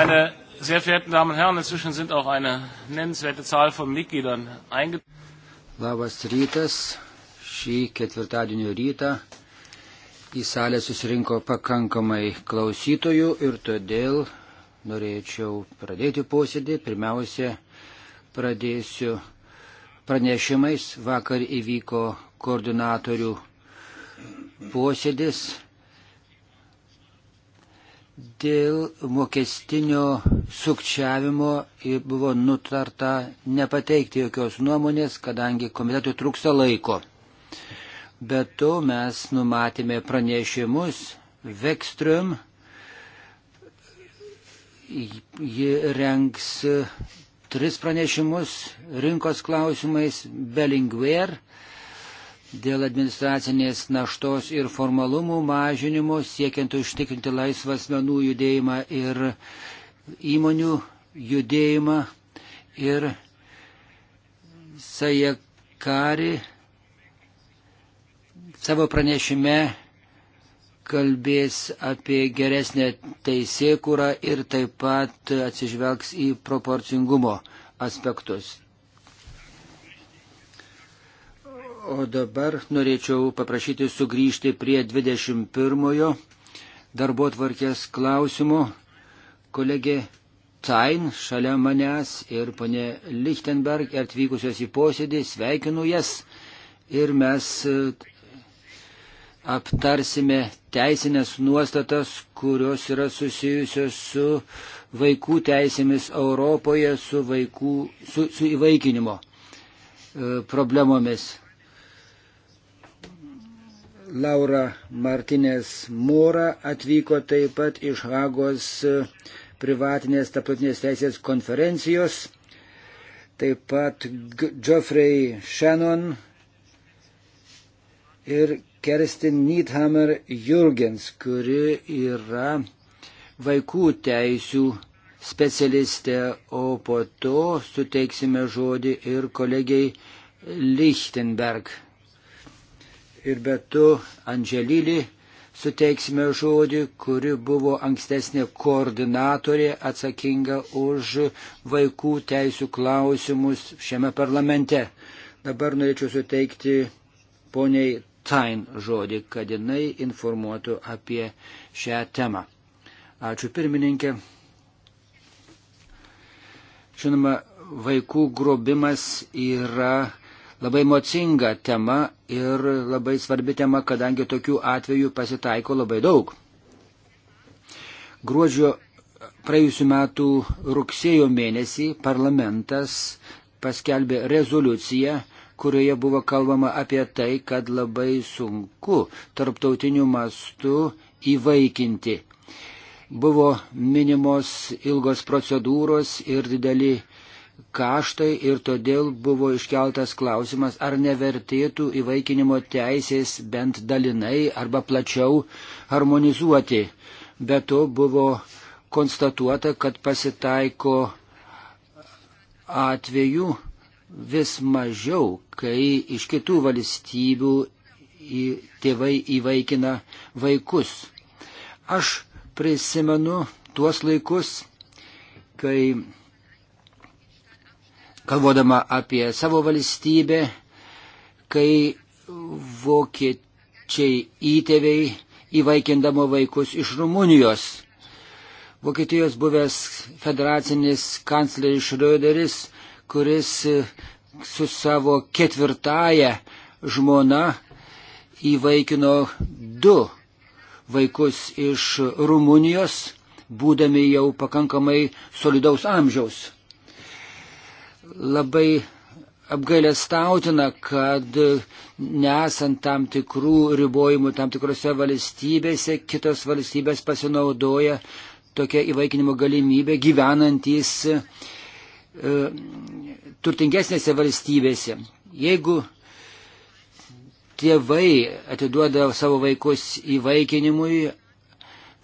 Meine sehr verehrten Damen und Herren, inzwischen sind auch eine nennenswerte Zahl von Mitgliedern eingetragen. Labas rytas. Šį ketvirtadienio rytą į salę susirinko pakankamai klausytojų ir todėl norėčiau pradėti posėdį. Pirmiausia, pradėsiu pranešimais. Vakar įvyko koordinatorių posėdis dėl mokestinio sukčiavimo buvo nutarta nepateikti jokios nuomonės, kadangi komitetui trūksta laiko. Bet to mes numatėme pranešimus Vekstrium. Ji rengs tris pranešimus rinkos klausimais Bellingware dėl administracinės naštos ir formalumų mažinimo, siekiant užtikrinti laisvą asmenų judėjimą ir įmonių judėjimą. Ir Sajekari savo pranešime kalbės apie geresnę teisėkūrą ir taip pat atsižvelgs į proporcingumo aspektus. O dabar norėčiau paprašyti sugrįžti prie 21 darbo tvarkės klausimo. Kolegė Tain šalia manęs ir ponė Lichtenberg atvykusios į posėdį, sveikinu jas ir mes e, aptarsime teisinės nuostatas, kurios yra susijusios su vaikų teisėmis Europoje, su, vaikų, su, su įvaikinimo e, problemomis. Laura Martinės Mūra atvyko taip pat iš Hagos e, privatinės tarptautinės teisės konferencijos. Taip pat Geoffrey Shannon ir Kerstin Needhammer Jurgens, kuri yra vaikų teisių specialistė, o po to suteiksime žodį ir kolegiai Lichtenberg ir be to Andželylį suteiksime žodį, kuri buvo ankstesnė koordinatorė atsakinga už vaikų teisų klausimus šiame parlamente. Dabar norėčiau suteikti poniai Tain žodį, kad jinai informuotų apie šią temą. Ačiū pirmininkė. Žinoma, vaikų grobimas yra Labai mocinga tema ir labai svarbi tema, kadangi tokių atvejų pasitaiko labai daug. Gruodžio praėjusiu metu rugsėjo mėnesį parlamentas paskelbė rezoliuciją, kurioje buvo kalbama apie tai, kad labai sunku tarptautiniu mastu įvaikinti buvo minimos ilgos procedūros ir dideli kaštai ir todėl buvo iškeltas klausimas, ar nevertėtų įvaikinimo teisės bent dalinai arba plačiau harmonizuoti. Be to buvo konstatuota, kad pasitaiko atvejų vis mažiau, kai iš kitų valstybių tėvai įvaikina vaikus. Aš prisimenu tuos laikus, kai kalvodama apie savo valstybę, kai vokiečiai įtėviai įvaikindamo vaikus iš Rumunijos. Vokietijos buvęs federacinis kancleris Šrioderis, kuris e, su savo ketvirtąją žmona įvaikino du vaikus iš Rumunijos, būdami jau pakankamai solidaus amžiaus labai apgailestautina, kad nesant tam tikrų ribojimų tam tikrose valstybėse, kitos valstybės pasinaudoja tokia įvaikinimo galimybė gyvenantys e, turtingesnėse valstybėse. Jeigu tėvai atiduoda savo vaikus įvaikinimui,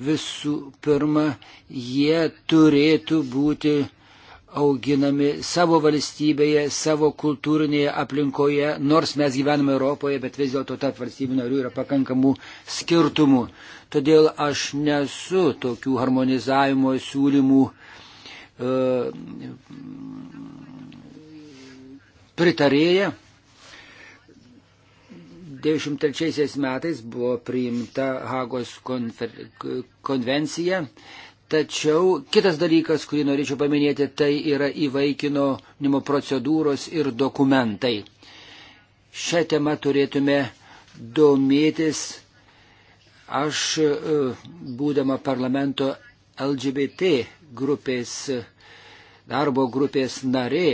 visų pirma, jie turėtų būti auginami savo valstybėje, savo kultūrinėje aplinkoje, nors mes gyvename Europoje, bet vis dėlto tarp valstybių narių yra pakankamų skirtumų. Todėl aš nesu tokių harmonizavimo siūlymų e, pritarėja. 1993 metais buvo priimta Hagos konfer, konvencija Tačiau kitas dalykas, kurį norėčiau paminėti, tai yra įvaikinimo procedūros ir dokumentai. Šią temą turėtume domėtis. Aš, e, būdama parlamento LGBT grupės, darbo grupės narė,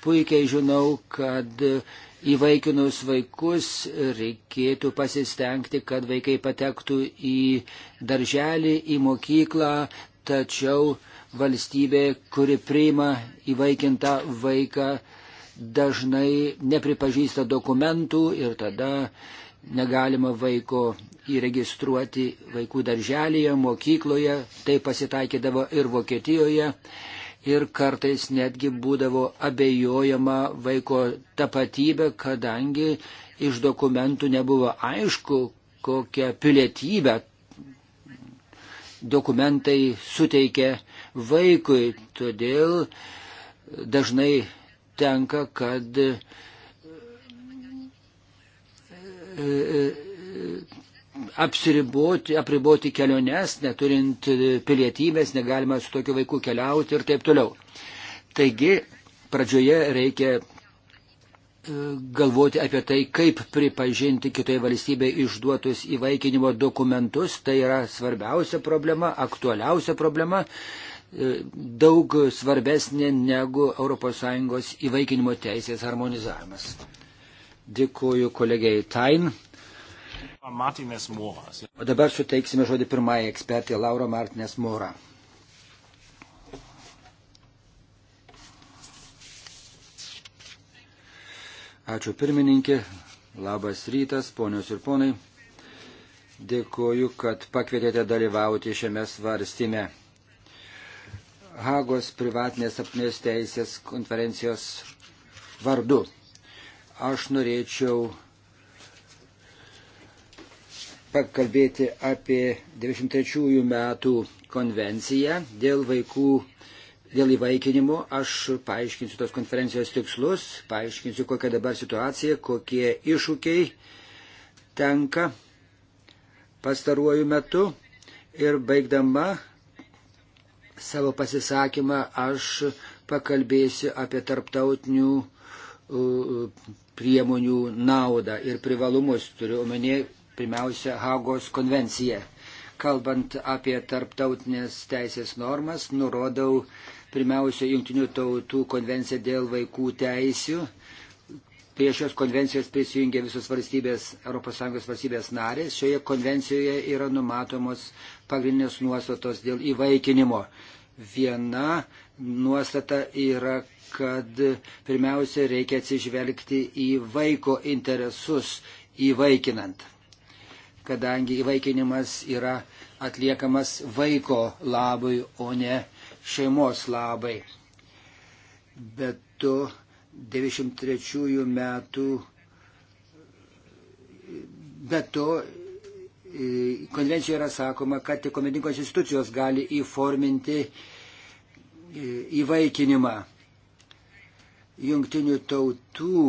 Puikiai žinau, kad įvaikinus vaikus reikėtų pasistengti, kad vaikai patektų į darželį, į mokyklą, tačiau valstybė, kuri priima įvaikintą vaiką, dažnai nepripažįsta dokumentų ir tada negalima vaiko įregistruoti vaikų darželėje, mokykloje, tai pasitaikydavo ir Vokietijoje ir kartais netgi būdavo abejojama vaiko tapatybė, kadangi iš dokumentų nebuvo aišku, kokią pilietybę dokumentai suteikia vaikui. Todėl dažnai tenka, kad e, e, apsiriboti, apriboti keliones, neturint e, pilietybės, negalima su tokiu vaiku keliauti ir taip toliau. Taigi, pradžioje reikia e, galvoti apie tai, kaip pripažinti kitoje valstybėje išduotus įvaikinimo dokumentus. Tai yra svarbiausia problema, aktualiausia problema, e, daug svarbesnė negu ES įvaikinimo teisės harmonizavimas. Dėkuoju kolegiai Tain. O dabar suteiksime žodį pirmąjį ekspertį Laura Martinės Mora. Ačiū pirmininkė, labas rytas, ponios ir ponai. Dėkuoju, kad pakvietėte dalyvauti šiame svarstyme. Hagos privatinės apnės teisės konferencijos vardu. Aš norėčiau pakalbėti apie 93 metų konvenciją dėl vaikų, dėl įvaikinimo. Aš paaiškinsiu tos konferencijos tikslus, paaiškinsiu, kokia dabar situacija, kokie iššūkiai tenka pastaruoju metu. Ir baigdama savo pasisakymą aš pakalbėsiu apie tarptautinių priemonių naudą ir privalumus. Turiu omenyje pirmiausia, Hagos konvencija. Kalbant apie tarptautinės teisės normas, nurodau pirmiausia Junktinių tautų konvenciją dėl vaikų teisių. Prie šios konvencijos prisijungia visos valstybės, ES valstybės narės. Šioje konvencijoje yra numatomos pagrindinės nuostatos dėl įvaikinimo. Viena nuostata yra, kad pirmiausia reikia atsižvelgti į vaiko interesus įvaikinant kadangi įvaikinimas yra atliekamas vaiko labui, o ne šeimos labai. Bet tu 93 metų, bet to konvencijoje yra sakoma, kad tik komedinkos institucijos gali įforminti įvaikinimą. Jungtinių tautų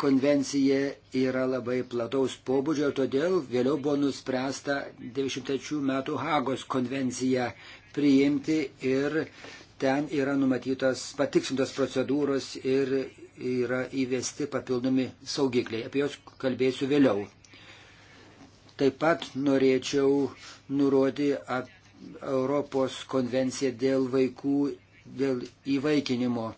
konvencija yra labai plataus pobūdžio, todėl vėliau buvo nuspręsta 93 metų Hagos konvenciją priimti ir ten yra numatytos patiksintos procedūros ir yra įvesti papildomi saugikliai. Apie juos kalbėsiu vėliau. Taip pat norėčiau nurodyti Europos konvenciją dėl vaikų, dėl įvaikinimo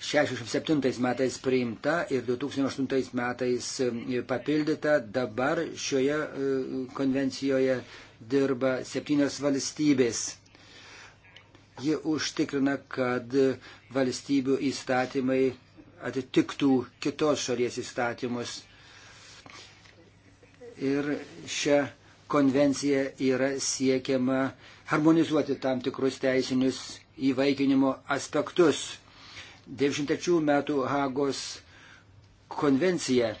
67 metais priimta ir 2008 metais e, papildyta. Dabar šioje e, konvencijoje dirba septynios valstybės. Ji užtikrina, kad valstybių įstatymai atitiktų kitos šalies įstatymus. Ir šią konvenciją yra siekiama harmonizuoti tam tikrus teisinius įvaikinimo aspektus 93 metų Hagos konvencija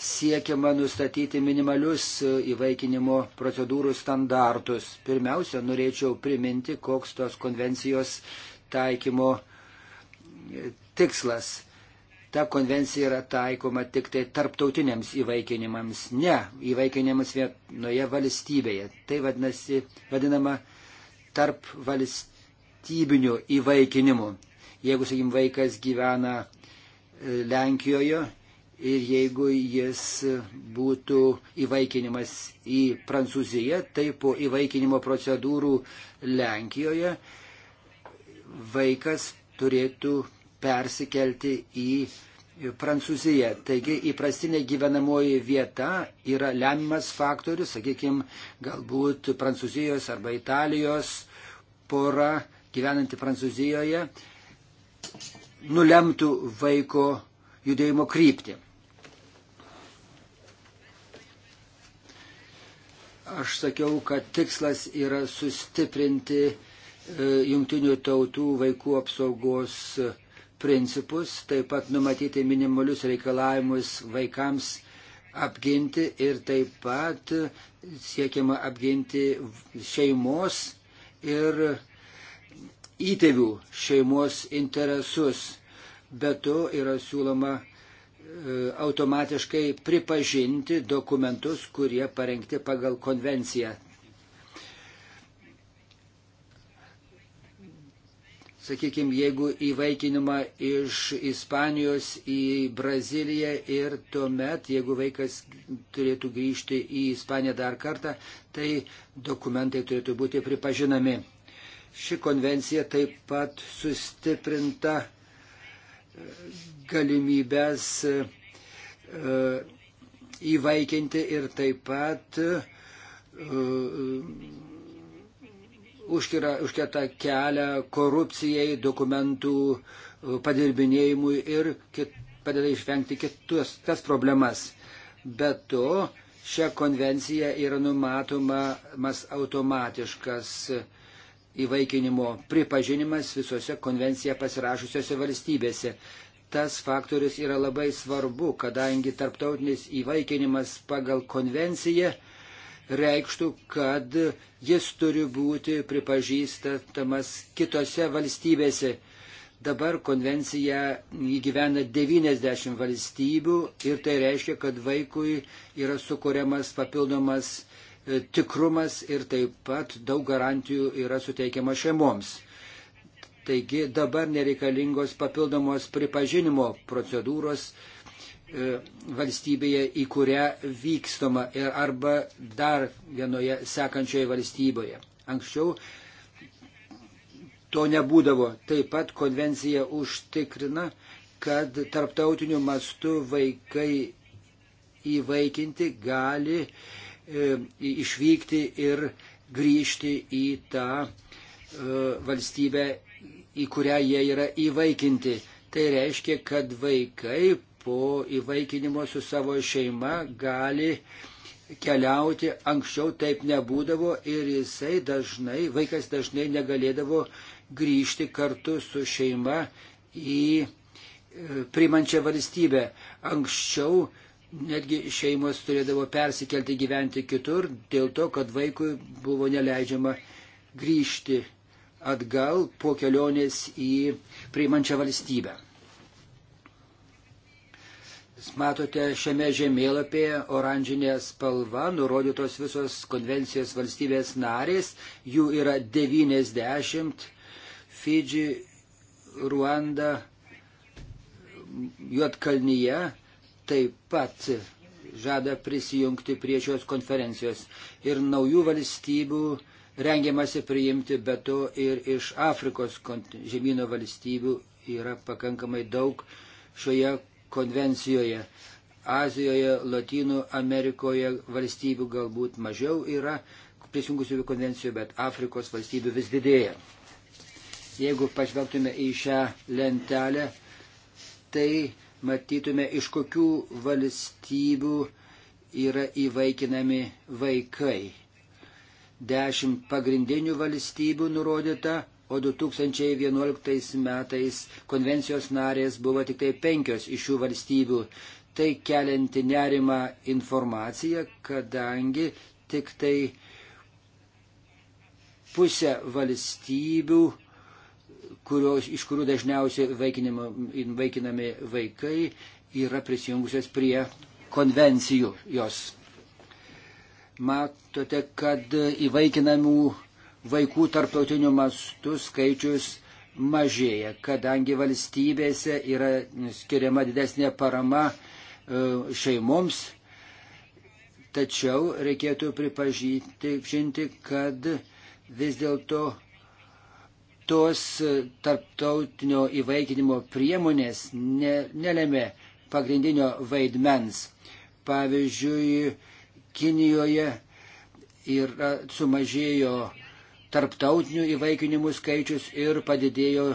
siekiama nustatyti minimalius įvaikinimo procedūrų standartus. Pirmiausia, norėčiau priminti, koks tos konvencijos taikymo tikslas. Ta konvencija yra taikoma tik tai tarptautiniams įvaikinimams, ne įvaikinimams vienoje valstybėje. Tai vadinasi, vadinama tarp valstybė vertybiniu įvaikinimu. Jeigu, sakykim, vaikas gyvena e, Lenkijoje ir jeigu jis būtų įvaikinimas į Prancūziją, tai po įvaikinimo procedūrų Lenkijoje vaikas turėtų persikelti į Prancūzija. Taigi įprastinė gyvenamoji vieta yra lemiamas faktorius, sakykime, galbūt Prancūzijos arba Italijos pora gyvenanti Prancūzijoje nulemtų vaiko judėjimo kryptį. Aš sakiau, kad tikslas yra sustiprinti e, jungtinių tautų vaikų apsaugos principus, taip pat numatyti minimalius reikalavimus vaikams apginti ir taip pat siekiama apginti šeimos ir įtėvių šeimos interesus. Be to yra siūloma e, automatiškai pripažinti dokumentus, kurie parengti pagal konvenciją. Sakykime, jeigu įvaikinimą iš Ispanijos į Braziliją ir tuomet, jeigu vaikas turėtų grįžti į Ispaniją dar kartą, tai dokumentai turėtų būti pripažinami. Ši konvencija taip pat sustiprinta e, galimybės e, e, įvaikinti ir taip pat užkėta kelią korupcijai, dokumentų padirbinėjimui ir kit, padeda išvengti kitus tas problemas. Be to, šią konvenciją yra numatomas automatiškas uh, įvaikinimo pripažinimas visose konvenciją pasirašusiose valstybėse. Tas faktorius yra labai svarbu, kadangi tarptautinis įvaikinimas pagal konvenciją reikštų, kad jis turi būti pripažįstamas kitose valstybėse. Dabar konvenciją įgyvena 90 valstybių ir tai reiškia, kad vaikui yra sukūriamas papildomas E, tikrumas ir taip pat daug garantijų yra suteikiama šeimoms. Taigi dabar nereikalingos papildomos pripažinimo procedūros e, valstybėje, į kurią vykstama ir arba dar vienoje sekančioje valstybėje. Anksčiau to nebūdavo. Taip pat konvencija užtikrina, kad tarptautiniu mastu vaikai įvaikinti gali uh, E, išvykti ir grįžti į tą e, valstybę, į kurią jie yra įvaikinti. Tai reiškia, kad vaikai po įvaikinimo su savo šeima gali keliauti. Anksčiau taip nebūdavo ir jisai dažnai, vaikas dažnai negalėdavo grįžti kartu su šeima į e, primančią valstybę. Anksčiau netgi šeimos turėdavo persikelti gyventi kitur dėl to, kad vaikui buvo neleidžiama grįžti atgal po kelionės į priimančią valstybę. Matote šiame žemėlapyje oranžinė spalva, nurodytos visos konvencijos valstybės narės, jų yra 90, Fidži, Ruanda, Juotkalnyje, taip pat žada prisijungti prie šios konferencijos ir naujų valstybių rengiamasi priimti, bet to ir iš Afrikos žemynų valstybių yra pakankamai daug šioje konvencijoje. Azijoje, Latinų Amerikoje valstybių galbūt mažiau yra prisijungusių konvencijų, bet Afrikos valstybių vis didėja. Jeigu pažvelgtume į šią lentelę, tai matytume, iš kokių valstybių yra įvaikinami vaikai. Dešimt pagrindinių valstybių nurodyta, o 2011 metais konvencijos narės buvo tik tai penkios iš šių valstybių. Tai kelianti nerimą informaciją, kadangi tik tai pusę valstybių kurios, iš kurių dažniausiai vaikinami vaikai, yra prisijungusios prie konvencijų jos. Matote, kad įvaikinamų vaikų tarptautinių mastų skaičius mažėja, kadangi valstybėse yra skiriama didesnė parama e, šeimoms, tačiau reikėtų pripažinti, kad vis dėlto tos tarptautinio įvaikinimo priemonės ne, nelėmė pagrindinio vaidmens. Pavyzdžiui, Kinijoje ir sumažėjo tarptautinių įvaikinimų skaičius ir padidėjo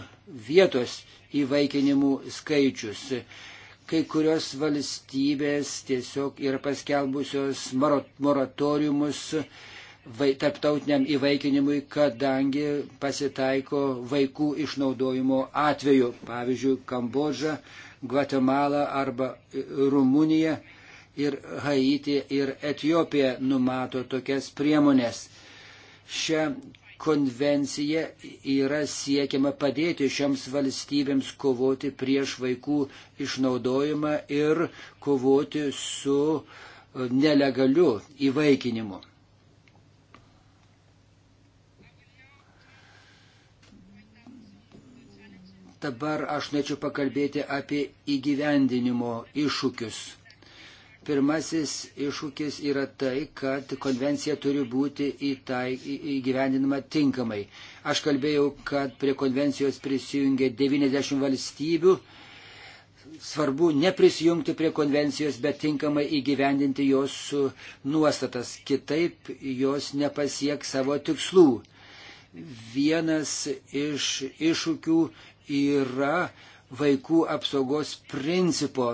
vietos įvaikinimų skaičius. Kai kurios valstybės tiesiog yra paskelbusios moratoriumus maro, vai, tarptautiniam įvaikinimui, kadangi pasitaiko vaikų išnaudojimo atveju. Pavyzdžiui, Kambodža, Gvatemala arba e, Rumunija ir Haiti ir Etijopija numato tokias priemonės. Šią konvenciją yra siekiama padėti šioms valstybėms kovoti prieš vaikų išnaudojimą ir kovoti su e, nelegaliu įvaikinimu. Dabar aš norėčiau pakalbėti apie įgyvendinimo iššūkius. Pirmasis iššūkis yra tai, kad konvencija turi būti įtai, įgyvendinama tinkamai. Aš kalbėjau, kad prie konvencijos prisijungė 90 valstybių. Svarbu neprisijungti prie konvencijos, bet tinkamai įgyvendinti jos nuostatas. Kitaip jos nepasiek savo tikslų. Vienas iš iššūkių yra vaikų apsaugos principo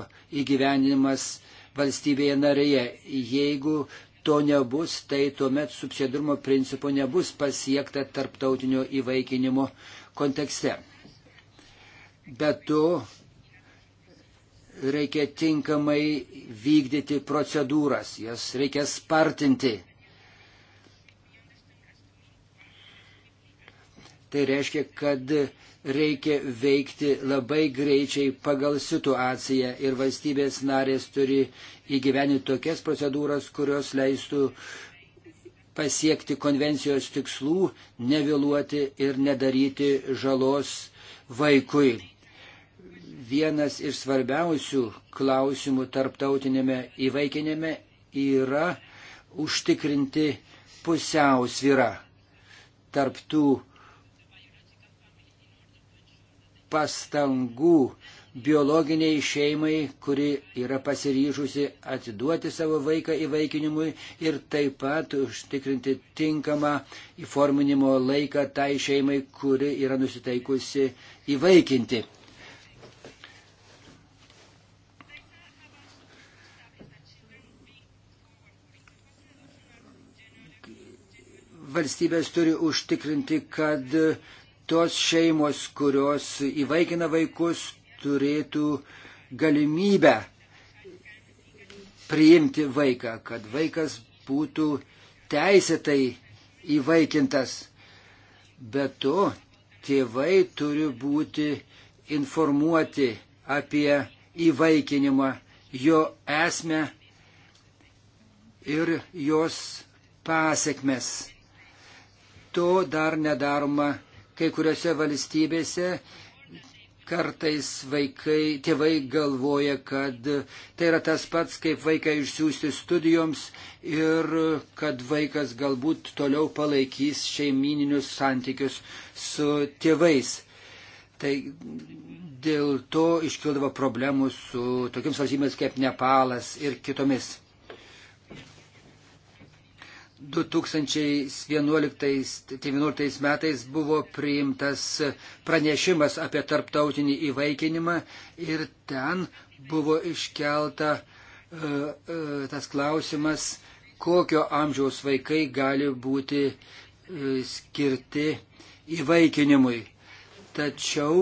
įgyvenimas valstybėje narėje. Jeigu to nebus, tai tuomet subsidirumo principo nebus pasiekta tarptautinio įvaikinimo kontekste. Bet to reikia tinkamai vykdyti procedūras, jas reikia spartinti. Tai reiškia, kad reikia veikti labai greičiai pagal situaciją ir valstybės narės turi įgyveninti tokias procedūras, kurios leistų pasiekti konvencijos tikslų, nevėluoti ir nedaryti žalos vaikui. Vienas iš svarbiausių klausimų tarptautinėme įvaikinėme yra užtikrinti pusiausvyrą tarptų pastangų biologiniai šeimai, kuri yra pasiryžusi atiduoti savo vaiką įvaikinimui ir taip pat užtikrinti tinkamą įforminimo laiką tai šeimai, kuri yra nusiteikusi įvaikinti. Valstybės turi užtikrinti, kad uh, tos šeimos, kurios įvaikina vaikus, turėtų galimybę priimti vaiką, kad vaikas būtų teisėtai įvaikintas. Be to, tėvai turi būti informuoti apie įvaikinimą, jo esmę ir jos pasiekmes. To dar nedaroma Kai kuriuose valstybėse kartais vaikai, tėvai galvoja, kad tai yra tas pats, kaip vaiką išsiųsti studijoms ir kad vaikas galbūt toliau palaikys šeimininius santykius su tėvais. Tai dėl to iškildavo problemų su tokiams valstybėms kaip Nepalas ir kitomis. 2011 metais buvo priimtas pranešimas apie tarptautinį įvaikinimą ir ten buvo iškelta e, e, tas klausimas, kokio amžiaus vaikai gali būti e, skirti įvaikinimui. Tačiau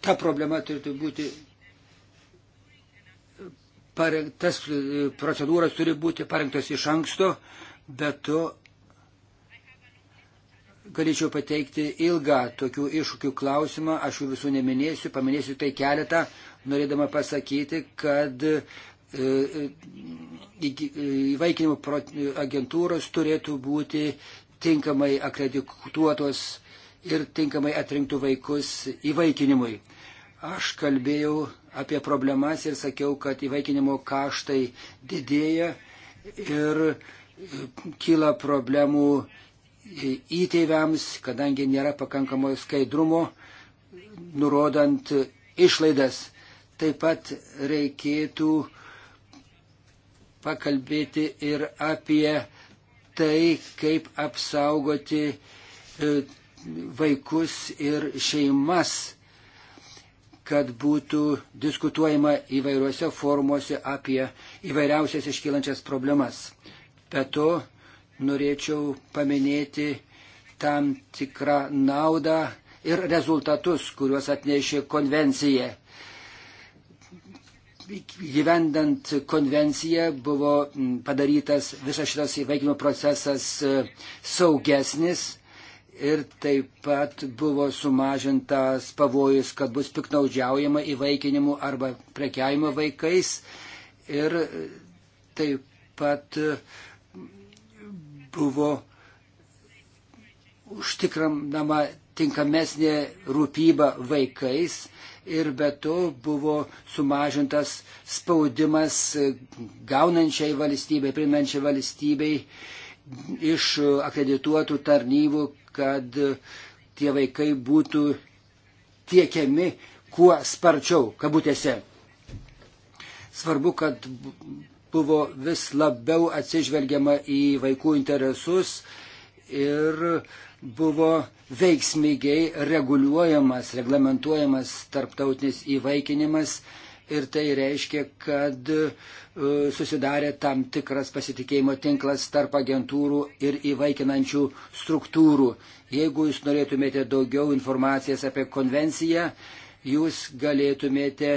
ta problema turėtų būti parengtas procedūras turi būti parengtas iš anksto, bet to galėčiau pateikti ilgą tokių iššūkių klausimą, aš jų visų neminėsiu, paminėsiu tai keletą, norėdama pasakyti, kad e, e, e, įvaikinimo agentūros turėtų būti tinkamai akredituotos ir tinkamai atrinktų vaikus įvaikinimui. Aš kalbėjau apie problemas ir sakiau, kad įvaikinimo kaštai didėja ir e, kyla problemų įtėviams, kadangi nėra pakankamo skaidrumo, nurodant išlaidas. Taip pat reikėtų pakalbėti ir apie tai, kaip apsaugoti e, vaikus ir šeimas kad būtų diskutuojama įvairiuose formuose apie įvairiausias iškylančias problemas. Be to, norėčiau paminėti tam tikrą naudą ir rezultatus, kuriuos atnešė konvencija. Gyvendant konvenciją buvo padarytas visas šitas įvaikinimo procesas e, saugesnis, ir taip pat buvo sumažintas pavojus, kad bus piknaudžiaujama įvaikinimu arba prekiavimu vaikais ir taip pat buvo užtikrinama tinkamesnė rūpyba vaikais ir be to buvo sumažintas spaudimas gaunančiai valstybei, primančiai valstybei iš akredituotų tarnybų, kad tie vaikai būtų tiekiami kuo sparčiau, kabutėse. Svarbu, kad buvo vis labiau atsižvelgiama į vaikų interesus ir buvo veiksmigiai reguliuojamas, reglamentuojamas tarptautinis įvaikinimas ir tai reiškia, kad e, susidarė tam tikras pasitikėjimo tinklas tarp agentūrų ir įvaikinančių struktūrų. Jeigu jūs norėtumėte daugiau informacijos apie konvenciją, jūs galėtumėte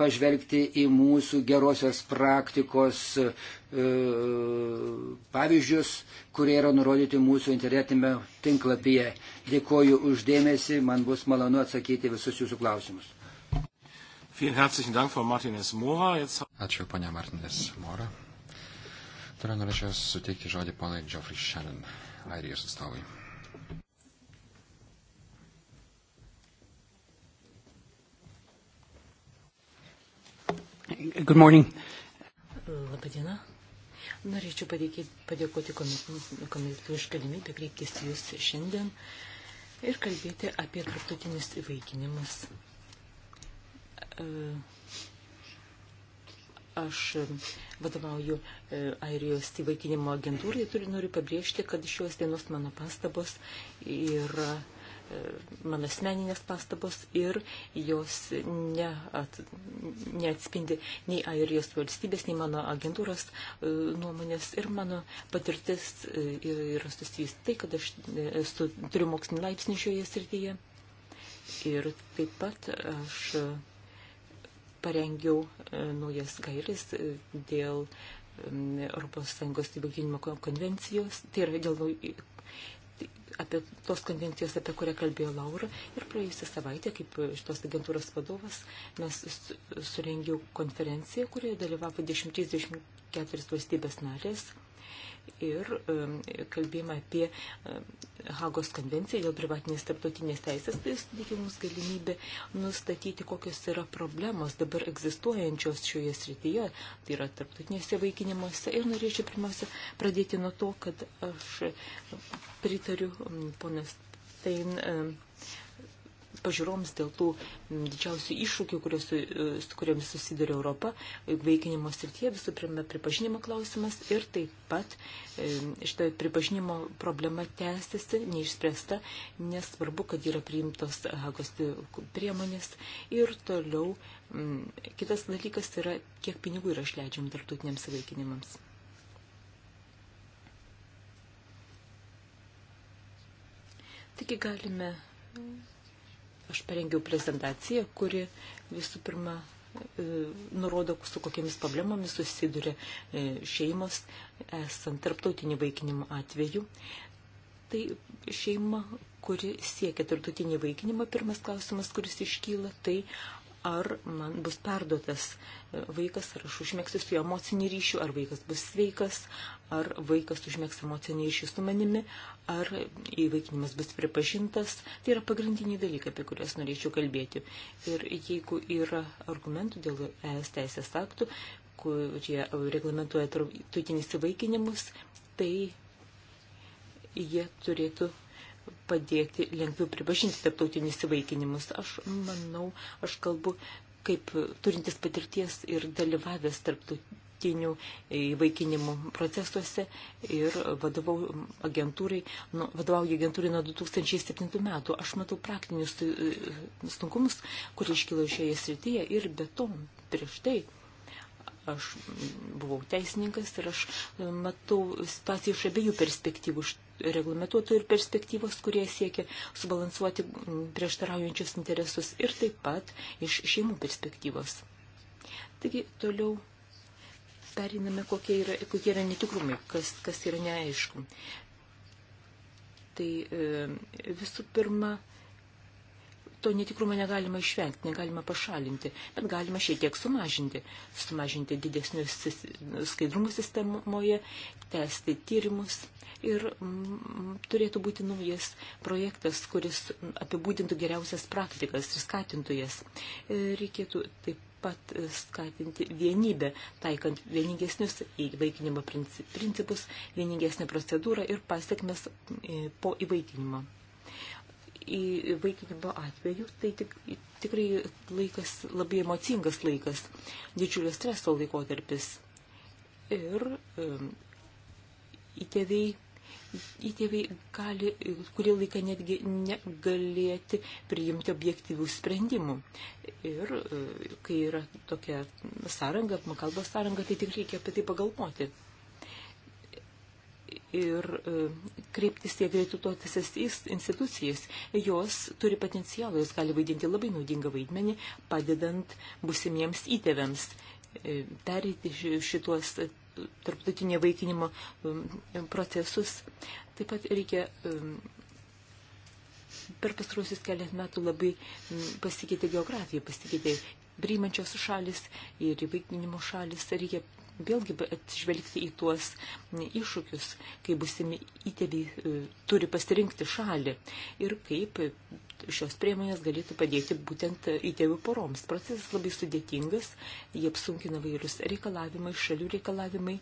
pažvelgti į mūsų gerosios praktikos e, pavyzdžius, kurie yra nurodyti mūsų internetinėme tinklapyje. Dėkoju uždėmesi, man bus malonu atsakyti visus jūsų klausimus. Ačiū, ponia Martinės Mora. Toliau norėčiau suteikti žodį ponai Geoffrey Shannon, Airijos atstovui. Good morning. Labadiena. Norėčiau padėkyti, padėkoti komitetui už galimybę kreiptis jūs šiandien ir kalbėti apie tarptautinius įvaikinimus. E, aš vadovauju e, Airijos įvaikinimo agentūrai, turiu noriu pabrėžti, kad šios dienos mano pastabos yra e, mano asmeninės pastabos ir jos neat, neatspindi nei Airijos valstybės, nei mano agentūros nuomonės ir mano patirtis yra susijęs tai, kad aš esu, turiu mokslinį laipsnį šioje srityje ir taip pat aš parengiau e, naujas gairės e, dėl Europos Sąjungos įbėginimo konvencijos, tai yra dėl apie tos konvencijos, apie kurią kalbėjo Laura. Ir praėjusią savaitę, kaip šitos agentūros vadovas, mes surengiau konferenciją, kurioje dalyvavo 10-24 valstybės narės ir kalbėjimą apie Hagos konvenciją dėl privatinės tarptautinės teisės, tai suteikia mums galimybę nustatyti, kokios yra problemos dabar egzistuojančios šioje srityje, tai yra tarptautinėse vaikinimuose. Ir norėčiau pirmiausia pradėti nuo to, kad aš pritariu ponas Stein. Tai, pažiūroms, dėl tų didžiausių iššūkių, kurios, e, su kuriamis susiduria Europa, veikinimo srityje visų pirma pripažinimo klausimas ir taip pat e, šitą pripažinimo problemą tęsiasi, neišspręsta, nesvarbu, kad yra priimtos Hagos priemonės ir toliau kitas dalykas yra, kiek pinigų yra išleidžiam tarptautiniams veikinimams. Taigi galime Aš parengiau prezentaciją, kuri visų pirma e, nurodo, su kokiamis problemomis susiduria e, šeimos esant tarptautinį vaikinimo atveju. Tai šeima, kuri siekia tarptautinį vaikinimą, pirmas klausimas, kuris iškyla, tai ar man bus perduotas e, vaikas, ar aš užmėgsiu su juo emocinį ryšį, ar vaikas bus sveikas, ar vaikas užmėgs emocinį ryšį su manimi, ar įvaikinimas bus pripažintas. Tai yra pagrindiniai dalykai, apie kuriuos norėčiau kalbėti. Ir jeigu yra argumentų dėl ES teisės aktų, kurie reglamentuoja tautinis įvaikinimus, tai jie turėtų padėti lengviau pripažinti tarptautinius įvaikinimus. Aš manau, aš kalbu kaip turintis patirties ir dalyvavęs tarptautinių įvaikinimų procesuose ir vadovau agentūrai, nu, vadovauju agentūrai nuo 2007 metų. Aš matau praktinius e, sunkumus, kurie iškilo šioje srityje ir be to prieš tai aš buvau teisininkas ir aš e, matau situaciją iš abiejų perspektyvų, iš reglamentuotų ir perspektyvos, kurie siekia subalansuoti prieštaraujančius interesus ir taip pat iš šeimų perspektyvos. Taigi toliau periname, kokie yra, kokie yra netikrumai, kas, kas yra neaišku. Tai e, visų pirma, to netikrumo negalima išvengti, negalima pašalinti, bet galima šiek tiek sumažinti. Sumažinti didesnių skaidrumų sistemoje, tęsti tyrimus. Ir m, mm, turėtų būti naujas projektas, kuris apibūdintų geriausias praktikas ir skatintų jas. E, reikėtų taip pat skatinti vienybę, taikant vieningesnius įvaikinimo principus, vieningesnę procedūrą ir pasiekmes e, po įvaikinimo įvaikinimo atveju, tai tik, tikrai laikas, labai emocingas laikas, didžiulis streso laikotarpis. Ir um, įtėviai, įtėviai gali kurį laiką netgi negalėti priimti objektyvių sprendimų. Ir e, kai yra tokia sąranga, kalbos sąranga, tai tik reikia apie tai pagalvoti ir e, kreiptis tiek greitutotis institucijas. Jos turi potencialą, jos gali vaidinti labai naudingą vaidmenį, padedant busimiems įtėviams e, perėti šituos e, tarptautinio vaikinimo procesus. Taip pat reikia per pastaruosius keletą metų labai pasikeitė geografija, pasikeitė priimančios šalis ir įvaikinimo šalis. Reikia vėlgi atžvelgti į tuos iššūkius, kai busimi įtėviai e, turi pasirinkti šalį ir kaip šios priemonės galėtų padėti būtent įtėvių poroms. Procesas labai sudėtingas, jie apsunkina vairius reikalavimai, šalių reikalavimai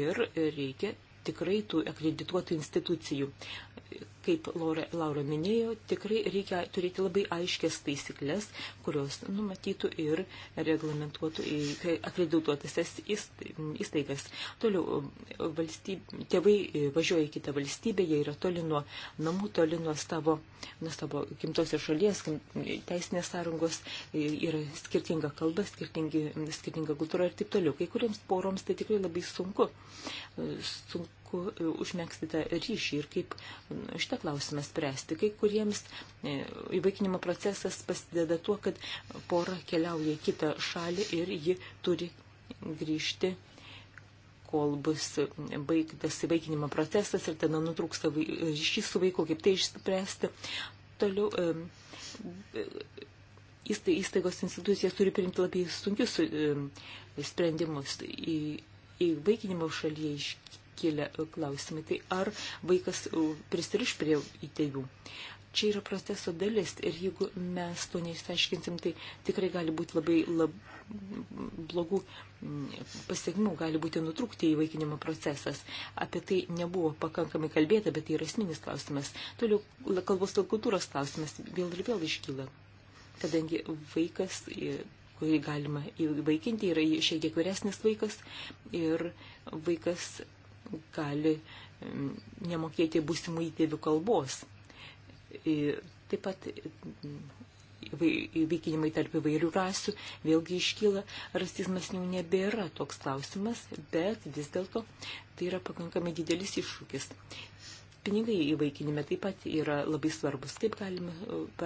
ir reikia tikrai tų akredituotų institucijų kaip Laura, Laura minėjo, tikrai reikia turėti labai aiškės taisyklės, kurios numatytų ir reglamentuotų akredituotas įstaigas. Toliau valstyb, tėvai važiuoja į kitą valstybę, jie yra toli nuo namų, toli nuo savo, nuo savo gimtosios šalies, teisinės sąrangos, yra skirtinga kalba, skirtingi, skirtinga kultūra ir taip toliau. Kai kuriems poroms tai tikrai labai sunku. sunku sunku e, užmėgsti tą ryšį ir kaip šitą klausimą spręsti. Kai kuriems e, įvaikinimo procesas pasideda tuo, kad pora keliauja į kitą šalį ir ji turi grįžti kol bus baigtas įvaikinimo procesas ir tada nutrūksta ryšys su vaiku, kaip tai išspręsti. Toliau e, įstaigos institucijas turi priimti labai sunkius sprendimus. Į įvaikinimo šalyje kilę e, klausimai, tai ar vaikas e, prisiriš prie įtėvių. Čia yra proceso dalis ir jeigu mes to neišsiaiškinsim, tai tikrai gali būti labai lab, blogų mm, pasiekmių, gali būti nutrūkti įvaikinimo procesas. Apie tai nebuvo pakankamai kalbėta, bet tai yra esminis klausimas. Toliau kalbos kultūros klausimas vėl ir vėl iškyla, kadangi vaikas e, kurį galima įvaikinti, yra šiek tiek vyresnis vaikas ir vaikas gali nemokėti būsimų įtėvių kalbos. Ir taip pat įveikinimai tarp įvairių rasių vėlgi iškyla. Rasizmas jau nebėra toks klausimas, bet vis dėlto tai yra pakankamai didelis iššūkis. Pinigai įvaikinime taip pat yra labai svarbus. Kaip galime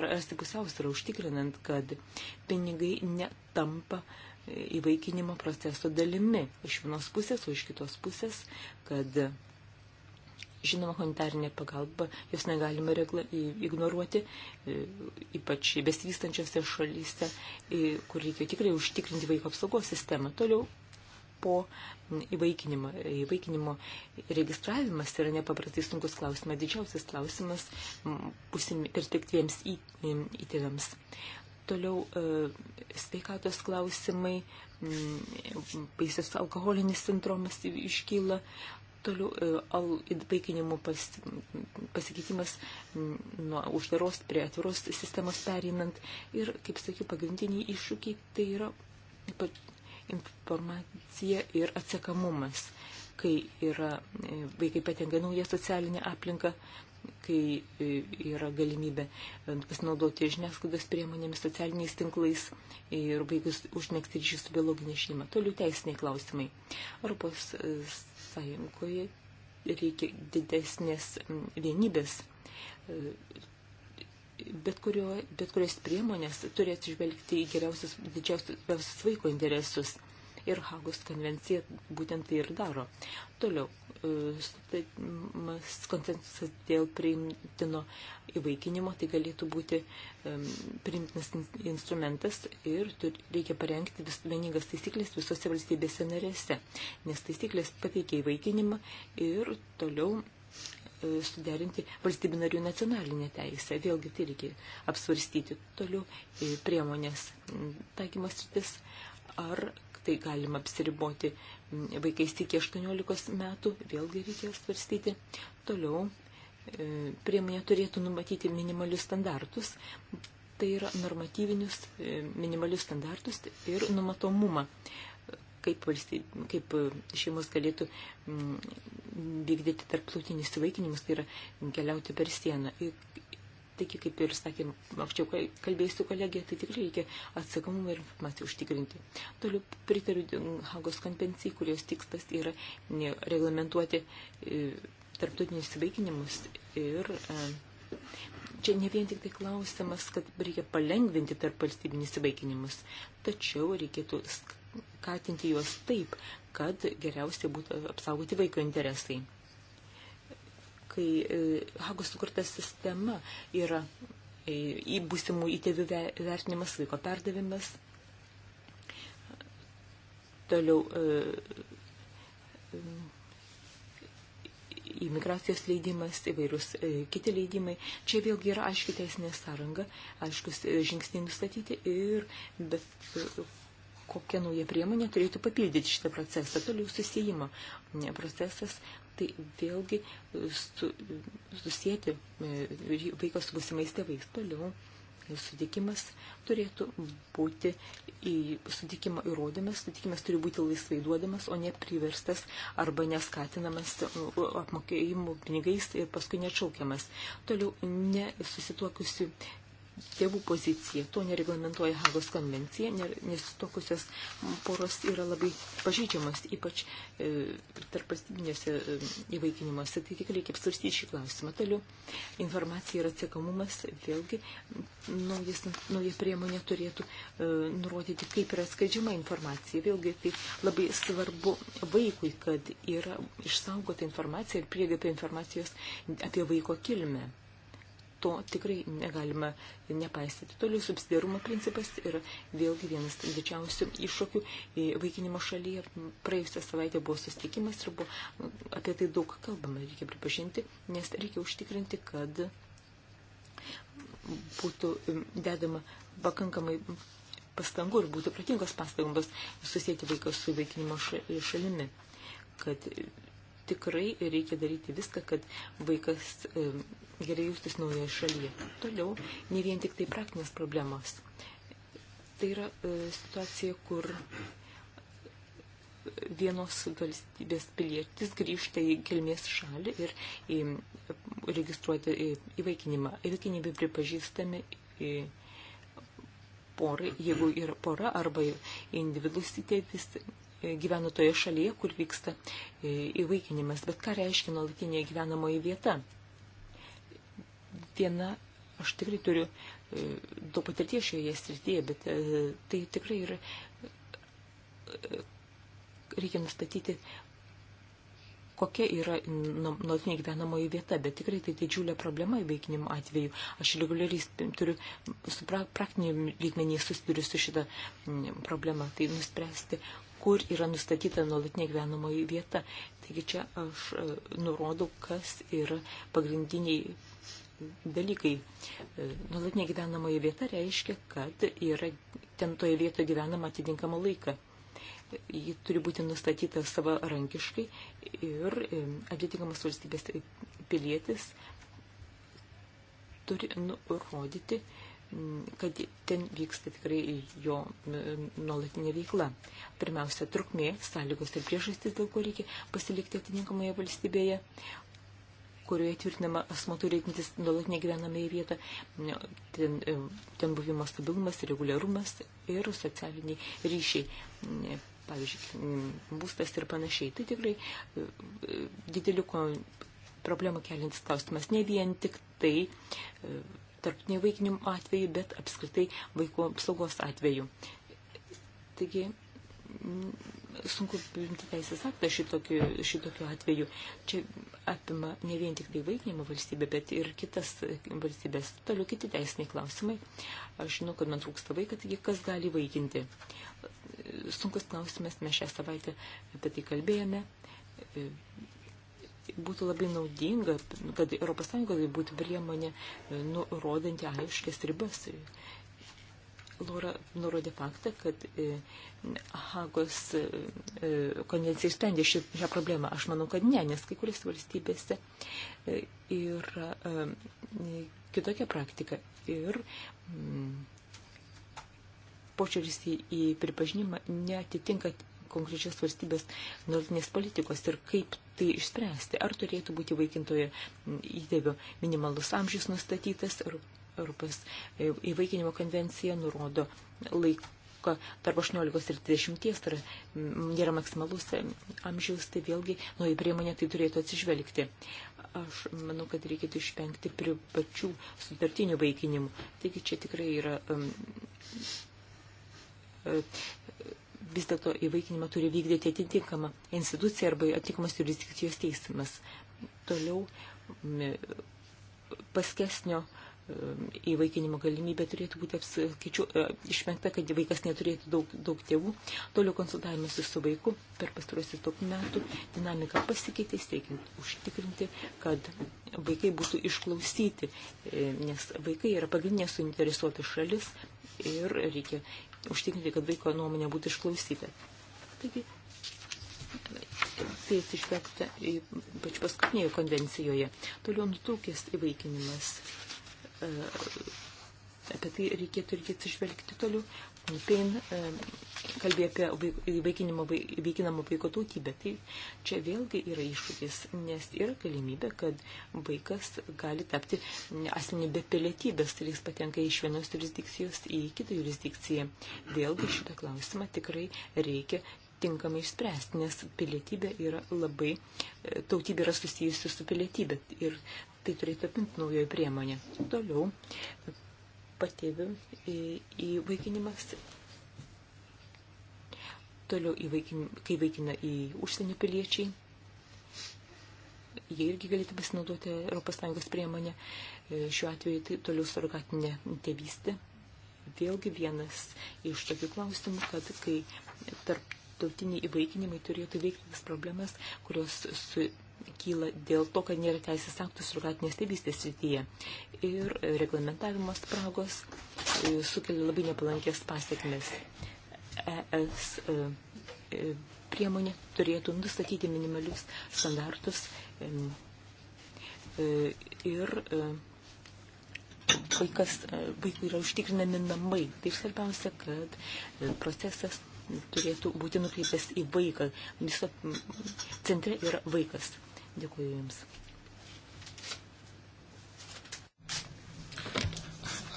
rasti pusiausvyrą, užtikrinant, kad pinigai netampa uh, įvaikinimo proceso dalimi iš vienos pusės, o iš kitos pusės, kad žinoma, humanitarinė pagalba, jos negalima regla, ignoruoti, ypač besivystančiose šalyse, kur reikia tikrai užtikrinti vaiko apsaugos sistemą. Toliau po įvaikinimo. Įvaikinimo registravimas yra nepaprastai sunkus klausimas, didžiausias klausimas pusim perspektyviems įtėviams. Toliau e, sveikatos klausimai, baisės alkoholinis sindromas iškyla, toliau įvaikinimų e, pas, pasikeitimas nuo uždaros prie atviros sistemos pereinant ir, kaip sakiau, pagrindiniai iššūkiai tai yra informacija ir atsekamumas. Kai yra, e, vaikai patenka naują socialinę aplinką, kai e, yra galimybė e, pasinaudoti žiniasklaidos priemonėmis, socialiniais tinklais ir baigus užmėgti ryšį su biologinė šeima. Toliau teisiniai klausimai. Europos e, Sąjungoje reikia didesnės vienybės. Bet, kurio, bet kurias priemonės turi atsižvelgti į geriausius, didžiausius vaiko interesus. Ir Hagos konvencija būtent tai ir daro. Toliau, konsensusas dėl priimtino įvaikinimo, tai galėtų būti priimtinas instrumentas ir reikia parengti vis, vieningas taisyklės visose valstybėse narėse, nes taisyklės pateikia įvaikinimą ir toliau e, suderinti valstybių narių nacionalinę teisę. Vėlgi tai reikia apsvarstyti toliau e, priemonės taikymas rytis, ar tai galima apsiriboti vaikais iki 18 metų, vėlgi reikia svarstyti. Toliau e, priemonė turėtų numatyti minimalius standartus, tai yra normatyvinius e, minimalius standartus ir numatomumą, kaip, kaip e, šeimos galėtų vykdyti tarptautinius įvaikinimus, tai yra keliauti per sieną. Taigi, kaip ir sakė, anksčiau kalbėjusi kolegija, tai tikrai reikia atsakomumą ir informaciją užtikrinti. Toliau pritariu Hagos konvencijai, kurios tikslas yra reglamentuoti e, tarptautinius įsivaikinimus ir e, čia ne vien tik tai klausimas, kad reikia palengvinti tarp valstybinius įsivaikinimus, tačiau reikėtų skatinti juos taip, kad geriausiai būtų apsaugoti vaiko interesai kai e, Hagos sukurta sistema yra e, į būsimų įtėvių vertinimas, vaiko perdavimas, toliau e, imigracijos leidimas, įvairūs e, kiti leidimai. Čia vėlgi yra aiški teisinė sąranga, aiškus žingsniai nustatyti ir bet kokia nauja priemonė turėtų papildyti šitą procesą. Toliau susijimo procesas, tai vėlgi su, susijęti e, vaiką su būsimais tėvais toliau. E, sutikimas turėtų būti į sutikimą įrodymas, sutikimas turi būti laisvai duodamas, o ne priverstas arba neskatinamas e, apmokėjimų pinigais ir paskui neatšaukiamas. Toliau nesusituokusių tėvų poziciją. To nereglamentuoja Hagos konvencija, nes tokusios poros yra labai pažeidžiamas, ypač e, tarp valstybinėse e, įvaikinimuose. Tai tikrai reikia apsvarstyti šį klausimą. Toliau informacija ir atsiekamumas, vėlgi naujas, nauja priemonė turėtų e, nurodyti, kaip yra skaidžiama informacija. Vėlgi tai labai svarbu vaikui, kad yra išsaugota informacija ir prieiga prie informacijos apie vaiko kilmę to tikrai negalima nepaisyti. Toliau subsidiarumo principas yra vėlgi vienas didžiausių iššūkių vaikinimo šalyje. Praėjusią savaitę buvo susitikimas ir buvo apie tai daug kalbama, reikia pripažinti, nes reikia užtikrinti, kad būtų dedama pakankamai pastangų ir būtų pratingos pastangos susijęti vaiką su vaikinimo šalimi kad tikrai reikia daryti viską, kad vaikas e, gerai jaustis naujoje šalyje. Toliau, ne vien tik tai praktinės problemos. Tai yra e, situacija, kur vienos valstybės pilietis grįžta į kilmės šalį ir į, registruoti įvaikinimą. Įvaikinimai pripažįstami į e, porai, jeigu yra pora arba individus tėtis gyveno toje šalyje, kur vyksta e, įvaikinimas. Bet ką reiškia nuolatinė gyvenamoji vieta? Viena, aš tikrai turiu e, daug patirties šioje srityje, bet e, tai tikrai yra, reikia nustatyti, kokia yra nu, nuolatinė gyvenamoji vieta, bet tikrai tai didžiulė problema įveikinimo atveju. Aš reguliariai turiu, su pra, praktiniu lygmenį susiduriu su šitą problemą, tai nuspręsti, kur yra nustatyta nuolatinė gyvenamoji vieta. Taigi čia aš e, nurodau, kas yra pagrindiniai dalykai. E, nuolatinė gyvenamoji vieta reiškia, kad yra ten toje vietoje gyvenama atitinkama laika. Ji turi būti nustatyta savarankiškai ir e, atitinkamas valstybės pilietis turi nurodyti, nu, Mm, kad ten vyksta tikrai jo mm, nuolatinė veikla. Pirmiausia, trukmė, sąlygos ir priežastys, dėl ko reikia pasilikti atitinkamoje valstybėje, kurioje tvirtinama asmo turintis nuolatinę gyvenamąją vietą, mm, ten, e, ten buvimo stabilumas, reguliarumas ir socialiniai ryšiai, pavyzdžiui, būstas ir panašiai. Tai tikrai e, e, didelių problemų keliantis klausimas, ne vien tik tai tarptinių vaikinių atveju, bet apskritai vaiko apsaugos atveju. Taigi, mm, sunku priimti teisės aktą šitokiu, šitokiu atveju. Čia apima ne vien tik tai vaikinimo valstybė, bet ir kitas valstybės. Toliau kiti teisiniai klausimai. Aš žinau, kad man trūksta vaiką, taigi kas gali vaikinti. Sunkus klausimas, mes šią savaitę apie tai kalbėjome būtų labai naudinga, kad ES tai būtų priemonė e, nurodanti aiškės ribas. Laura nurodė faktą, kad e, Hagos e, konvencija išsprendė šį, šią problemą. Aš manau, kad ne, nes kai kuriuose valstybėse yra kitokia praktika. Ir mm, počiaris į pripažinimą neatitinka konkrečios valstybės nuolatinės politikos ir kaip tai išspręsti. Ar turėtų būti vaikintojo įtėvio minimalus amžius nustatytas, ar Europos e, įvaikinimo konvencija nurodo laiką tarp 18 ir 30 tai yra, yra maksimalus e, amžiaus, tai vėlgi nauja priemonė tai turėtų atsižvelgti. Aš manau, kad reikėtų išvengti privačių sutartinių vaikinimų. Taigi čia tikrai yra um, vis dėlto įvaikinimą turi vykdyti atitinkama institucija arba atitikamas jurisdikcijos teismas. Toliau paskesnio įvaikinimo galimybė turėtų būti e, išvengta, kad vaikas neturėtų daug, daug tėvų. Toliau konsultavimas su vaiku per pastarosius daug metų dinamika pasikeitė, siekiant užtikrinti, kad vaikai būtų išklausyti, e, nes vaikai yra pagrindinė suinteresuota šalis ir reikia užtikrinti, kad vaiko nuomonė būtų išklausyta. Taigi, tai atsižvelgta pačiu paskutinėje konvencijoje. Toliau nutrūkęs įvaikinimas. E, apie tai reikėtų irgi atsižvelgti toliau. Pein kalbėjo apie įvaikinamą vaiko tautybę. Tai čia vėlgi yra iššūkis, nes yra galimybė, kad vaikas gali tapti asmenį be pilietybės, tai jis patenka iš vienos jurisdikcijos į kitą jurisdikciją. Vėlgi šitą klausimą tikrai reikia tinkamai išspręsti, nes pilietybė yra labai, e, tautybė yra susijusi su pilietybė ir tai turėtų apimti naujoje priemonė. Toliau, patėvių įvaikinimas. Toliau įvaikin, kai vaikina į užsienio piliečiai, jie irgi galėtų pasinaudoti ES priemonę. E, šiuo atveju tai toliau surgatinė tėvystė. Vėlgi vienas iš tokių klausimų, kad kai tarptautiniai įvaikinimai turėtų veikti vis problemas, kurios su kyla dėl to, kad nėra teisės aktų surgatinės tėvystės srityje. Ir reglamentavimas spragos e, sukelia labai nepalankės pasiekmes. ES e, e, priemonė turėtų nustatyti minimalius standartus ir vaikas, vaikui yra užtikrinami namai. Tai svarbiausia, kad procesas turėtų būti nukreipęs į vaiką. Viso centre yra vaikas. Dėkuoju Jums.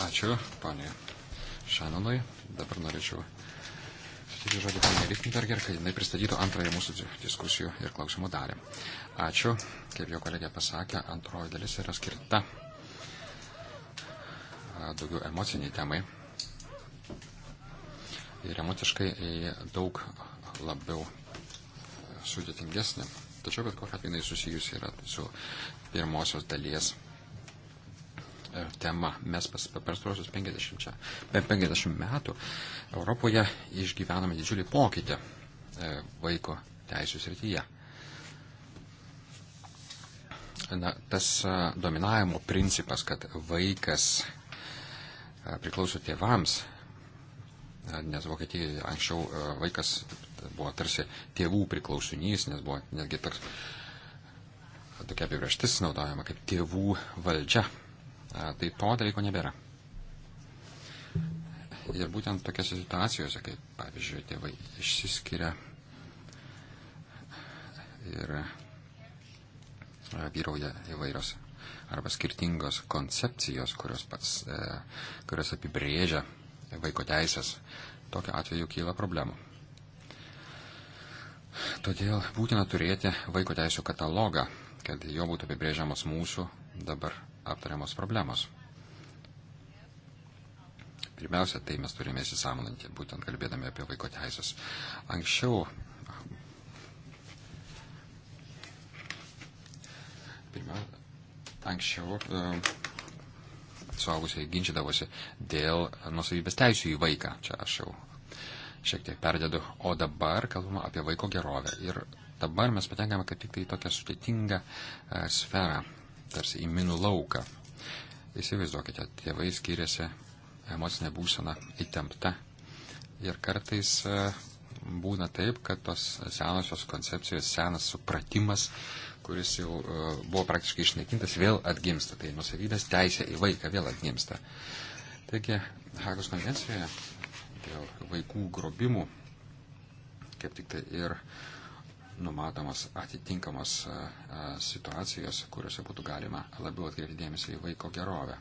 Ačiū, ponė Šanonui. Dabar norėčiau sutikti žodį ponė Lichtenberger, kad jinai pristatytų antrąją mūsų diskusijų ir klausimų dalį. Ačiū, kaip jau kolegė pasakė, antroji dalis yra skirta daugiau emociniai temai. Ir emociškai daug labiau sudėtingesnė Tačiau bet kokia atveju susijusi yra su pirmosios dalies e, tema. Mes per pastaruosius 50, 50 metų Europoje išgyvename didžiulį pokytį e, vaiko teisų srityje. Na, tas e, dominavimo principas, kad vaikas priklauso tėvams, nes Vokietijoje anksčiau vaikas buvo tarsi tėvų priklausinys, nes buvo netgi toks, tokia apibrieštis naudojama kaip tėvų valdžia. Tai to dalyko nebėra. Ir būtent tokiose situacijose, kaip pavyzdžiui, tėvai išsiskiria ir vyrauja įvairios arba skirtingos koncepcijos, kurios, pats, e, kurios apibrėžia vaiko teisės, tokiu atveju kyla problemų. Todėl būtina turėti vaiko teisų katalogą, kad jo būtų apibrėžiamos mūsų dabar aptariamos problemos. Pirmiausia, tai mes turime įsisamoninti, būtent kalbėdami apie vaiko teisės. Anksčiau pirmiausia, anksčiau e, suaugusiai ginčydavosi dėl nusavybės teisų į vaiką. Čia aš jau šiek tiek perdėdu. O dabar kalbama apie vaiko gerovę. Ir dabar mes patenkame kaip tik tai tokią sudėtingą e, sferą, tarsi į minų lauką. Įsivaizduokite, tėvai skiriasi, emocinė būsena įtempta. Ir kartais e, būna taip, kad tos senosios koncepcijos, senas supratimas, kuris jau e, buvo praktiškai išnaikintas, vėl atgimsta. Tai nusavybės teisė į vaiką vėl atgimsta. Taigi, Hagos konvencijoje dėl vaikų grobimų, kaip tik tai ir numatomas atitinkamas e, e, situacijos, kuriuose būtų galima labiau atkreipti dėmesį į vaiko gerovę.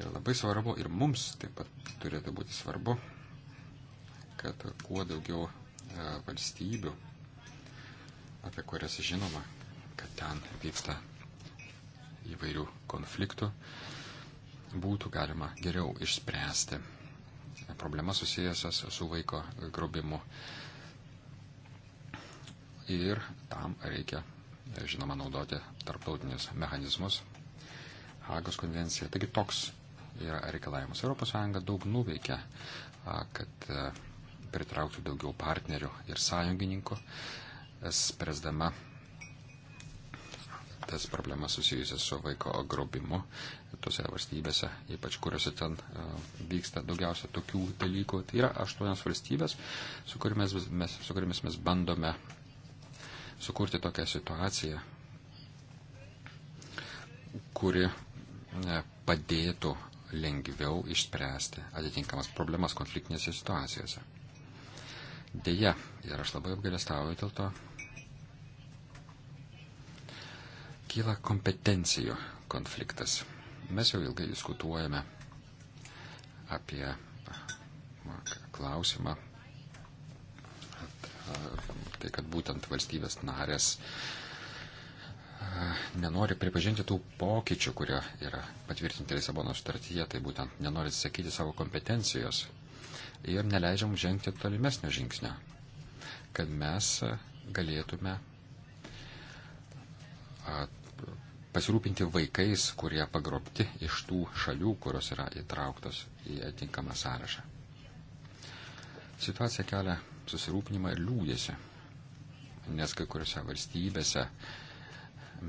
Ir labai svarbu, ir mums taip pat turėtų būti svarbu, kad kuo daugiau e, valstybių, apie kurias žinoma, kad ten vyksta įvairių konfliktų, būtų galima geriau išspręsti problemas susijęs su vaiko grobimu. Ir tam reikia, žinoma, naudoti tarptautinius mechanizmus, Hagos konvencija. Taigi toks yra reikalavimas. ES daug nuveikia, kad pritrauktų daugiau partnerių ir sąjungininkų, spręsdama tas problemas susijusias su vaiko grobimu tose valstybėse, ypač kuriuose ten e, vyksta daugiausia tokių dalykų. Tai yra aštuonios valstybės, su kuriamis mes, su kuriamis mes bandome sukurti tokią situaciją, kuri e, padėtų lengviau išspręsti atitinkamas problemas konfliktinėse situacijose. Deja, ir aš labai apgalėstauju dėl to, kyla kompetencijų konfliktas. Mes jau ilgai diskutuojame apie klausimą, tai kad būtent valstybės narės e, nenori pripažinti tų pokyčių, kurie yra patvirtinti Lisabono sutartyje, tai būtent nenori atsisakyti savo kompetencijos ir neleidžia mums žengti tolimesnio žingsnio, kad mes galėtume pasirūpinti vaikais, kurie pagrobti iš tų šalių, kurios yra įtrauktos į atinkamą sąrašą. Situacija kelia susirūpinimą ir liūdėsi, nes kai kuriuose valstybėse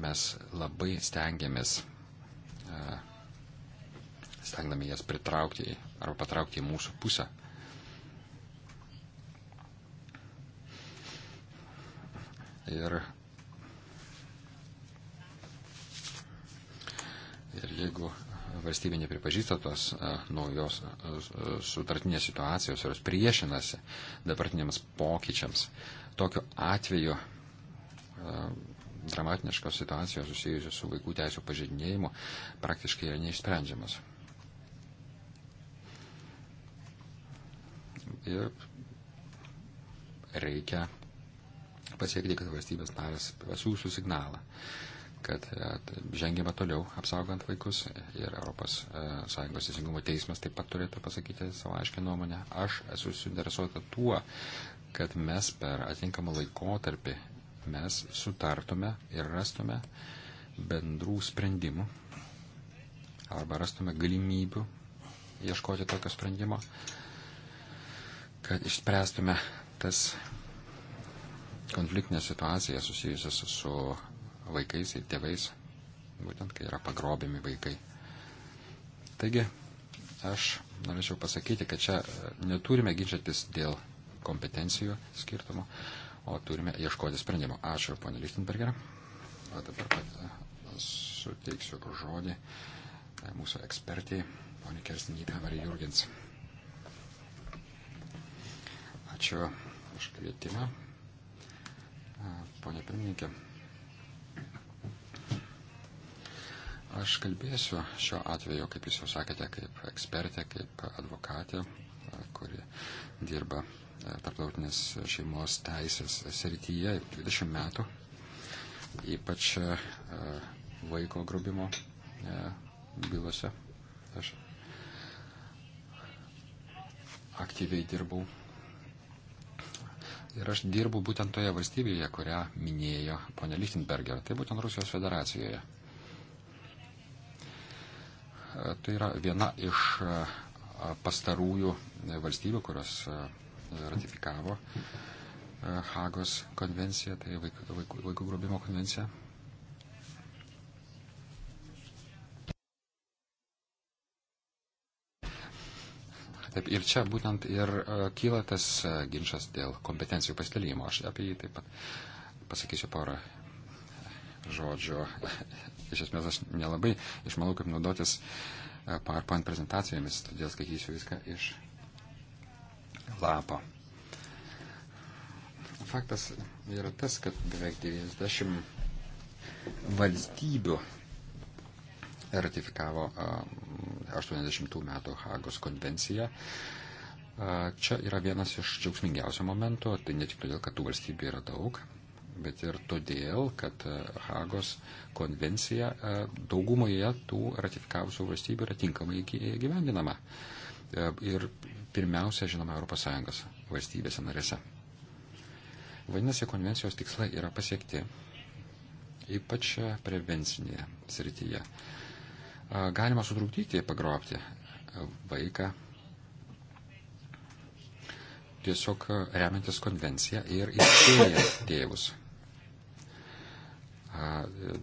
mes labai stengiamės, e, stengdami jas pritraukti arba patraukti į mūsų pusę. Ir Ir jeigu valstybė nepripažįsta tos e, naujos e, e, sutartinės situacijos, jos priešinasi dabartiniams pokyčiams, tokiu atveju dramatiškos situacijos susijusios su vaikų teisų pažeidinėjimu praktiškai yra neišsprendžiamas. Ir reikia pasiekti, kad valstybės narės pasiūsų signalą. Uh, kad e, žengiame toliau apsaugant vaikus ir ES e, teisingumo teismas taip pat turėtų pasakyti savo aiškę nuomonę. Aš esu suinteresuota tuo, kad mes per atinkamą laikotarpį mes sutartume ir rastume bendrų sprendimų arba rastume galimybių ieškoti tokio sprendimo, kad išspręstume tas konfliktinės situacijas susijusias su vaikais ir tėvais, būtent kai yra pagrobimi vaikai. Taigi, aš norėčiau pasakyti, kad čia e, neturime ginčytis dėl kompetencijų skirtumų, o turime ieškoti sprendimo. Ačiū, ponė Lichtenberger. O dabar pat e, suteiksiu žodį e, mūsų ekspertiai, ponė Kerstinytė Marija Jurgens. Ačiū už kvietimą, ponė pirmininkė. Aš kalbėsiu šiuo atveju, kaip jūs jau sakėte, kaip ekspertė, kaip advokatė, kuri dirba e, tarptautinės šeimos teisės srityje 20 metų, ypač e, vaiko grobimo e, bylose. Aš aktyviai dirbau. Ir aš dirbu būtent toje valstybėje, kurią minėjo ponia Lichtenberger, tai būtent Rusijos federacijoje tai yra viena iš pastarųjų valstybių, kurios ratifikavo Hagos konvenciją, tai vaikų, vaikų, vaikų grobimo konvenciją. Taip, ir čia būtent ir kyla tas ginčas dėl kompetencijų pasidalymo. Aš apie jį taip pat pasakysiu porą žodžio. Iš esmės aš nelabai išmanau, kaip naudotis e, PowerPoint prezentacijomis, todėl skaitysiu viską iš lapo. Faktas yra tas, kad beveik 90 valstybių ratifikavo 80 e, metų Hagos konvenciją. E, čia yra vienas iš džiaugsmingiausių momentų, tai ne tik todėl, kad tų valstybių yra daug, bet ir todėl, kad e, Hagos konvencija e, daugumoje tų ratifikavusių valstybių yra tinkamai gyvendinama. E, ir pirmiausia, žinoma, ES valstybėse narėse. Vadinasi, konvencijos tikslai yra pasiekti, ypač prevencinėje srityje. Galima sutrukdyti, pagrobti vaiką tiesiog remiantis konvenciją ir įspėja tėvus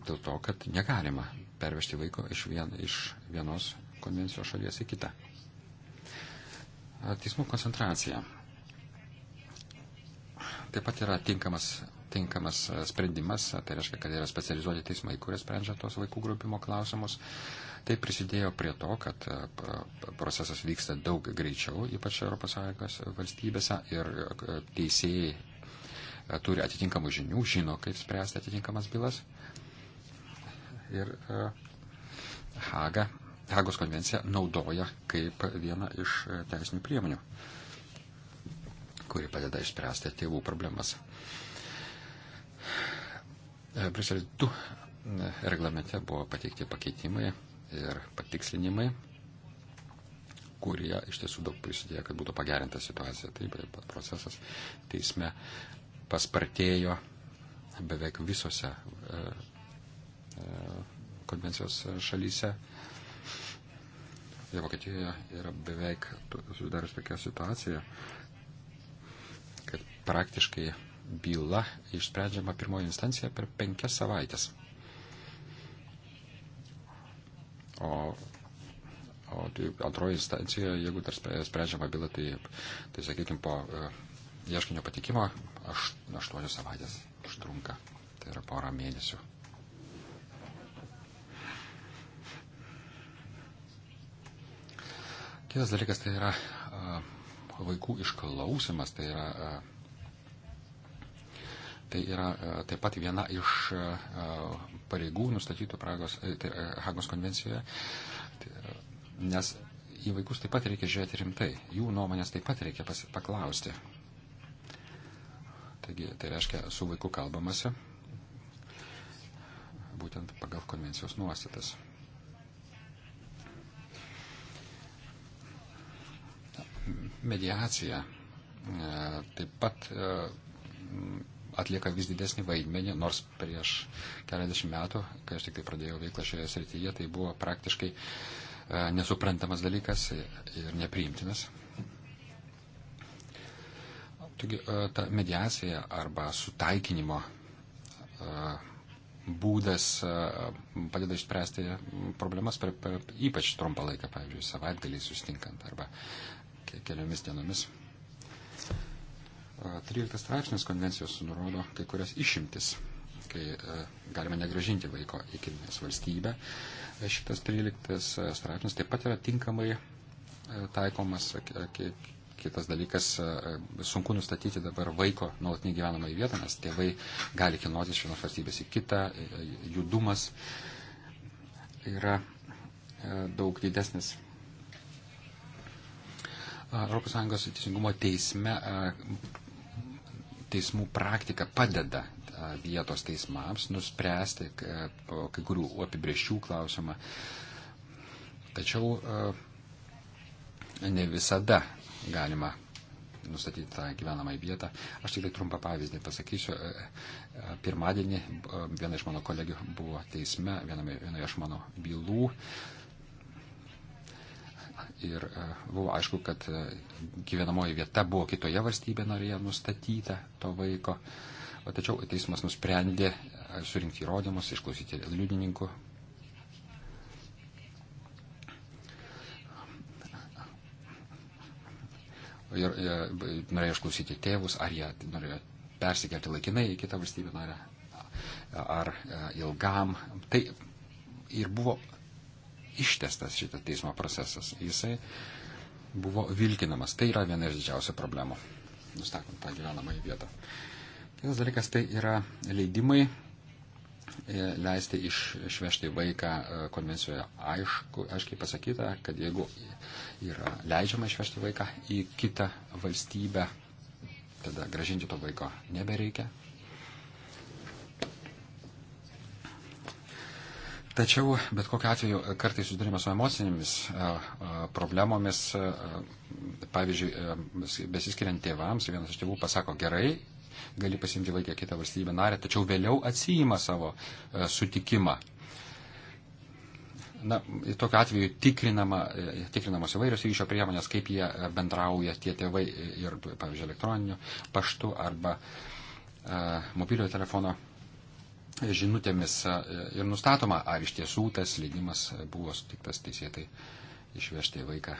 dėl to, kad negalima pervežti vaiko iš, vien, iš vienos konvencijos šalies į kitą. Teismų koncentracija. Taip pat yra tinkamas, tinkamas sprendimas, tai reiškia, kad yra specializuoti teismai, kurie sprendžia tos vaikų grupimo klausimus. Tai prisidėjo prie to, kad procesas vyksta daug greičiau, ypač ES valstybėse, ir teisėjai turi atitinkamų žinių, žino, kaip spręsti atitinkamas bylas. Ir e, Haga, Hagos konvencija naudoja kaip vieną iš e, teisinių priemonių, kuri padeda išspręsti tėvų problemas. E, Briselis 2 reglamente buvo pateikti pakeitimai ir patikslinimai, kurie iš tiesų daug prisidėjo, kad būtų pagerinta situacija. Taip, procesas teisme paspartėjo beveik visose e, e, konvencijos šalyse. Ir Vokietijoje yra beveik susidarius tokia situacija, kad praktiškai byla išsprendžiama pirmoji instancija per penkias savaitės. O, o tai antroji instancija, jeigu dar sprendžiama byla, tai, tai sakykime, po e, ieškinio patikimo 8 aš, savaitės užtrunka, tai yra pora mėnesių. Kitas dalykas tai yra a, vaikų išklausimas, tai yra, a, tai yra a, taip pat viena iš a, pareigų nustatytų Pragos, e, tai, a, e, Hagos konvencijoje, tai, e, nes į vaikus taip pat reikia žiūrėti rimtai, jų nuomonės taip pat reikia pas, paklausti. Taigi tai reiškia su vaiku kalbamasi būtent pagal konvencijos nuostatas. Mediacija e, taip pat e, atlieka vis didesnį vaidmenį, nors prieš keliasdešimt metų, kai aš tik tai pradėjau veiklą šioje srityje, tai buvo praktiškai e, nesuprantamas dalykas ir nepriimtinas. Taigi e, ta mediacija arba sutaikinimo e, būdas e, padeda išspręsti problemas per, per ypač trumpą laiką, pavyzdžiui, savaitgalį sustinkant arba keliomis dienomis. 13 straipsnis konvencijos nurodo kai kurias išimtis, kai galima negražinti vaiko į kilmės valstybę. Šitas 13 straipsnis taip pat yra tinkamai taikomas Kitas dalykas, e, sunku nustatyti dabar vaiko nuolatinį gyvenamąjį vietą, nes tėvai gali kilnoti iš vienos valstybės į kitą, e, e, judumas yra daug didesnis. ES teisingumo teisme teismų praktika padeda vietos teismams nuspręsti kai kurių apibriešių klausimą. Tačiau ne visada galima nustatyti tą gyvenamą vietą. Aš tik tai trumpą pavyzdį pasakysiu. E, e, pirmadienį e, viena iš mano kolegių buvo teisme, viename, vienoje iš mano bylų. Ir buvo aišku, kad gyvenamoji vieta buvo kitoje valstybėje norėje nustatyta to vaiko. O tačiau teismas nusprendė surinkti įrodymus, išklausyti liudininkų, ir, ir norėjo išklausyti tėvus, ar jie norėjo persikelti laikinai į kitą valstybę narę, ar e, ilgam. Tai ir buvo ištestas šitas teismo procesas. Jisai buvo vilkinamas. Tai yra viena iš didžiausių problemų, nustatant tą gyvenamąją vietą. Kitas dalykas tai yra leidimai E, leisti išvežti vaiką e, konvencijoje aišku, aiškiai pasakyta, kad jeigu yra leidžiama išvežti vaiką į kitą valstybę, tada gražinti to vaiko nebereikia. Tačiau bet kokiu atveju kartais susidurime su emocinėmis e, problemomis. Pavyzdžiui, besiskiriant tėvams, vienas iš tėvų pasako gerai, gali pasimti vaiką kitą valstybę narę, tačiau vėliau atsijima savo e, sutikimą. Na, tokiu atveju tikrinama, e, tikrinamos įvairios ryšio priemonės, kaip jie e, bendrauja tie tėvai e, ir, pavyzdžiui, elektroniniu paštu arba e, mobiliojo telefono žinutėmis e, ir nustatoma, ar iš tiesų tas leidimas buvo sutiktas teisėtai išvežti vaiką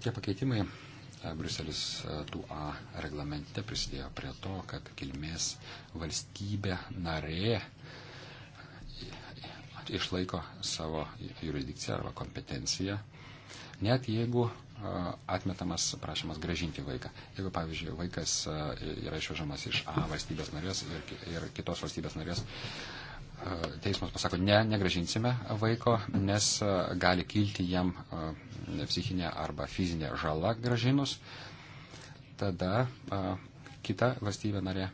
tie pakeitimai E, Bruselis 2A e, reglamente prisidėjo prie to, kad kilmės valstybė narė išlaiko savo jurisdikciją arba kompetenciją, net jeigu e, atmetamas prašymas gražinti vaiką. Jeigu, pavyzdžiui, vaikas yra išvežamas iš A valstybės narės ir, ir kitos valstybės narės, E, teismas pasako, ne, negražinsime vaiko, nes e, gali kilti jam e, psichinė arba fizinė žala gražinus, tada kita valstybė narė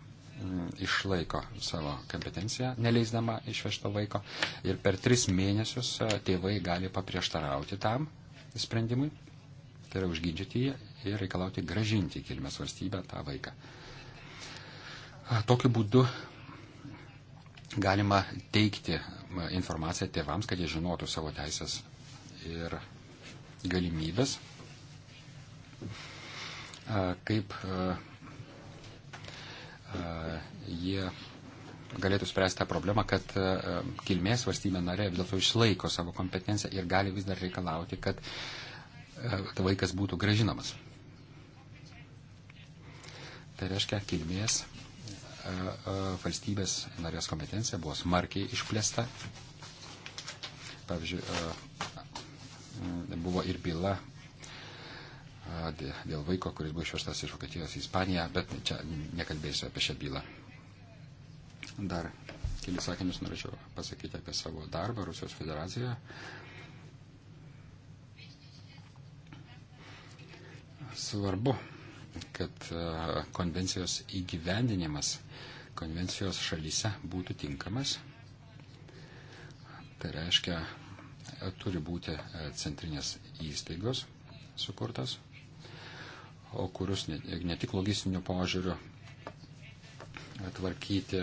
išlaiko savo kompetenciją, neleisdama išvežto vaiko ir per tris mėnesius tėvai gali paprieštarauti tam sprendimui, tai yra užginčyti jį ir reikalauti gražinti į kilmės valstybę tą vaiką. Tokiu būdu galima teikti informaciją tėvams, kad jie žinotų savo teisės ir galimybės, kaip jie galėtų spręsti tą problemą, kad kilmės valstybė narė vis dėlto išlaiko savo kompetenciją ir gali vis dar reikalauti, kad vaikas būtų gražinamas. Tai reiškia kilmės E, e, valstybės narės kompetencija buvo smarkiai išplėsta. Pavyzdžiui, e, buvo ir byla dėl vaiko, kuris buvo išvežtas iš Vokietijos į Ispaniją, bet čia nekalbėsiu apie šią bylą. Dar kelis sakinius norėčiau pasakyti apie savo darbą Rusijos federacijoje. Svarbu kad e, konvencijos įgyvendinimas konvencijos šalyse būtų tinkamas. Tai reiškia, e, turi būti e, centrinės įstaigos sukurtas, o kurius ne, ne tik logistiniu požiūriu tvarkyti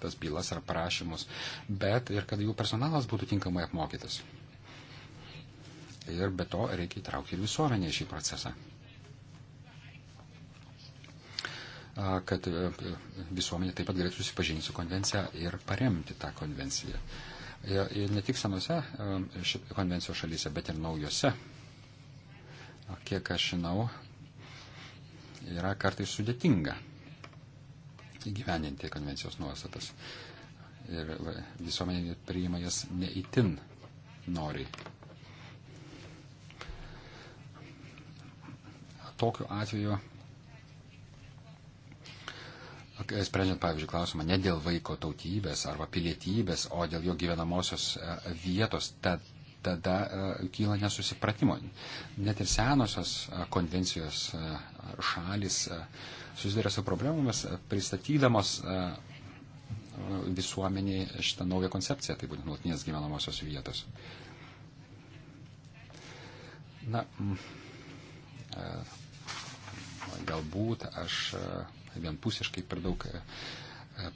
tas bylas ar prašymus, bet ir kad jų personalas būtų tinkamai apmokytas. Ir be to reikia įtraukti ir visuomenę į šį procesą. kad e, visuomenė taip pat galėtų susipažinti su konvencija ir paremti tą konvenciją. Ir, e, ir ne tik senose e, konvencijos šalyse, bet ir naujose. Kiek aš žinau, yra kartais sudėtinga įgyveninti konvencijos nuostatas. Ir visuomenė priima jas neįtin nori. Tokiu atveju sprendžiant, pavyzdžiui, klausimą ne dėl vaiko tautybės arba pilietybės, o dėl jo gyvenamosios e, vietos, tad, tada e, kyla nesusipratimo. Net ir senosios e, konvencijos šalis susiduria su problemomis, pristatydamos visuomeniai šitą naują koncepciją, tai būtent nuolatinės gyvenamosios vietos. Na, galbūt aš vienpusiškai per daug e, e,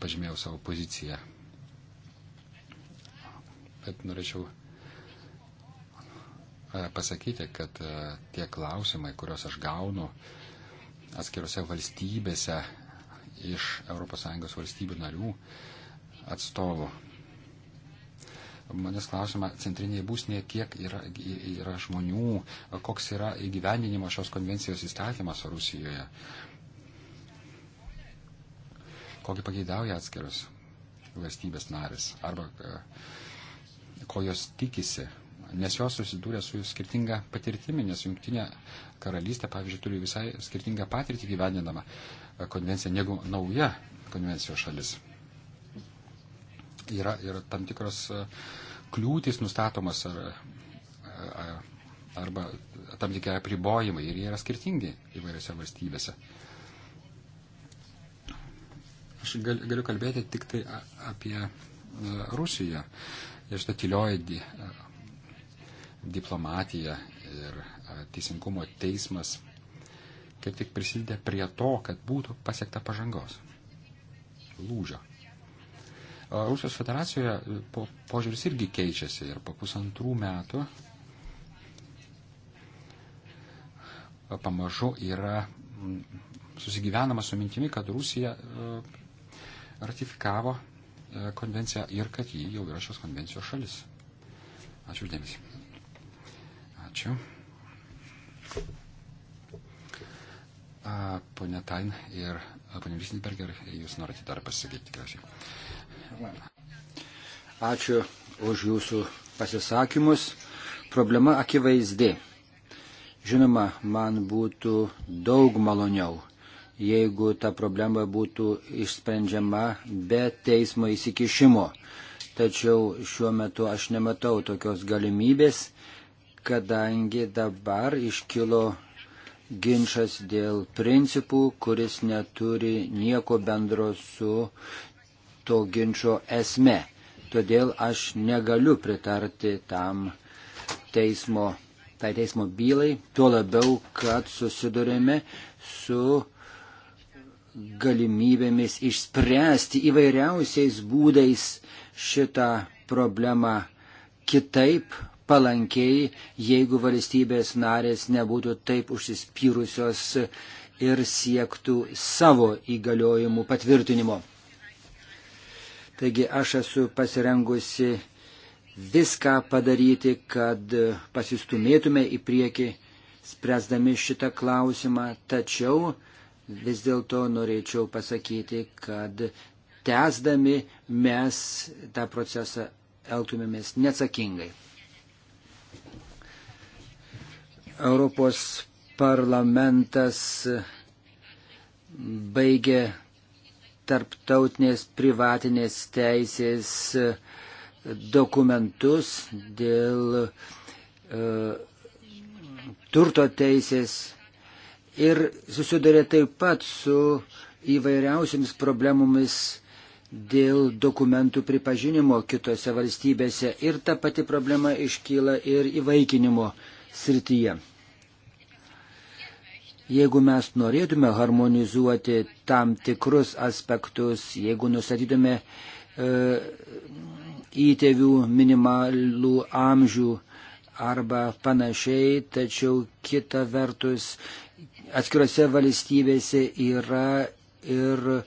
pažymėjau savo poziciją. Bet norėčiau e, pasakyti, kad tie klausimai, kuriuos aš gaunu atskirose valstybėse iš ES valstybių narių atstovų, manęs klausima centrinėje būsnėje, kiek yra, yra žmonių, koks yra įgyvendinimo šios konvencijos įstatymas Rusijoje kokį pageidauja atskiros valstybės narės arba e, ko jos tikisi, nes jos susidūrė su skirtinga patirtimi, nes jungtinė karalystė, pavyzdžiui, turi visai skirtingą patirtį gyvendinamą e, konvenciją negu nauja konvencijos šalis. Yra ir tam tikros e, kliūtis nustatomas ar, ar, arba tam tikri apribojimai ir jie yra skirtingi įvairiose valstybėse. Uh, Aš gal, galiu kalbėti tik tai apie e, Rusiją ir šitą tylioji e, diplomatija ir e, teisingumo teismas kaip tik prisideda prie to, kad būtų pasiekta pažangos. Lūžio. Rusijos federacijoje po, požiūris irgi keičiasi ir po pusantrų metų pamažu yra susigyvenama su mintimi, kad Rusija ratifikavo e, konvenciją ir kad ji jau yra šios konvencijos šalis. Ačiū uždėmesi. Ačiū. Pone Tain ir pone Visnisberger, jūs norite dar pasisakyti tikriausiai. Ačiū už jūsų pasisakymus. Problema akivaizdi. Žinoma, man būtų daug maloniau, jeigu ta problema būtų išsprendžiama be teismo įsikišimo. Tačiau šiuo metu aš nematau tokios galimybės, kadangi dabar iškilo ginčas dėl principų, kuris neturi nieko bendro su to ginčio esme. Todėl aš negaliu pritarti tam teismo, tai teismo bylai, tuo labiau, kad susidurėme su galimybėmis išspręsti įvairiausiais būdais šitą problemą kitaip palankiai, jeigu valstybės narės nebūtų taip užsispyrusios ir siektų savo įgaliojimų patvirtinimo. Taigi aš esu pasirengusi viską padaryti, kad pasistumėtume į priekį, spręsdami šitą klausimą, tačiau Vis dėlto norėčiau pasakyti, kad tęsdami mes tą procesą elgtumėmės neatsakingai. Europos parlamentas baigė tarptautinės privatinės teisės dokumentus dėl e, turto teisės ir susiduria taip pat su įvairiausiamis problemomis dėl dokumentų pripažinimo kitose valstybėse ir ta pati problema iškyla ir įvaikinimo srityje. Jeigu mes norėtume harmonizuoti tam tikrus aspektus, jeigu nustatytume e, įtėvių minimalų amžių arba panašiai, tačiau kita vertus atskirose valstybėse yra ir e,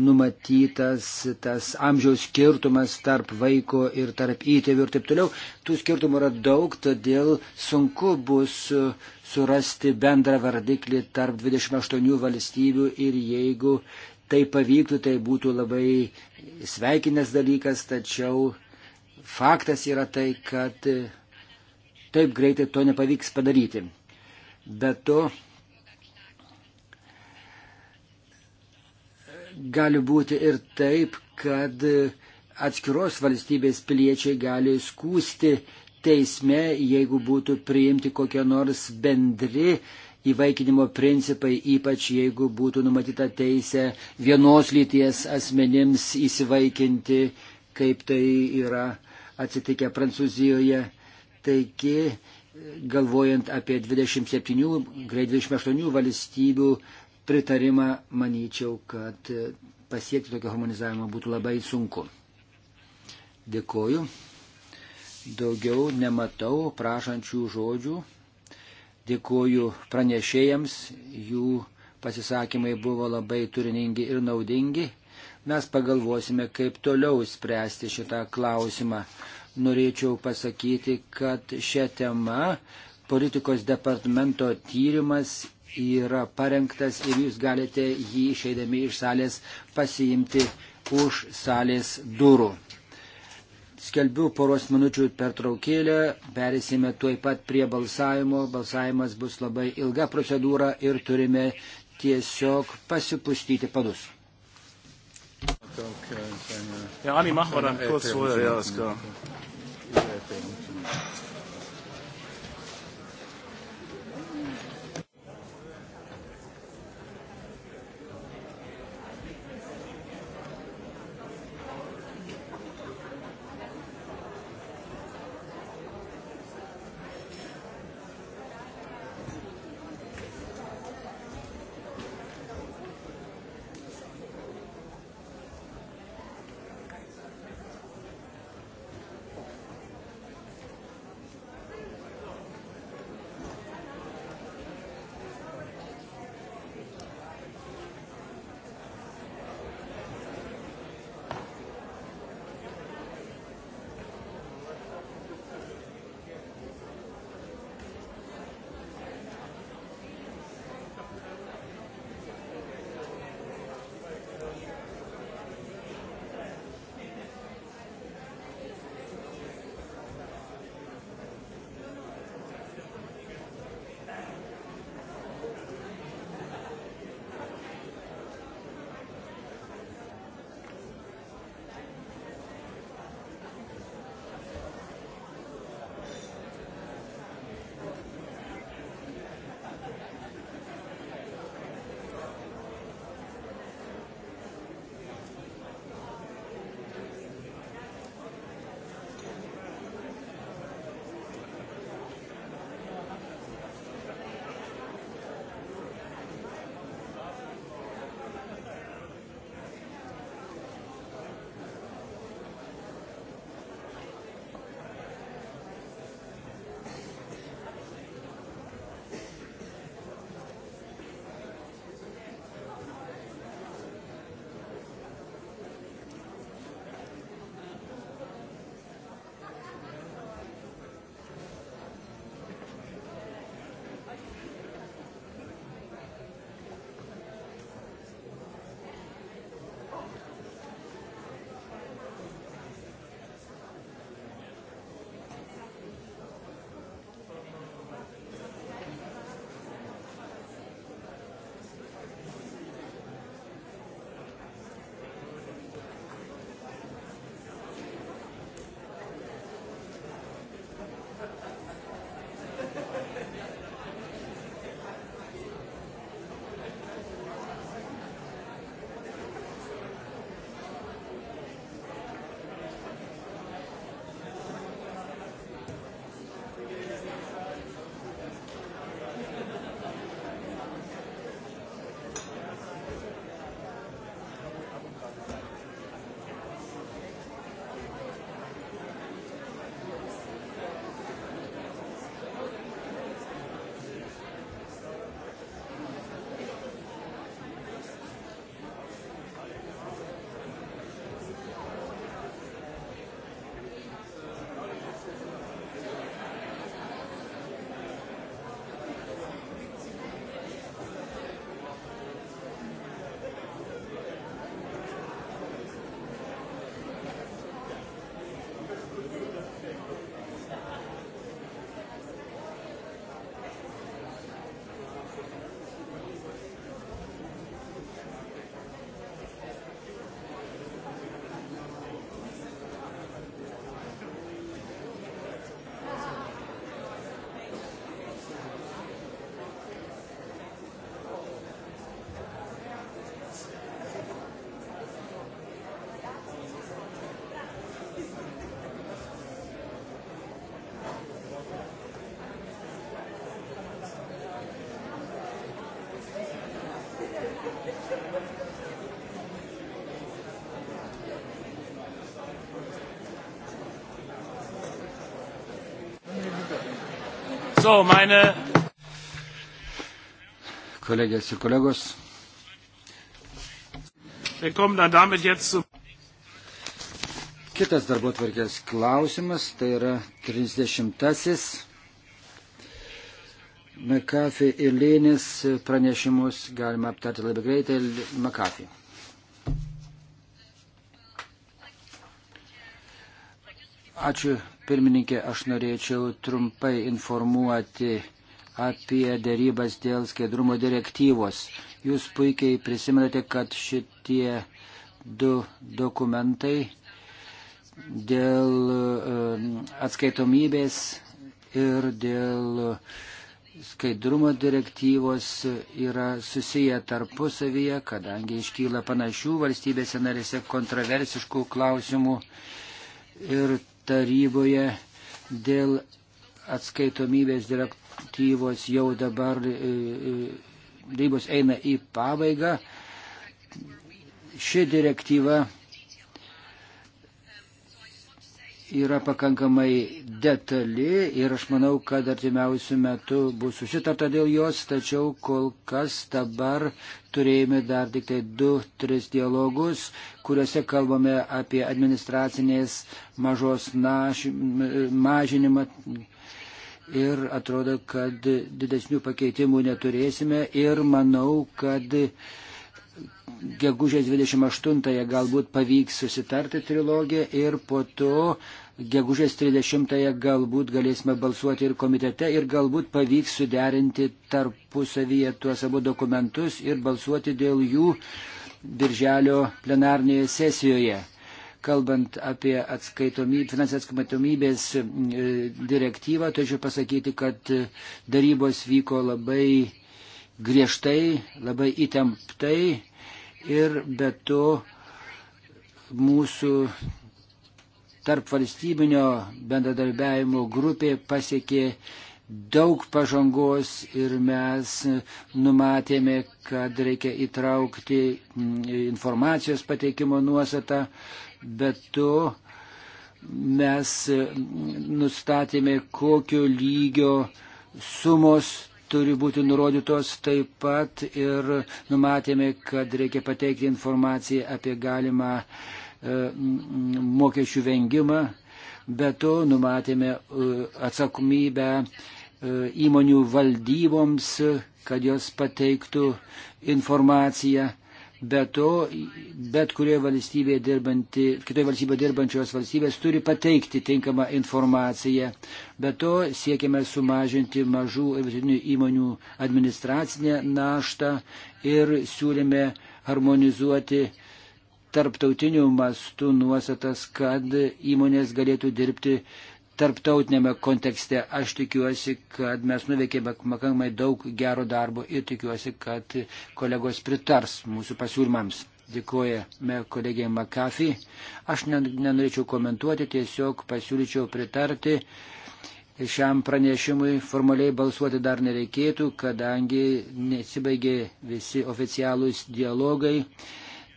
numatytas tas amžiaus skirtumas tarp vaiko ir tarp įtėvių ir taip toliau. Tų skirtumų yra daug, todėl sunku bus e, surasti bendrą vardiklį tarp 28 valstybių ir jeigu tai pavyktų, tai būtų labai sveikinęs dalykas, tačiau faktas yra tai, kad e, taip greitai to nepavyks padaryti. Bet to gali būti ir taip, kad atskiros valstybės piliečiai gali skūsti teisme, jeigu būtų priimti kokie nors bendri įvaikinimo principai, ypač jeigu būtų numatyta teisė vienos lyties asmenims įsivaikinti, kaip tai yra atsitikę Prancūzijoje. Taigi, galvojant apie 27, greit 28 valstybių pritarimą, manyčiau, kad pasiekti tokio harmonizavimo būtų labai sunku. Dėkoju. Daugiau nematau prašančių žodžių. Dėkoju pranešėjams, jų pasisakymai buvo labai turiningi ir naudingi. Mes pagalvosime, kaip toliau spręsti šitą klausimą. Norėčiau pasakyti, kad šią temą politikos departamento tyrimas yra parengtas ir jūs galite jį išeidami iš salės pasiimti už salės durų. Skelbiu poros minučių pertraukėlę, perėsime tuoj pat prie balsavimo. Balsavimas bus labai ilga procedūra ir turime tiesiog pasipustyti padus. Ja, Anni, machen wir dann kurz vorher, ja, ist klar. So, meine Kolleginnen und Kollegen. Wir kommen dann damit jetzt zu. Kitas darbotvarkės klausimas, tai yra 30-asis McAfee ir Lėnis pranešimus galima aptarti labai greitai. McAfee. Ačiū pirmininkė, aš norėčiau trumpai informuoti apie dėrybas dėl skaidrumo direktyvos. Jūs puikiai prisimenate, kad šitie du dokumentai dėl um, atskaitomybės ir dėl skaidrumo direktyvos yra susiję tarpusavyje, kadangi iškyla panašių valstybėse narėse kontroversiškų klausimų. Ir taryboje dėl atskaitomybės direktyvos jau dabar e, e, darybos eina į pabaigą. Ši direktyva yra pakankamai detali ir aš manau, kad artimiausių metų bus susitarta dėl jos, tačiau kol kas dabar turėjome dar tik tai 2-3 dialogus, kuriuose kalbame apie administracinės mažos naš, mažinimą. Ir atrodo, kad didesnių pakeitimų neturėsime ir manau, kad gegužės 28-ąją galbūt pavyks susitarti trilogiją ir po to gegužės 30-ąją galbūt galėsime balsuoti ir komitete ir galbūt pavyks suderinti tarpusavyje tuos abu dokumentus ir balsuoti dėl jų birželio plenarnėje sesijoje. Kalbant apie finansinės atskaitomybės e, direktyvą, tačiau pasakyti, kad e, darybos vyko labai griežtai, labai įtemptai, ir be to mūsų tarp valstybinio bendradarbiavimo grupė pasiekė daug pažangos ir mes numatėme, kad reikia įtraukti mm, informacijos pateikimo nuostatą, bet to mes mm, nustatėme, kokio lygio sumos turi būti nurodytos taip pat ir numatėme, kad reikia pateikti informaciją apie galimą e, mokesčių vengimą. Be to numatėme e, atsakomybę e, įmonių valdyboms, kad jos pateiktų informaciją Be to, bet kurioje valstybėje dirbanti, kitoje valstybėje dirbančios valstybės turi pateikti tinkamą informaciją. Be to, siekime sumažinti mažų ir vidutinių įmonių administracinę naštą ir siūlėme harmonizuoti tarptautinių mastų nuostatas, kad įmonės galėtų dirbti uh, tarptautinėme kontekste. Aš tikiuosi, kad mes nuveikėme pakankamai daug gero darbo ir tikiuosi, kad kolegos pritars mūsų pasiūlymams. Dėkojame kolegijai McAfee. Aš nenorėčiau komentuoti, tiesiog pasiūlyčiau pritarti. Šiam pranešimui formaliai balsuoti dar nereikėtų, kadangi nesibaigė visi oficialūs dialogai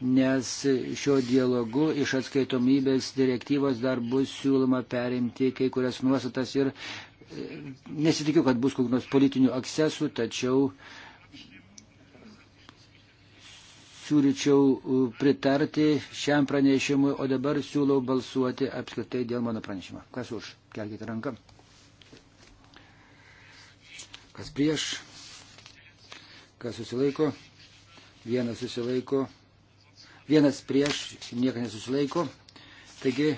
nes šio dialogu iš atskaitomybės direktyvos dar bus siūloma perimti kai kurias nuostatas ir e, nesitikiu, kad bus kokios politinių aksesų, tačiau siūlyčiau e, pritarti šiam pranešimui, o dabar siūlau balsuoti apskritai dėl mano pranešimo. Kas už? Kelkite ranką. Kas prieš? Kas susilaiko? Vienas susilaiko vienas prieš, niekas nesusilaiko. Taigi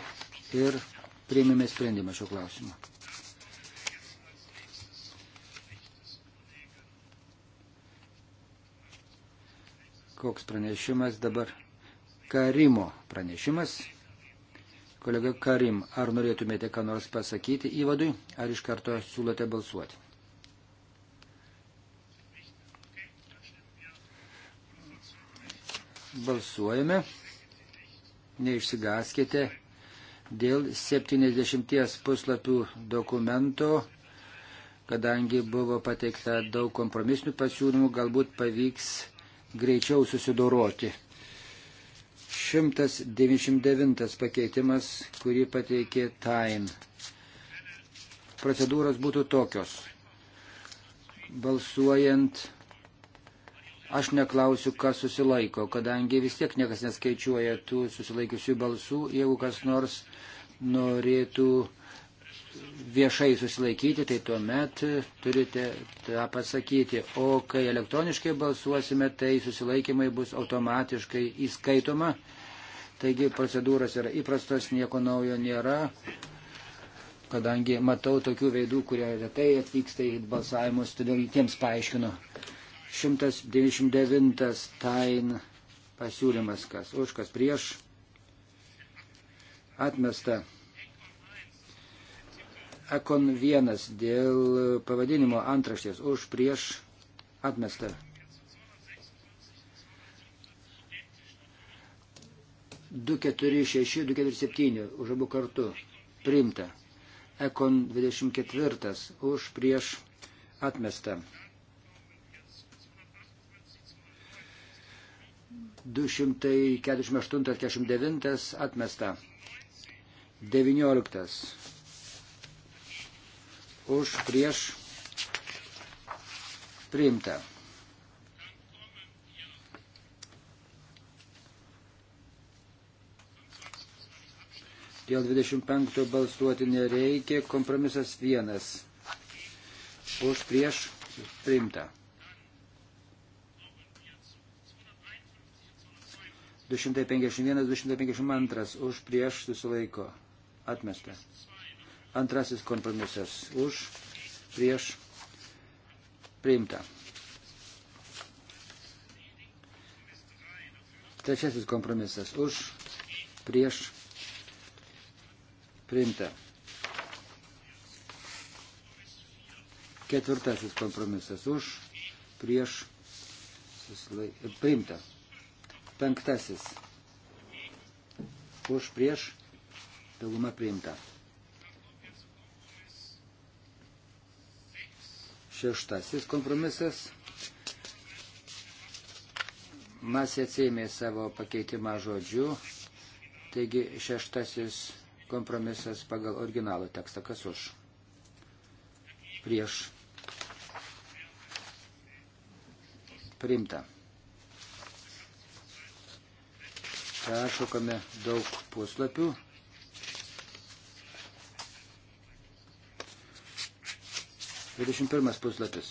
ir priėmėme sprendimą šio klausimu. Koks pranešimas dabar? Karimo pranešimas. Kolega Karim, ar norėtumėte ką nors pasakyti įvadui, ar iš karto siūlote balsuoti? Balsuojame. Neišsigaskite dėl 70 puslapių dokumento, kadangi buvo pateikta daug kompromisinių pasiūlymų, galbūt pavyks greičiau susidoroti. 199 pakeitimas, kurį pateikė Tain. Procedūros būtų tokios. Balsuojant Aš neklausiu, kas susilaiko, kadangi vis tiek niekas neskaičiuoja tų susilaikiusių balsų. Jeigu kas nors norėtų viešai susilaikyti, tai tuomet turite tą pasakyti. O kai elektroniškai balsuosime, tai susilaikymai bus automatiškai įskaitoma. Taigi procedūros yra įprastos, nieko naujo nėra, kadangi matau tokių veidų, kurie retai atvyksta į balsavimus, todėl jiems paaiškinu. 199 tain pasiūlymas, kas už, kas prieš. Atmesta. Ekon vienas dėl pavadinimo antraštės už, prieš. Atmesta. Du keturi šeši, du keturi septyni už abu kartu. Primta. Ekon 24 už prieš atmestą. 248-49 atmesta. 19. Už prieš priimta. Dėl 25 balsuoti nereikia. Kompromisas vienas. Už prieš priimta. 251, 252 už prieš susilaiko atmesta. Antrasis kompromisas už prieš priimta. Trečiasis kompromisas už prieš priimta. Ketvirtasis kompromisas už prieš priimta. Penktasis. Už prieš dauguma priimta. Šeštasis kompromisas. Masė atsėmė savo pakeitimą žodžių. Taigi šeštasis kompromisas pagal originalų tekstą. Kas už? Prieš. Priimta. Peršokame daug puslapių. Dvidešimt pirmas puslapis.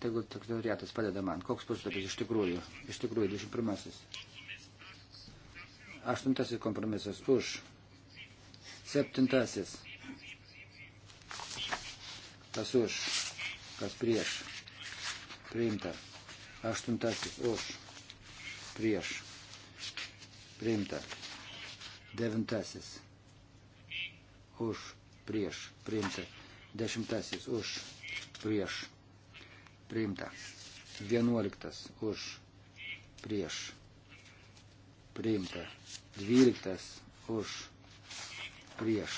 Tegul sekretariatas padeda man. Koks puslapis iš tikrųjų? Iš tikrųjų, 21. Aštuntasis kompromisas už. Septintasis. Kas už, kas prieš priimta. Aštuntasis už, prieš, priimta. Devintasis už, prieš, priimta. Dešimtasis už, prieš, priimta. Vienuoliktas už, prieš, priimta. Dvyliktas už, prieš,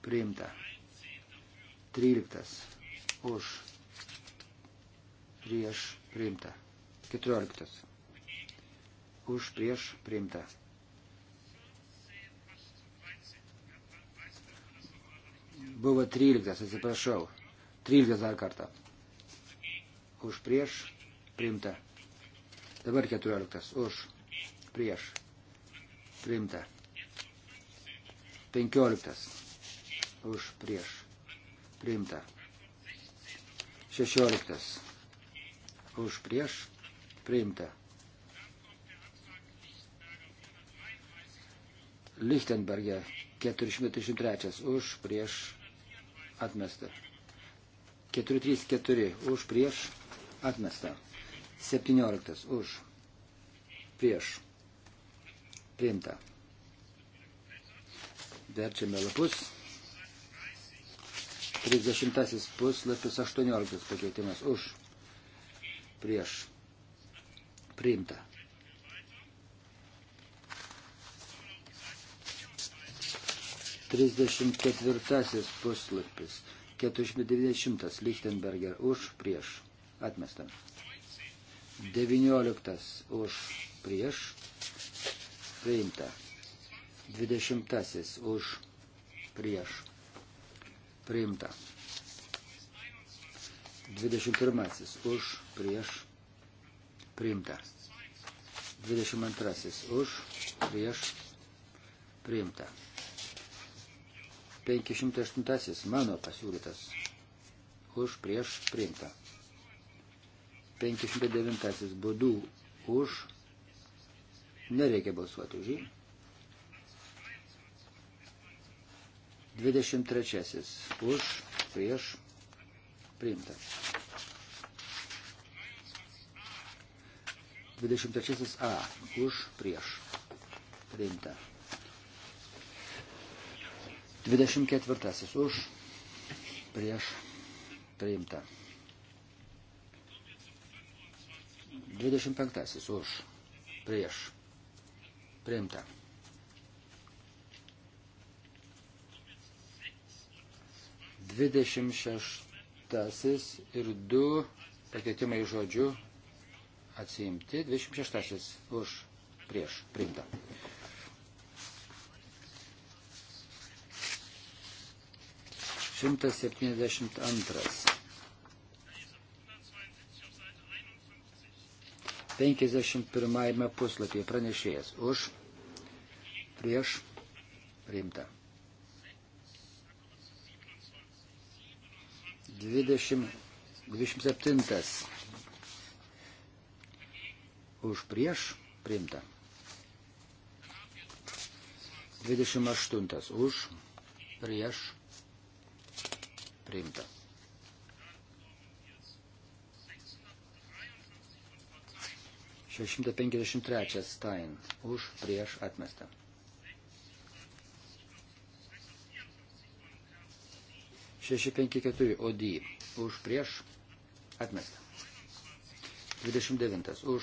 priimta. Tryliktas už, prieš prieš priimta. 14. Už prieš priimta. Buvo 13, atsiprašau. 13 dar kartą. Už prieš priimta. Dabar 14. Už prieš priimta. 15. Už prieš priimta. 16 už prieš priimta. Lichtenberge 433 už prieš atmestą. 434 už prieš atmestą. 17 už prieš priimta. Verčiame lapus. 30 puslapis 18 pakeitimas už prieš priimta. Trisdešimt ketvirtasis puslapis, 490 Lichtenberger už prieš atmestą. 19 už prieš priimta. 20 už prieš priimta. 21 už prieš priimta. 22 už prieš priimta. 508 mano pasiūlytas už prieš priimta. 509 būdų už nereikia balsuoti už jį. 23 už prieš priimta. 23 A. Už prieš. Priimta. 24 už prieš. Priimta. 25 už prieš. Priimta. 26 ir 2 pakeitimai žodžiu atsiimti, 26 už prieš priimta. Šimtas septyniasdešimt antras. Penkiasdešimt pirmajame puslapyje pranešėjas už prieš priimta. 20, 27 už prieš priimta. 28 už prieš priimta. 653 Stein už prieš atmestą. Šeši penki keturi Odi už prieš atmestą. 29 už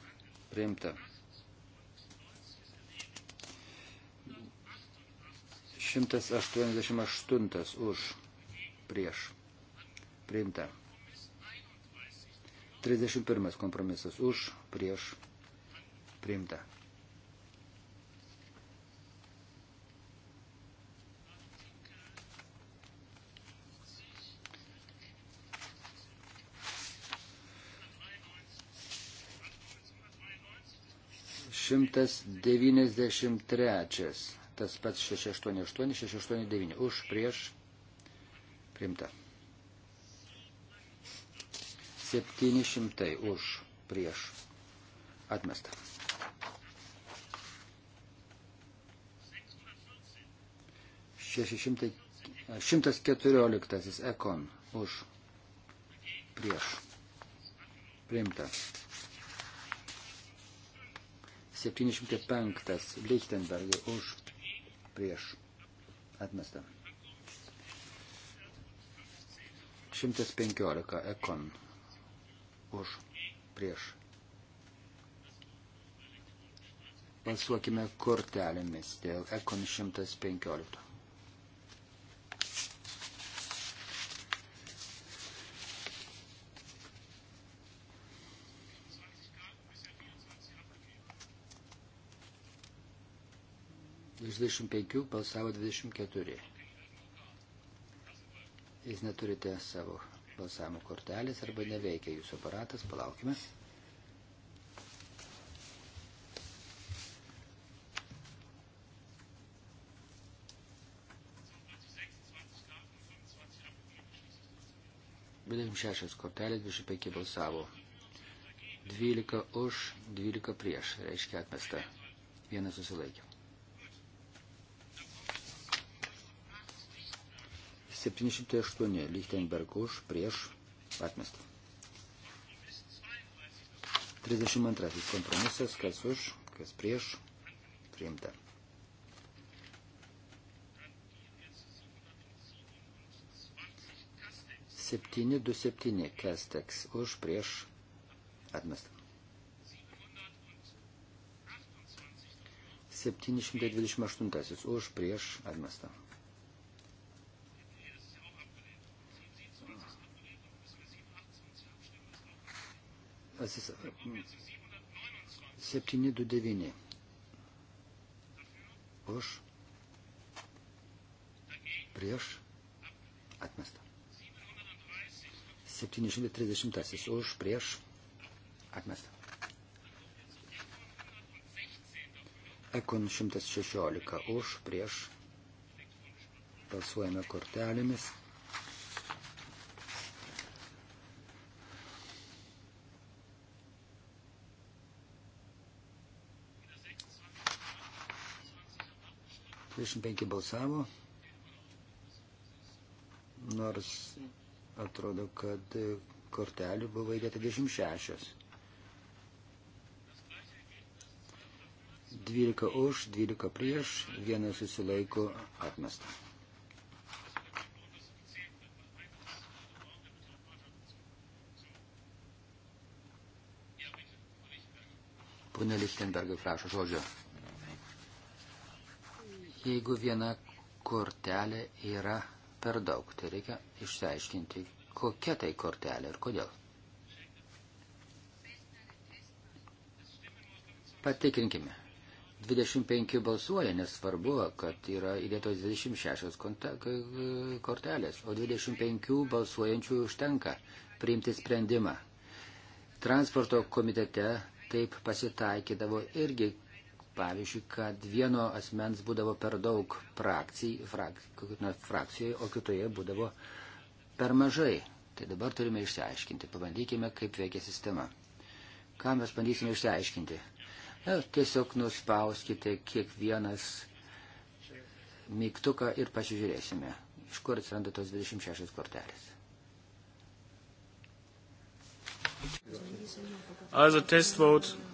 priimta. 188 už prieš priimta. 31 kompromisas už prieš priimta. 193. Tas pats 688, 689. Už, prieš, primta. 700 už, prieš, atmesta. 600, 114 ekon už, prieš, primta. 705 Lichtenberger už prieš atmestą. 115 Ekon už prieš. Balsuokime kortelėmis dėl Ekon 115. Iš 25 balsavo 24. Jūs neturite savo balsavimo kortelės arba neveikia jūsų aparatas, palaukime. Dvidešimt šešias kortelės, dvidešimt penki balsavo. Dvylika už, dvylika prieš, reiškia atmesta. Vienas susilaikė. 708 Lichtenberg už prieš atmestą. 32 kompromisas, kas už, kas prieš, priimta. 727 Kesteks už prieš atmestą. 728 už prieš atmestą. pasis... 729. Už. Prieš. Atmesta. 730. Už. Prieš. Atmesta. Ekon 116. Už. Prieš. Balsuojame kortelėmis. 35 balsavo, nors atrodo, kad kortelių buvo įdėta 26. 12 už, 12 prieš, vienas susilaiko atmestą. Pone Lichtenbergai prašo žodžio jeigu viena kortelė yra per daug. Tai reikia išsiaiškinti, kokia tai kortelė ir kodėl. Patikrinkime. 25 balsuoja, nesvarbu, kad yra įdėtos 26 kortelės, o 25 balsuojančių užtenka priimti sprendimą. Transporto komitete taip pasitaikydavo irgi Pavyzdžiui, kad vieno asmens būdavo per daug frakcijai, frak, frakcijoje, o kitoje būdavo per mažai. Tai dabar turime išsiaiškinti. Pabandykime, kaip veikia sistema. Ką mes bandysime išsiaiškinti? Na, tiesiog nuspauskite kiekvienas mygtuką ir pasižiūrėsime, iš kur atsiranda tos 26 kortelės. Also test vote.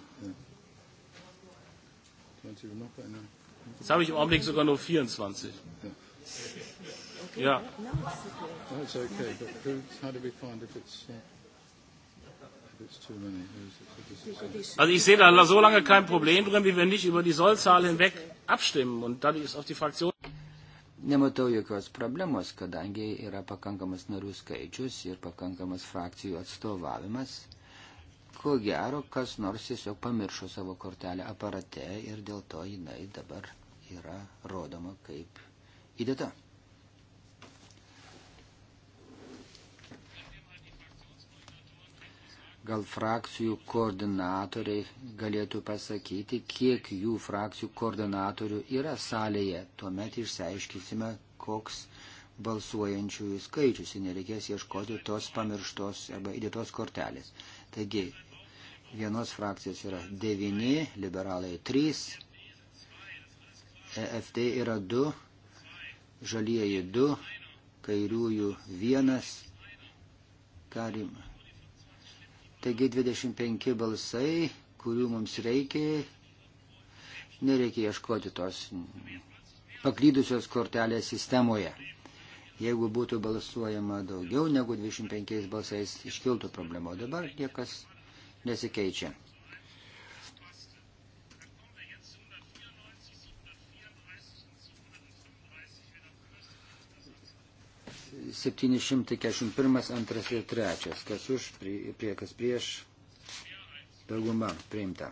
21 noch eine. Jetzt habe ich im Augenblick sogar nur 24. Ja. Okay. Ja. No, it's okay. No, it's okay. But who, how do we find if it's, uh, if it's too many? Also ich sehe da so lange kein Problem drin, wie wir nicht über die Sollzahl hinweg abstimmen. Und dann ist auf die Fraktion. Nematau jokios problemos, kadangi yra pakankamas narių skaičius ir pakankamas frakcijų atstovavimas ko gero, kas nors tiesiog pamiršo savo kortelę aparate ir dėl to jinai dabar yra rodoma kaip įdėta. Gal frakcijų koordinatoriai galėtų pasakyti, kiek jų frakcijų koordinatorių yra salėje. Tuomet išsiaiškysime, koks balsuojančiųjų skaičius ir nereikės ieškoti tos pamirštos arba įdėtos kortelės. Taigi, Vienos frakcijos yra devyni, liberalai trys, EFT yra du, žalieji du, kairiųjų vienas, karim. Taigi 25 balsai, kurių mums reikia, nereikia ieškoti tos paklydusios kortelės sistemoje. Jeigu būtų balsuojama daugiau negu 25 balsais, iškiltų problema. O dabar niekas nesikeičia. Septynišimtai kešim pirmas, antras ir trečias. Kas už, prie, kas prieš, dauguma priimta.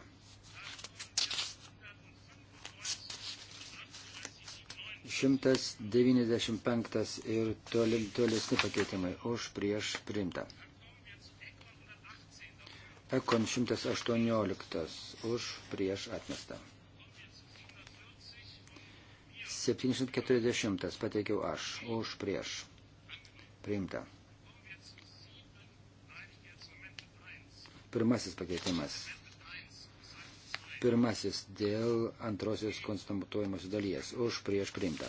195 ir toli, tolesni pakeitimai už prieš primtą. Ekon 118 už prieš atmestą. 740 pateikiau aš už prieš. Priimta. Pirmasis pakeitimas. Pirmasis dėl antrosios konstatuojamos dalies. Už prieš priimta.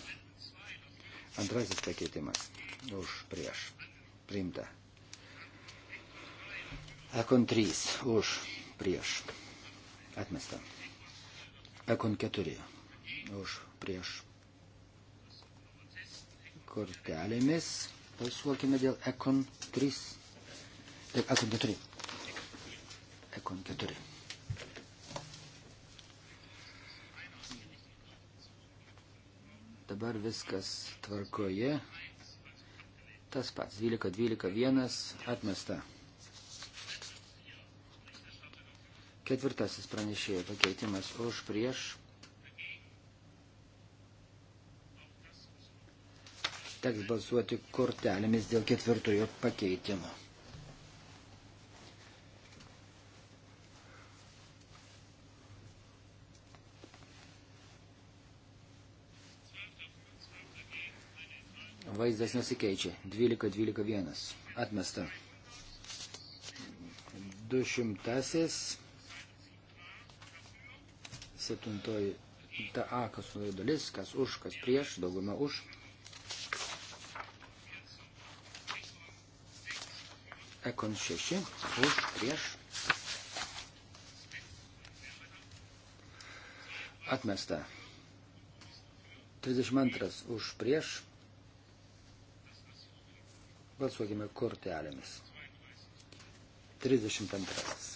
Antrasis pakeitimas. Už prieš. Priimta. Ekon 3 už prieš atmestą. Ekon 4 už prieš kortelėmis. Pasuokime dėl Ekon 3. Taip, Ekon 4. Ekon 4. dabar viskas tvarkoje. Tas pats 12, 12, 1 atmesta. Ketvirtasis pranešėjo pakeitimas už prieš. Teks balsuoti kortelėmis dėl ketvirtojo pakeitimo. vaizdas nesikeičia. 12-12-1. Atmesta. 200. Septintoji ta A, kas dalis, kas už, kas prieš, dauguma už. Ekon 6, už, prieš. Atmesta. 32 už prieš. Balsuokime kortelėmis. 32.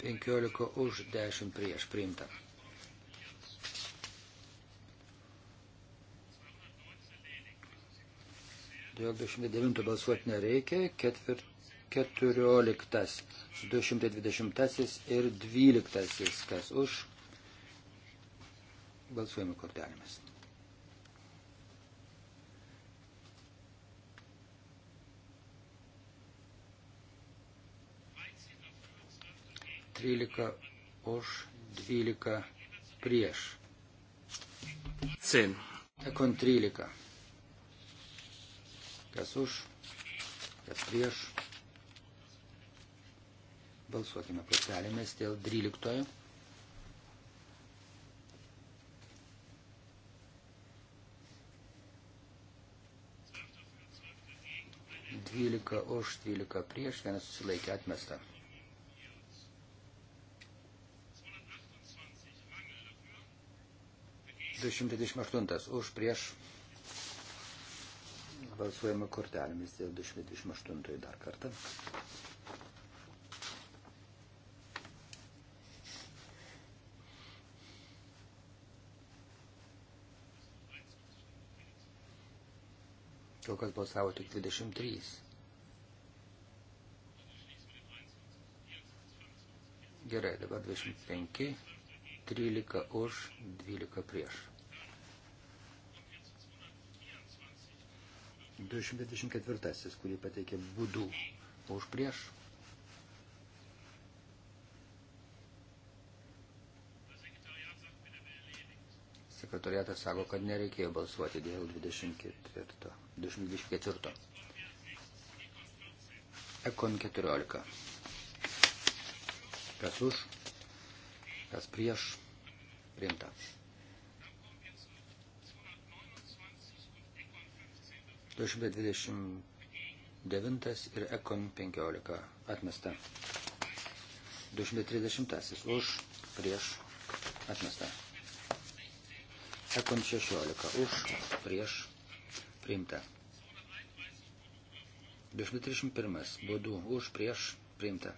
15 už 10 prieš priimta. 29 balsuoti nereikia, ketvir, 14, 220 ir 12, kas už balsuojami kortelėmis. 13 už, 12 prieš. Sin. Ekon 13. Kas už, kas prieš. Balsuokime kortelėmis dėl 13. Dvylika už, dvylika prieš, vienas susilaikė atmestą. 228 už prieš balsuojame kortelėmis dėl 228 dar kartą. Kol kas balsavo tik 23. Gerai, dabar 25, 13 už, 12 prieš. 224, kurį pateikė būdų už prieš. Sekretariatas sako, kad nereikėjo balsuoti dėl 24. 224. Ekon 14. Kas už, kas prieš, priimta. 229 ir Ekon 15 atmesta. 230 už prieš atmesta. Ekon 16 už prieš priimta. 231 būdų už prieš priimta.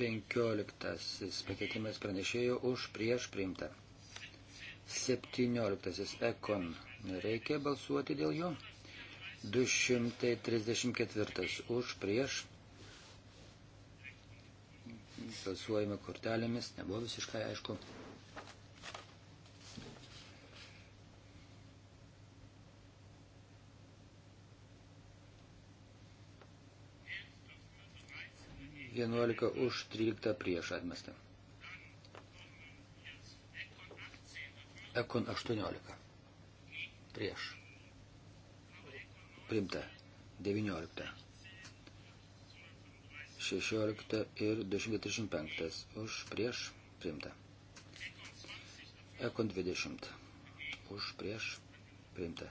15 pakeitimas pranešėjo už prieš priimta. 17 ekon Reikia balsuoti dėl jo. 234 už prieš. Balsuojame kortelėmis, nebuvo visiškai aišku. Vienuolika už, trylikta prieš atmestą. Ekon 18 prieš. Primta. 19. 16 ir 235 už prieš primta. Ekon 20 už prieš primta.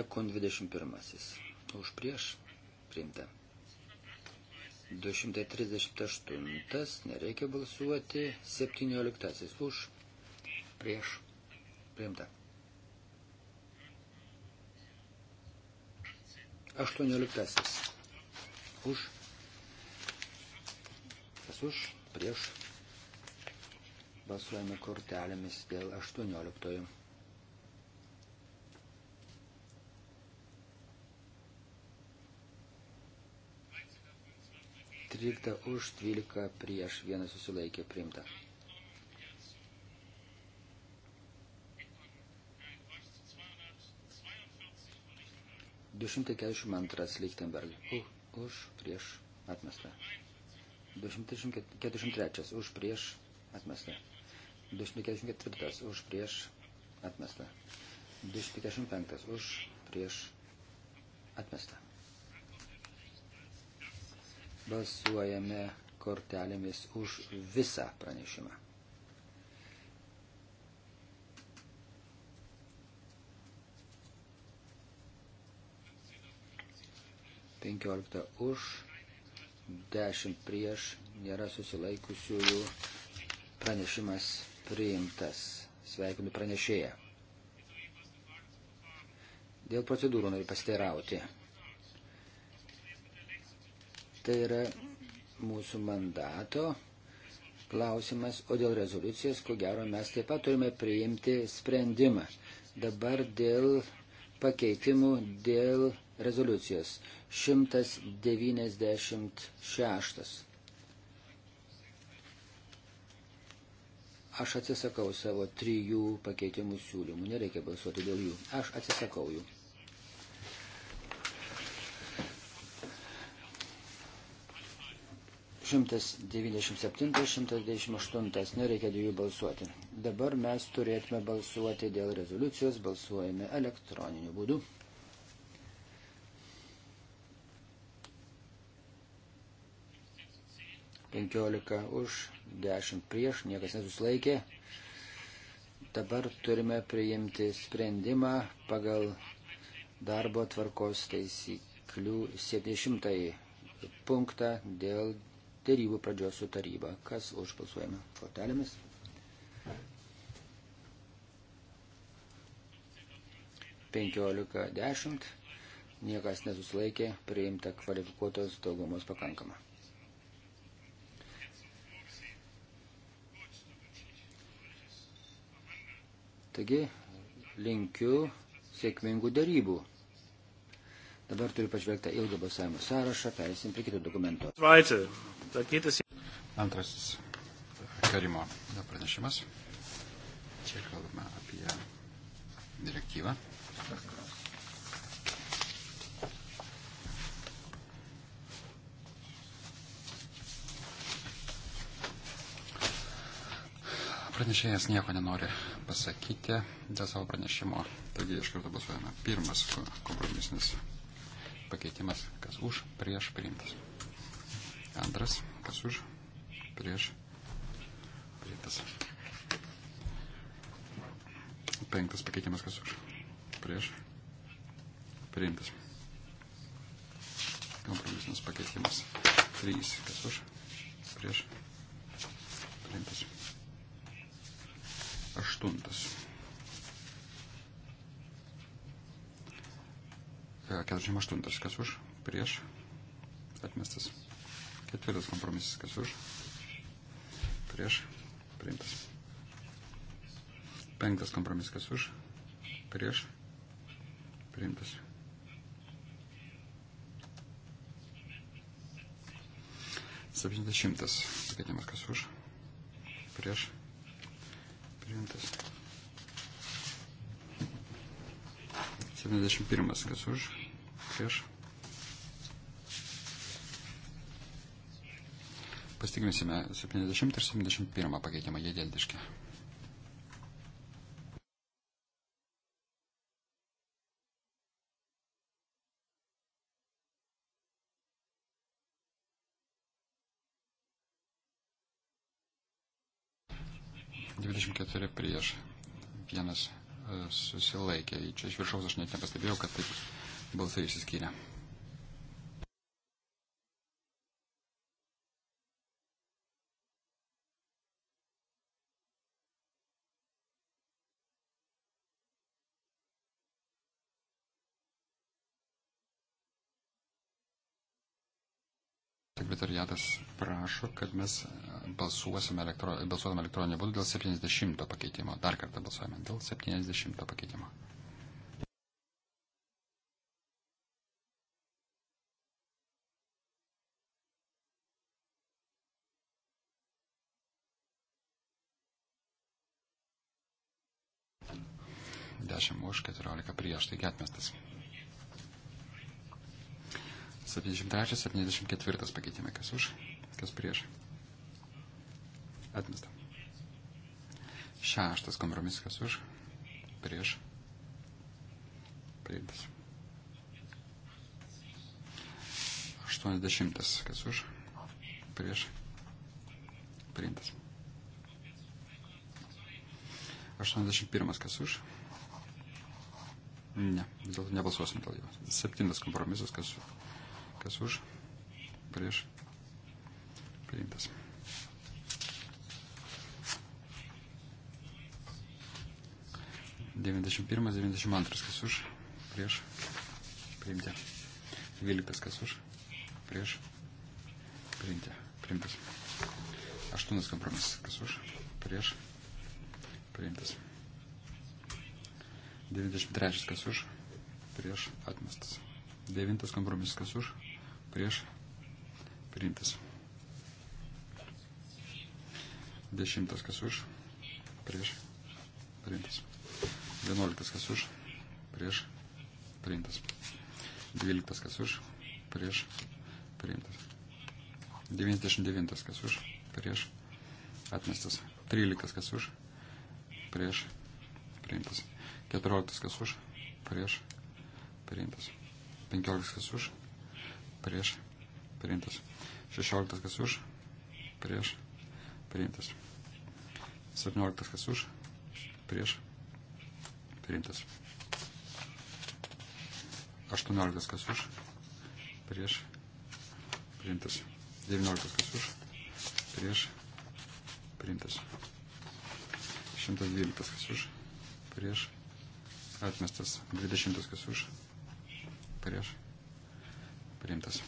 Ekon 21 už prieš primta. 238 nereikia balsuoti. 17 už prieš Priimta. 18. Už. Kas už? Prieš. Balsuojame kortelėmis dėl 18. Trylikta už, dvylika prieš, vienas susilaikė priimta. 242 Lichtenberg. Už, prieš, atmesta. 243 už, prieš, atmesta. 244 už, prieš, atmesta. 245 už, prieš, atmesta. Balsuojame kortelėmis už visą pranešimą. 15 už, 10 prieš, nėra susilaikusiųjų, pranešimas priimtas. Sveikinu pranešėją. Dėl procedūrų noriu pasiteirauti. Tai yra mūsų mandato klausimas, o dėl rezoliucijos, ko gero, mes taip pat turime priimti sprendimą. Dabar dėl pakeitimų, dėl rezoliucijos. 196. Aš atsisakau savo trijų pakeitimų siūlymų, nereikia balsuoti dėl jų. Aš atsisakau jų. Šimtas devyniasdešimt septintas, šimtas devyniasdešimt aštuntas, nereikia dėl jų balsuoti. Dabar mes turėtume balsuoti dėl rezoliucijos, balsuojame elektroniniu būdu. 15 už, 10 prieš, niekas nesuslaikė. Dabar turime priimti sprendimą pagal darbo tvarkos taisyklių 70 punktą dėl dėrybų pradžios su taryba. Kas užbalsuojame kortelėmis? Penkiolika dešimt, niekas nesuslaikė, priimta kvalifikuotos daugumos pakankama. Taigi, linkiu sėkmingų darybų. Dabar turiu pažvelgti ilgą balsavimo sąrašą, perėsim prie kito dokumento. Antrasis karimo pranešimas. Čia kalbame apie direktyvą. Pranešėjas nieko nenori pasakyti dėl savo pranešimo. Taigi iš karto balsuojame. Pirmas kompromisinis pakeitimas, kas už, prieš priimtas. Antras, kas už, prieš priimtas. Penktas pakeitimas, kas už, prieš priimtas. Kompromisinis pakeitimas. Trys, kas už, prieš priimtas. 48. 48, e, kas už, prieš, atmestas. Ketvirtas kompromisas, kas už, prieš, priimtas. Penktas kompromisas, kas už, prieš, priimtas. Septyniasdešimtas pakeitimas, kas už, prieš, priimtas. Priimtas. 71. Kas už? Prieš. Pastikrinsime 70 ir 71 pakeitimą jie identiški. 24 prieš. Vienas e, susilaikė. Čia iš viršaus aš net nepastebėjau, kad taip balsai išsiskyrė. sekretariatas prašo, kad mes balsuosime elektro, balsuodami elektroninį būdų dėl 70 pakeitimo. Dar kartą balsuojame dėl 70 pakeitimo. Dešimt už, keturiolika prieš, taigi atmestas. 73-74 pakeitimai, kas už, kas prieš. Atmesta. Šeštas kompromisas, kas už, prieš. Priimtas. 80, kas už, prieš. Priimtas. 81, kas už. Ne, vis dėlto nebalsuosim dėl jo. Septintas kompromisas, kas už Kas už? Prieš. Priimtas. Devintasdešimt pirmas, devintasdešimt antras. Kas už? Prieš. Priimti. Dvyliktas. Kas už? Prieš. Priimti. Priimtas. Aštuntas kompromisas. Kas už? Prieš. Priimtas. 93 kas už, prieš atmestas. 9 kompromisas kas už, prieš priimtas. Dešimtas kas už, prieš priimtas. Vienuoliktas kas už, prieš priimtas. Dvyliktas kas už, prieš priimtas. Devyniasdešimt devintas kas už, prieš atmestas. Trylikas kas už, prieš priimtas. Keturioliktas kas už, prieš priimtas. Penkioliktas kas už, prieš, priimtas. 16 kas už, prieš, priimtas. 17 kas už, prieš, priimtas. 18 kas už, prieš, priimtas. 19 kas už, prieš, priimtas. 112 kas už, prieš, atmestas. 20 kas už, prieš, priimtas priimtas.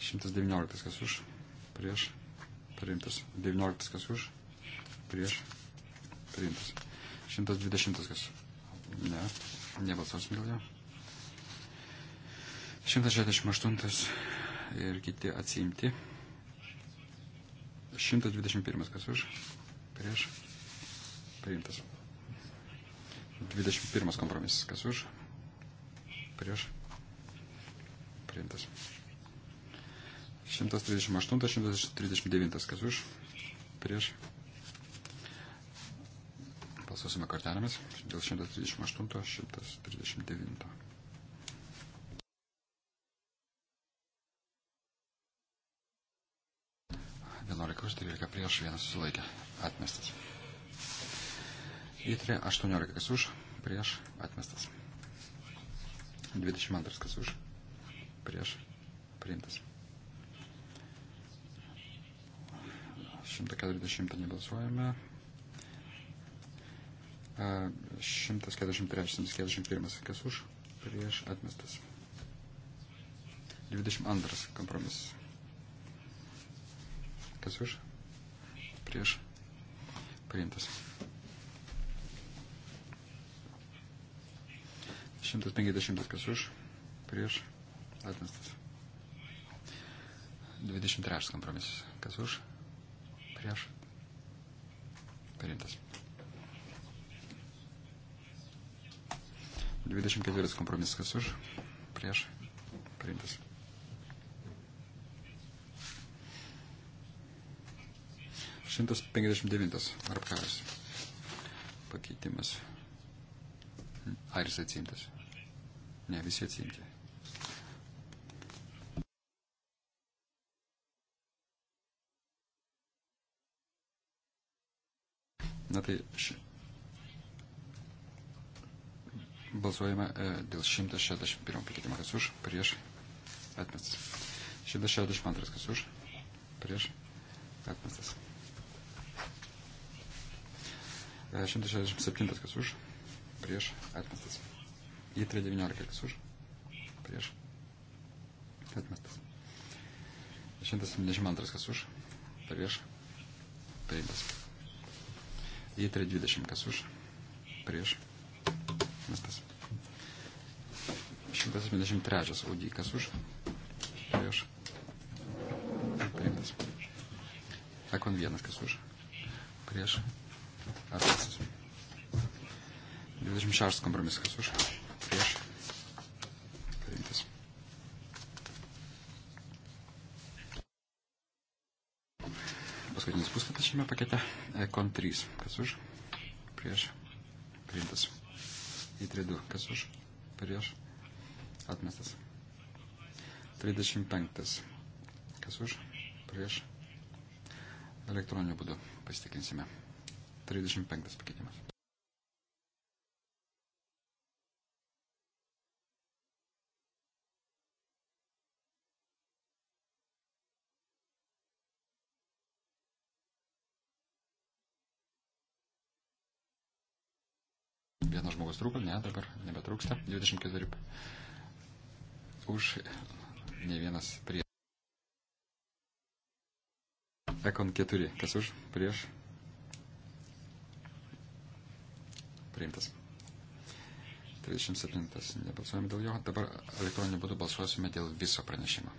119 kas už, prieš, priimtas. 19 kas už, prieš, priimtas. 120 kas. Ne, nebalsuosime dėl jo. 168 ir kiti atsiimti. 121 kas už, prieš, priimtas. 21 kompromisas kas už, prieš, priimtas. 138, 139, kas už, prieš. Balsuosime kortelėmis dėl 138, 139. Vienuolika už, 13 prieš, vienas susilaikė, atmestas. Įtrė 18, kas už, prieš, atmestas. 22, kas už prieš priimtas. 140 nebalsuojame. 143, 141, kas už, prieš atmestas. 22 kompromisas. Kas už, prieš priimtas. 150 kas už, prieš priimtas atmestas. 23 kompromisas. Kas už? Prieš. Priimtas. 24 kompromisas. Kas už? Prieš. Priimtas. 159 arkaras pakeitimas. Ar jis atsimtas? Ne, visi atsimti. Na tai ši... balsuojame e, dėl 161 pakeitimo, kas už, prieš, atmestas. 162 kas už, prieš, atmestas. 167 e, kas už, prieš, atmestas. I319 kas už, prieš, atmestas. 172 kas už, prieš, priimtas į 320, kas už, prieš, mestas. 173 audį, kas už, prieš, priimtas. Ekon vienas, kas už, prieš, atmestas. 26 kompromisas, kas už, Balsuosime pakete Ekon 3. Kas už? Prieš. Priimtas. I32. Kas už? Prieš. Atmestas. 35. Kas už? Prieš. Elektroniniu būdu pasitikrinsime. 35 pakeitimas. žmogus trūko, ne, dabar nebetrūksta, 24 už, ne vienas prie. Ekon 4, kas už, prieš, priimtas. 37, nebalsuojame dėl jo, dabar elektroniniu būdu balsuosime dėl viso pranešimo.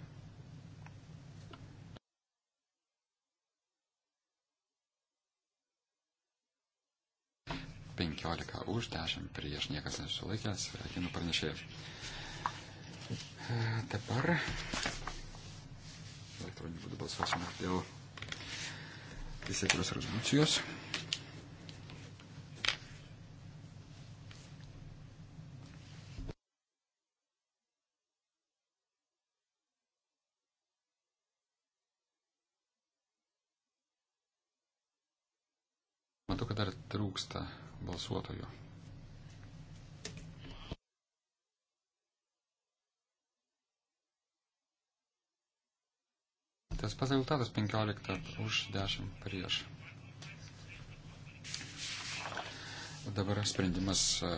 15 už, 10 prieš niekas nesulaikęs, sveikinu pranešėjus. Dabar elektroniniu būdu balsuosime dėl teisėkros rezoliucijos. Matau, kad dar trūksta balsuotojų. Tas pats rezultatas 15 už 10 prieš. Dabar sprendimas e,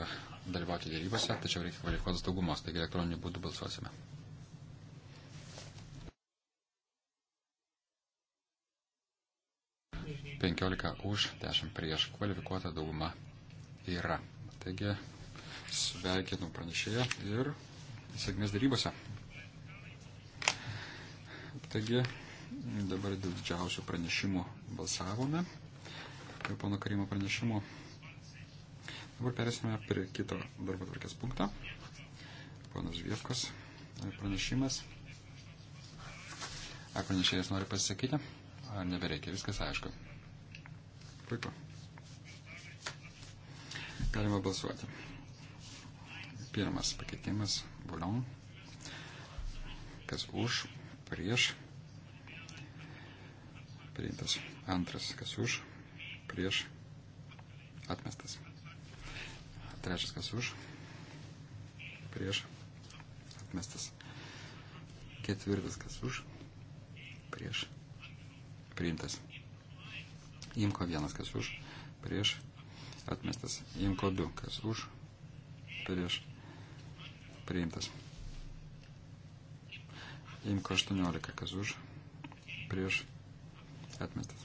dalyvauti dėrybose, tačiau reikia kvalifikuotos daugumos, taigi elektroniniu būdu balsuosime. Penkiolika už, dešimt prieš, kvalifikuota dauguma yra. Taigi sveikinu pranešėją ir sėkmės darybose. Taigi dabar dėl didžiausių pranešimų balsavome. Ir pono Karimo pranešimų. Dabar perėsime prie kito darbo tvarkės punktą. Ponas Vievkas pranešimas. Ar pranešėjas nori pasisakyti? Ar nebereikia? Viskas aišku. Puiku. Galima balsuoti. Pirmas pakeitimas - bulion. Kas už, prieš. Priimtas. Antras, kas už, prieš. Atmestas. Trečias, kas už, prieš. Atmestas. Ketvirtas, kas už, prieš. Priimtas. Imko vienas, kas už, prieš atmestas. Imko 2, kas už, prieš, priimtas. Imko 18, kas už, prieš, atmestas.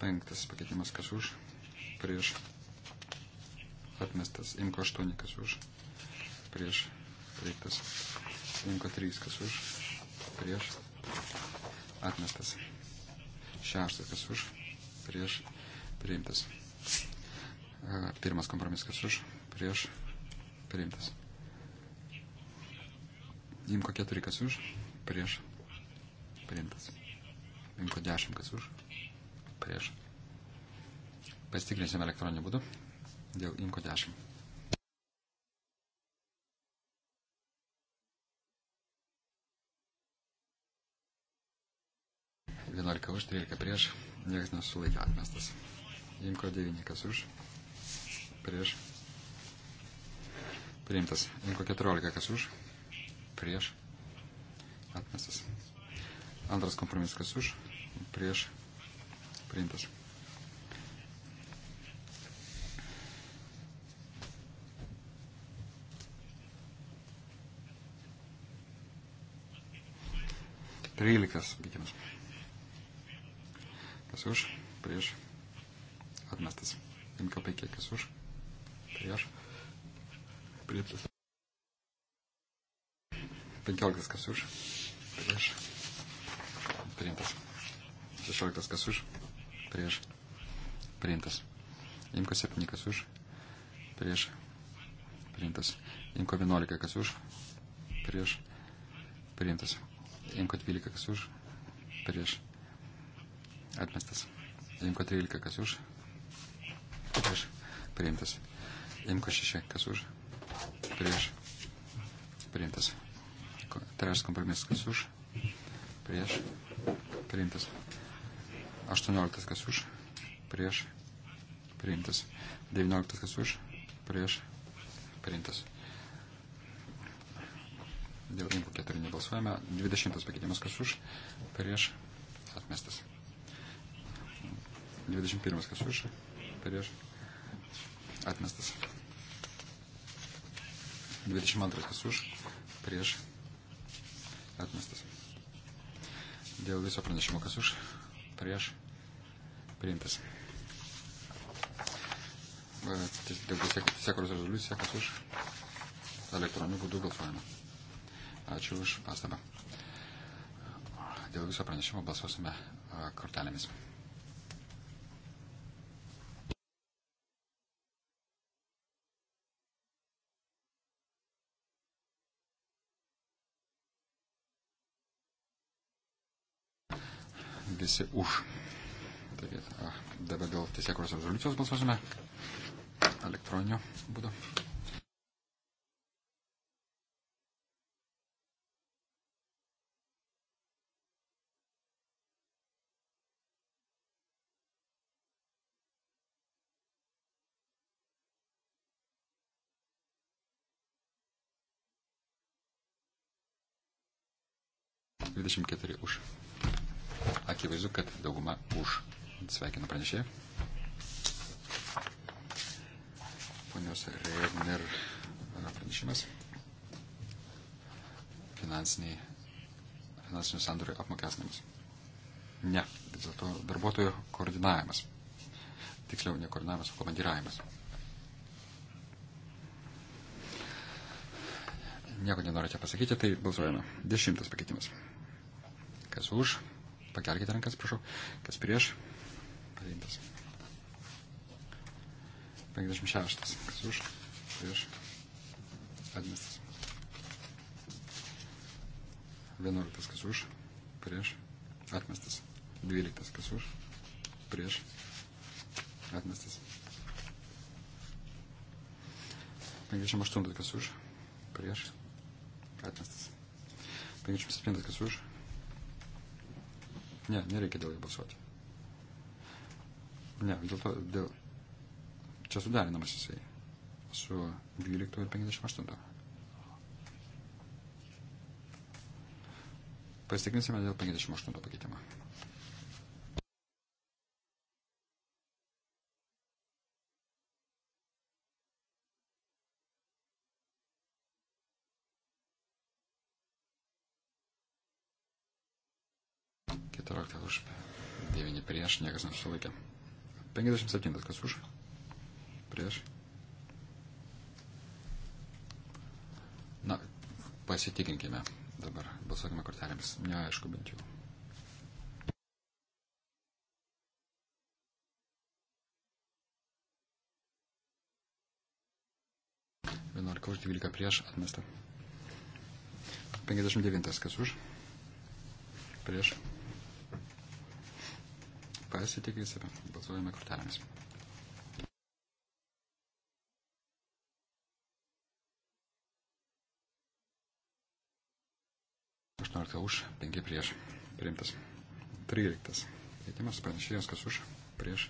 Penktas pakeitimas, kas už, prieš, atmestas. Imko 8, kas už, prieš, priimtas. Imko 3, kas už, prieš, atmestas. Šeštas, kas už, prieš, priimtas. Pirmas kompromisas, kas už, prieš, priimtas. Imko 4, kas už, prieš, priimtas. Imko 10, kas už, prieš. Pasitikrinsim elektroniniu būdu dėl Imko 10. Vienuolika už, trylika prieš, niekas nesulaikė atmestas. Imko 9, kas už, prieš, priimtas. Imko 14, kas už, prieš, atmestas. Antras kompromisas, kas už, prieš, priimtas. Trylikas, sakykim. Kas už, prieš, atmestas. Imka peikė, kas už, prieš. Priimtas. 15 kas už. Prieš. Priimtas. 16 kas už. Prieš. Priimtas. Imko 7 kas už. Prieš. Priimtas. Imko 11 kas už. Prieš. Priimtas. Imko 12 kas už. Prieš. Atmestas. Imko 13 kas už. Prieš. Priimtas. Imko 6, kas už, prieš, priimtas. Trečias kompromisas, kas už, prieš, priimtas. 18, kas už, prieš, priimtas. 19, kas už, prieš, priimtas. Dėl imko 4 nebalsuojame. 20 pakeitimas, kas už, prieš, atmestas. 21 kas už, prieš, Atmestas. 22 kas už, prieš, atmestas. Dėl viso pranešimo kas už, prieš, priimtas. Tai dėl sekros rezoliucija kas už, elektroniniu būdu balsuojame. Ačiū už pastabą. Dėl viso pranešimo balsuosime kortelėmis. visi už. Taigi, dabar dėl tiesiekros rezoliucijos balsuosime elektroninio būdu. Dvidešimt keturi už. Akivaizdu, kad dauguma už. Sveikinu pranešėją. Ponios Regner pranešimas. Finansiniai, finansinių sandorių apmokestinimas. Ne, vis dėlto darbuotojų koordinavimas. Tiksliau, ne koordinavimas, o komandiravimas. Nieko nenorite pasakyti, tai balsuojame. Dešimtas pakeitimas. Kas už? Pakelkite rankas, prašau. Kas prieš? Paimtas. 56. Kas už? Prieš. Atmestas. 11. Kas už? Prieš. Atmestas. 12. Kas už? Prieš. Atmestas. 58. Kas už? Prieš. Atmestas. 57. Kas už? Ne, nereikia dėl jo balsuoti. Ne, vis dėlto dėl... Čia sudarinamas jisai su 12 ir 58. Pasitikrinsime dėl 58 pakeitimo. prieš, niekas nesusilaikė. 57 kas už, prieš. Na, pasitikinkime dabar balsuokime kortelėmis. Neaišku bent jau. Vienuolika už, dvylika prieš, atmesta. 59 kas už, prieš pasitikė save. Balsuojame kortelėmis. Aštuoniolika už, penki prieš. Priimtas. Tryliktas. Keitimas panašėjas, kas už, prieš.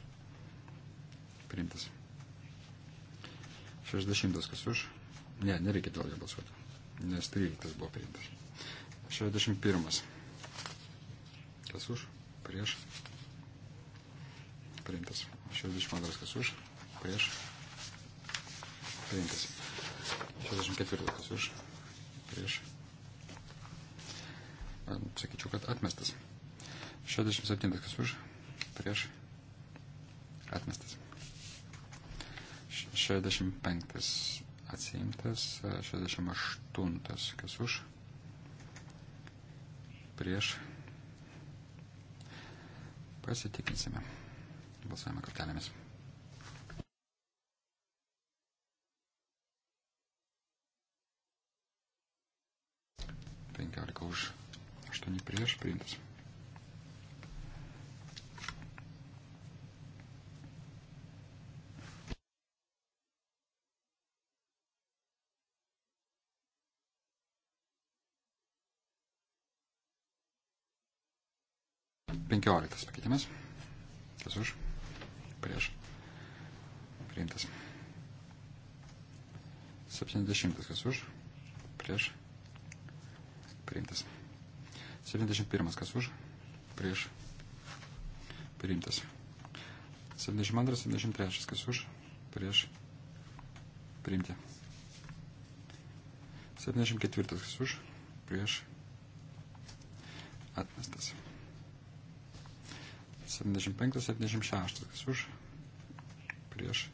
Priimtas. Šešdešimtas, kas už. Ne, nereikia dėl jo balsuoti, nes tryliktas buvo priimtas. Šešdešimt pirmas. Kas už, prieš priimtas. 62 kas už, prieš, priimtas. 64 kas už, prieš. Sakyčiau, kad atmestas. 67 kas už, prieš, atmestas. 65 atsiimtas, 68 kas už, prieš, pasitikinsime. Balsavimo kortelėmis. Penkiolika už, aštuoni prieš, priimtas. Penkioliktas pakeitimas. Kas už? prieš priimtas. 70 kas už, prieš priimtas. 71 kas už, prieš priimtas. 72, 73 kas už, prieš priimti. 74 kas už, prieš atmestas. 75-76, kas už, prieš,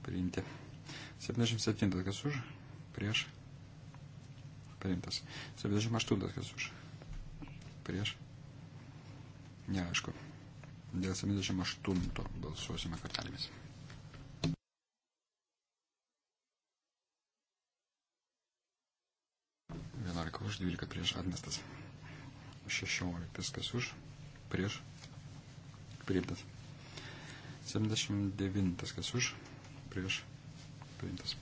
priimti. 77, kas už, prieš, priimtas. 78, kas už, prieš, neaišku. Dėl 78 balsuosime kartelėmis. Vienuolika už, dvylika prieš atmestas. 16 kas už, prieš, priimtas. 79 kas už, prieš, priimtas.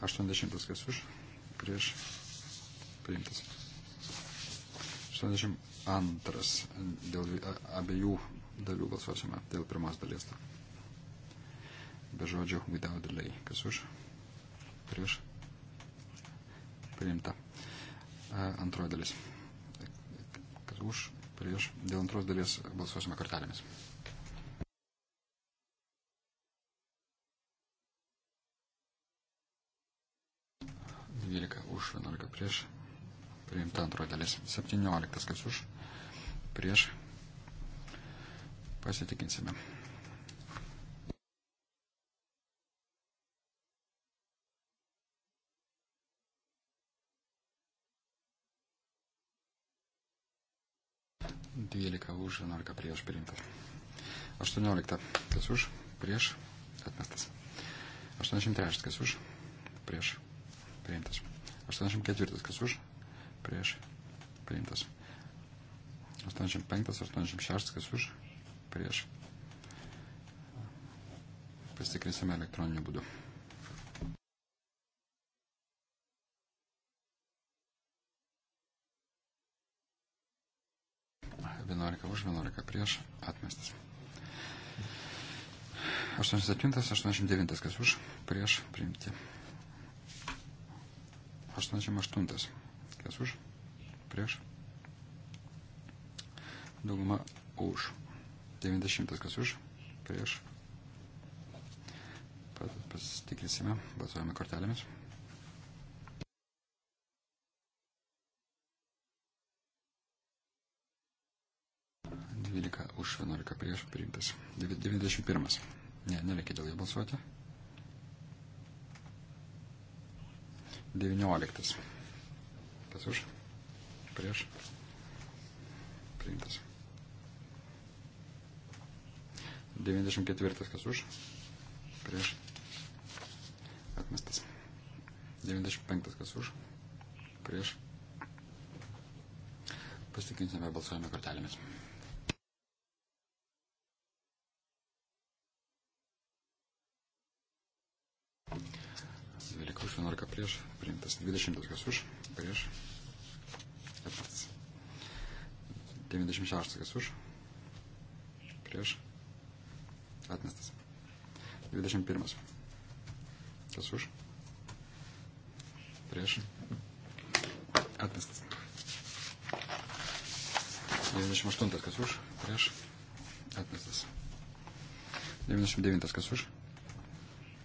80 kas už, prieš, priimtas. 82 dėl abiejų dalių balsuosime, dėl pirmos dalies. Be žodžio, without delay, kas už, prieš, priimta. Antroji dalis, kas už, prieš, dėl antros dalies balsuosime kortelėmis. Dvylika už, vienuolika prieš, priimta antroji dalis. Septynioliktas kas už, prieš, pasitikinsime. už, 11 prieš priimtas. 18 kas už, prieš atmestas. 83 kas už, prieš priimtas. 84 kas už, prieš priimtas. 85, 86 kas už, prieš. Pasitikrinsime elektroniniu būdu. už, 11 prieš, atmestas. 87, 89, kas už, prieš, priimti. 88, kas už, prieš. Dauguma už. 90, kas už, prieš. Pasitikrinsime, balsuojame kortelėmis. už, 11 prieš, priimtas. 91. Ne, nereikia dėl jo balsuoti. 19. Kas už? Prieš. Priimtas. 94. Kas už? Prieš. Atmestas. 95. Kas už? Prieš. Pasitikinsime balsuojame kortelėmis. už, 11 prieš, priimtas 20 kas už, prieš, atmestas. 96 kas už, prieš, atmestas. 21 kas už, prieš, atmestas. 98 kas už, prieš, atmestas. 99 kas už,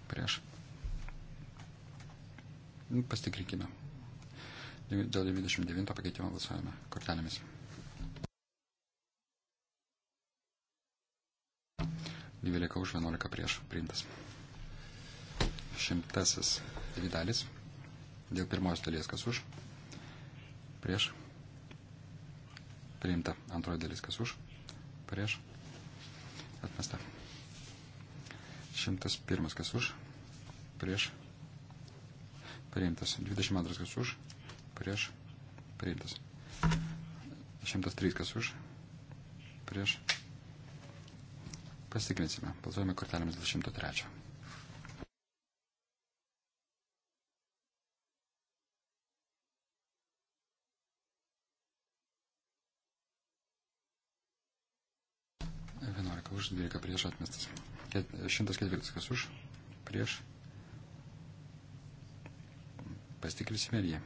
prieš, atmestas. Nu, Pastikrinkime. Dėl 29 pakeitimo balsuojame kortelėmis. Dvylika už, 11 prieš, priimtas. Šimtasis dvi dalis. Dėl pirmos dalies kas už, prieš, priimta. Antroji dalis kas už, prieš, atmesta. Šimtas pirmas kas už, prieš, priimta priimtas. 22 kas už, prieš, priimtas. 103 kas už, prieš. Pasitikrinsime. Balsuojame kortelėmis dėl 103. už, 12 prieš atmestas. 104 kas už, prieš Pasitikrinsime ir jį.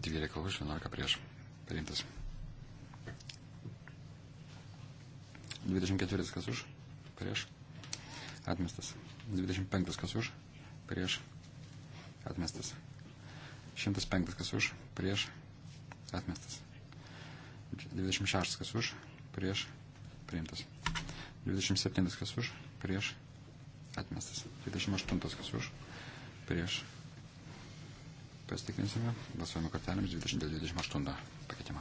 Dvylika už, vienuolika prieš. Priimtas. 24 kas už, prieš, atmestas. 25 kas už, prieš, atmestas. 105 kas už, prieš, atmestas. 26 kas už, prieš, priimtas. 27 kas už, prieš, atmestas. 28 kas už, prieš. Pasitikrinsime, balsuojame kortelėmis 29-28 pakeitimą.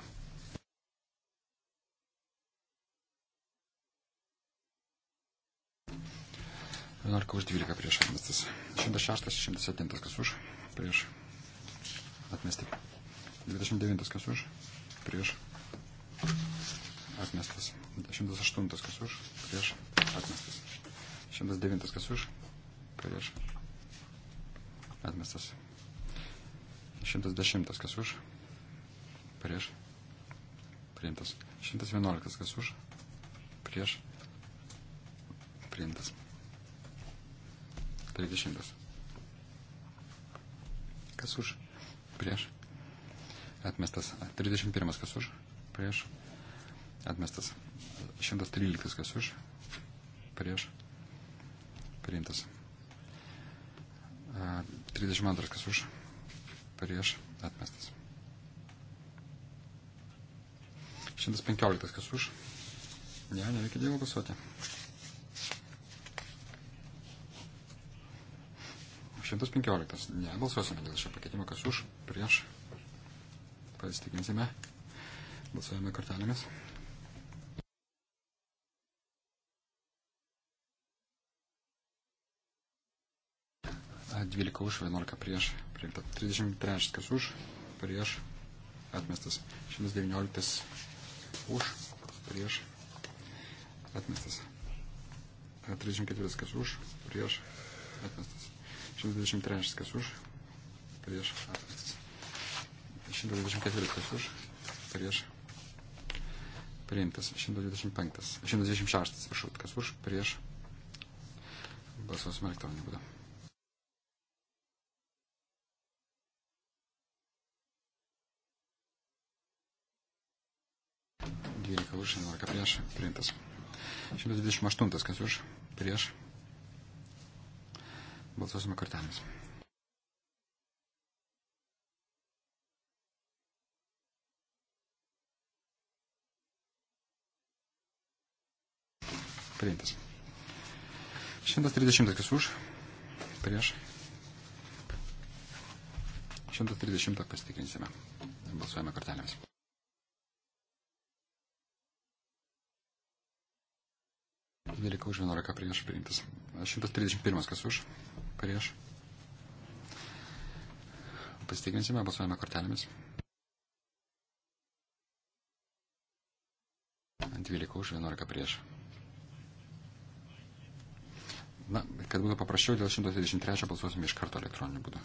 Vienuolika už 12 prieš atmestas. 106, 107 kas už, prieš atmesti. 29 kas už, prieš atmestas. 108 kas už, prieš atmestas. 109 kas už, prieš atmestas. 110 kas už, prieš priimtas. 111 kas už, prieš priimtas. 30. Kas už? prieš, atmestas 31 kas už, prieš, atmestas 113 kas už, prieš, priimtas 32 kas už, prieš, atmestas 115 kas už, ne, nereikia dievo pasuoti. 115. Ne, balsuosime dėl šio pakeitimo, kas už, prieš. Pasitikinsime. Balsuojame kortelėmis. A, 12 už, 11 prieš, priimta. 33 kas už, prieš, atmestas. 119 už, prieš, atmestas. 34 kas už, prieš, atmestas. 123 kas už, prieš atmestas. 124 kas už, prieš priimtas. 125, 126 atsiprašau, kas už, prieš balsuosime elektroninį būdą. Dvylika už, 11 prieš, priimtas. 128 kas už, prieš Balsuosime kortelėmis. Priimtas. 130 kas už, prieš. 130 pasitikrinsime. Balsuojame kortelėmis. Nelikau už 11 prieš priimtas. 131 kas už, prieš. Pasitikrinsime, balsuojame kortelėmis. 12 už 11 prieš. Na, kad būtų paprasčiau, dėl 123 balsuosime iš karto elektroniniu būdu.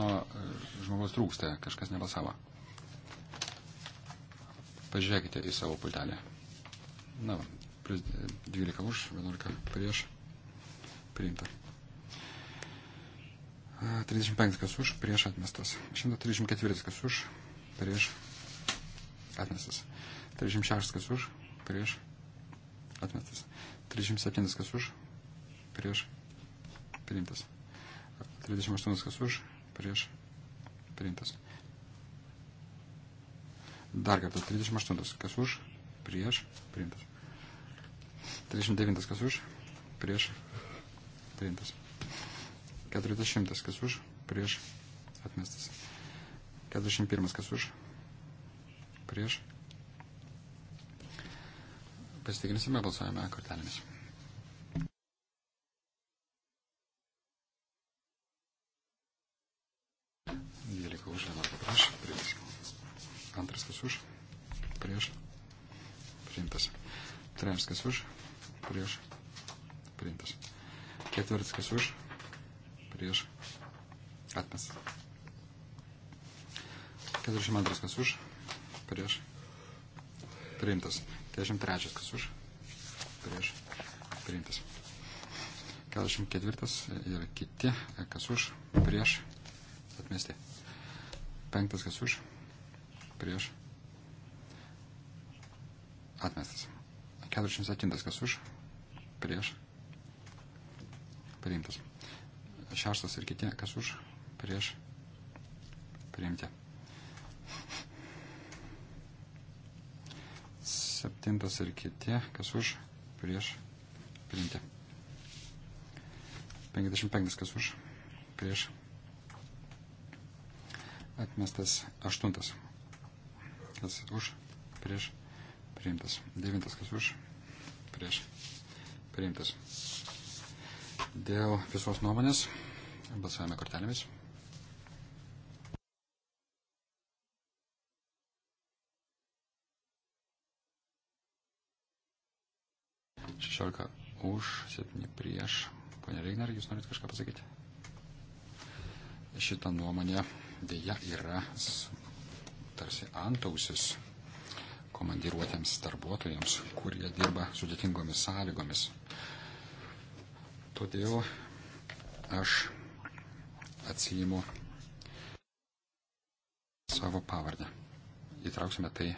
vieno e, žmogaus trūksta, kažkas nebalsavo. Pažiūrėkite į savo pultelę. Na, 12 už, 11 prieš. Priimta. 35 kas už, prieš atmestas. 134 kas už, prieš atmestas. 36 kas už, prieš atmestas. 37 kas už, prieš priimtas. 38 kas už, prieš priimtas. Dar kartą 38. Kas už? Prieš. Priimtas. 39. Kas už? Prieš. Priimtas. 40. Kas už? Prieš. Atmestas. 41. Kas už? Prieš. Pasitikrinsime balsavime kortelėmis. Trems kas už, prieš, priimtas. Ketvirtas kas už, prieš, atmestas. 42 kas už, prieš, priimtas. 43 kas už, prieš, priimtas. 44 ir kiti, kas už, prieš, atmesti. 5 kas už, prieš, atmestas. 47 kas už, prieš, priimtas. Šeštas ir kiti kas už, prieš, priimti. Septintas ir kiti kas už, prieš, priimti. 55 kas už, prieš, atmestas aštuntas kas už, prieš, priimtas. Devintas kas už, prieš priimtas. Dėl visos nuomonės balsavome kortelėmis. Šešiolika už, septyni prieš. Pone Reigner, jūs norit kažką pasakyti? Šitą nuomonę dėja yra tarsi antausis komandiruotėms darbuotojams, kurie dirba sudėtingomis sąlygomis. Todėl aš atsijimu savo pavardę. Įtrauksime tai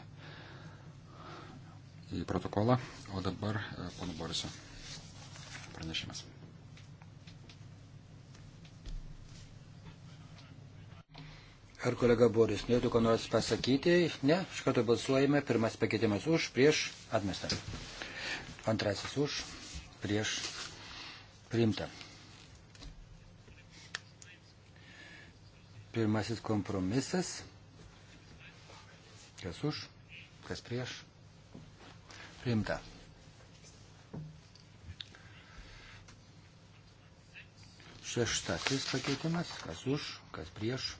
į protokolą, o dabar e, pono Boriso pranešimas. Ar kolega Boris norėtų ką nors pasakyti? Ne, iš karto balsuojame. Pirmas pakeitimas už, prieš, atmesta. Antrasis už, prieš, priimta. Pirmasis kompromisas. Kas už, kas prieš, priimta. Šeštasis pakeitimas. Kas už, kas prieš,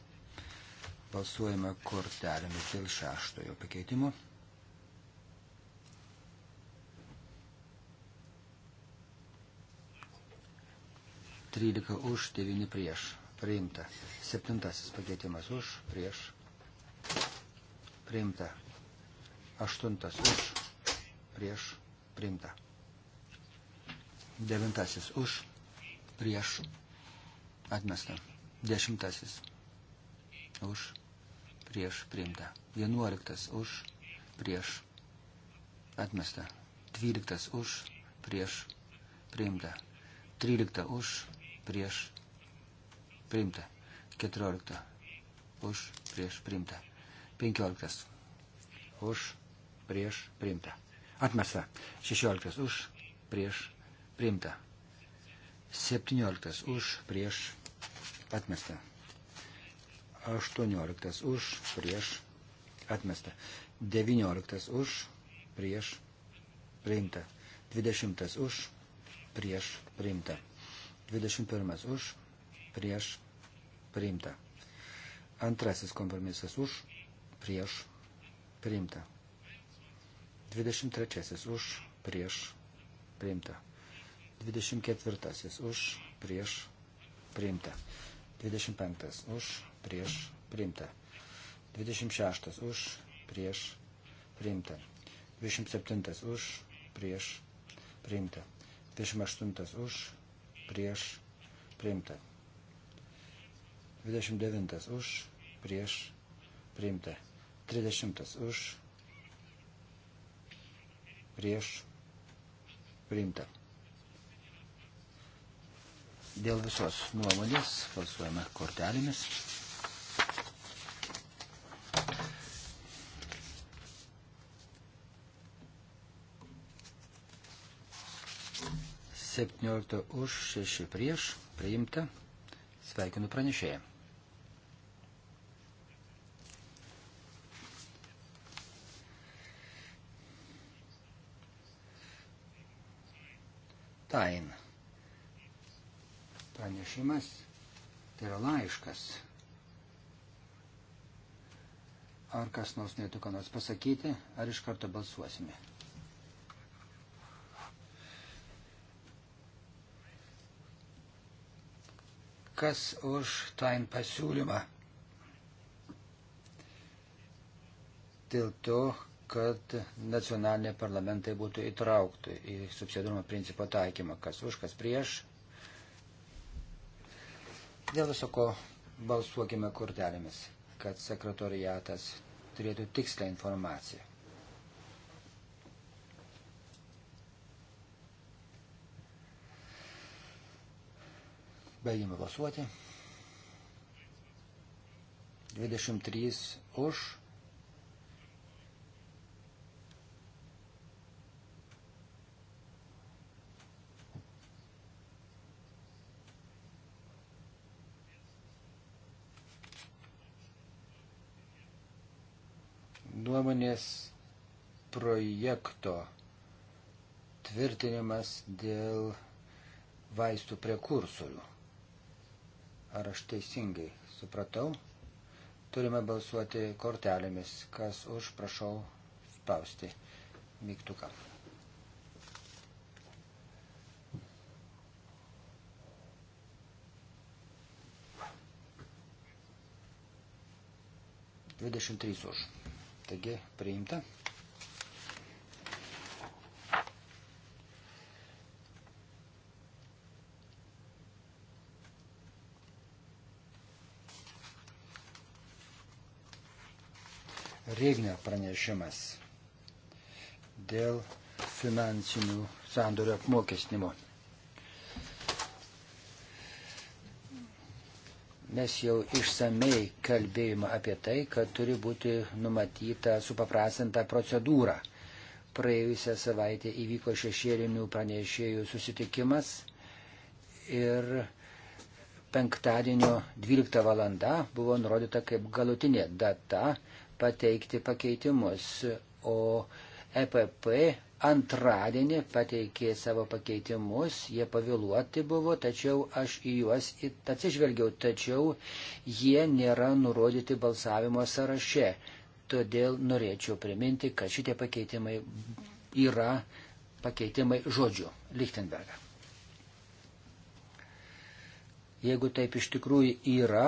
Balsuojame kortelėmis dėl šeštojo pakeitimo. Trylika už, devyni prieš. Priimta. Septintasis pakeitimas už, prieš. Priimta. Aštuntas už, prieš. Priimta. Devintasis už, prieš. Atmesta. Dešimtasis už, prieš prieš priimta. 11 už prieš atmesta. 12 už prieš priimta. 13 už prieš priimta. 14 už prieš priimta. 15 už prieš priimta. Atmesta. 16 už prieš priimta. 17 už prieš atmesta. 18 už, prieš, atmesta. 19 už, prieš, priimta. 20 už, prieš, priimta. 21 už, prieš, priimta. Antrasis kompromisas už, prieš, priimta. 23 už, prieš, priimta. 24 už, prieš, priimta. 25 už prieš priimta. 26 už prieš priimta. 27 už prieš priimta. 28 už prieš priimta. 29 už prieš priimta. 30 už prieš priimta. Dėl visos nuomonės balsuojame kortelėmis. Septyniolta už, šeši prieš, priimta. Sveikinu pranešėją. Tain pranešimas, tai yra laiškas. Ar kas nors norėtų ką nors pasakyti, ar iš karto balsuosime? Kas už tain pasiūlymą? Dėl to, kad nacionaliniai parlamentai būtų įtraukti į subsidiarumo principo taikymą, kas už, kas prieš, Dėl viso ko balsuokime kortelėmis, kad sekretoriatas turėtų tikslę informaciją. Baigime balsuoti. 23 už, nuomonės projekto tvirtinimas dėl vaistų prekursorių. Ar aš teisingai supratau? Turime balsuoti kortelėmis. Kas už, prašau spausti mygtuką. Dvidešimt trys už. Taigi priimta. Regnio pranešimas dėl finansinių sandorių apmokestinimo. Mes jau išsamei kalbėjome apie tai, kad turi būti numatyta supaprastinta procedūra. Praėjusią savaitę įvyko šešėlinių pranešėjų susitikimas ir penktadienio 12 valanda buvo nurodyta kaip galutinė data pateikti pakeitimus, o EPP antradienį pateikė savo pakeitimus, jie pavėluoti buvo, tačiau aš į juos atsižvelgiau, tačiau jie nėra nurodyti balsavimo sąraše. Todėl norėčiau priminti, kad šitie pakeitimai yra pakeitimai žodžių Lichtenbergą. Jeigu taip iš tikrųjų yra,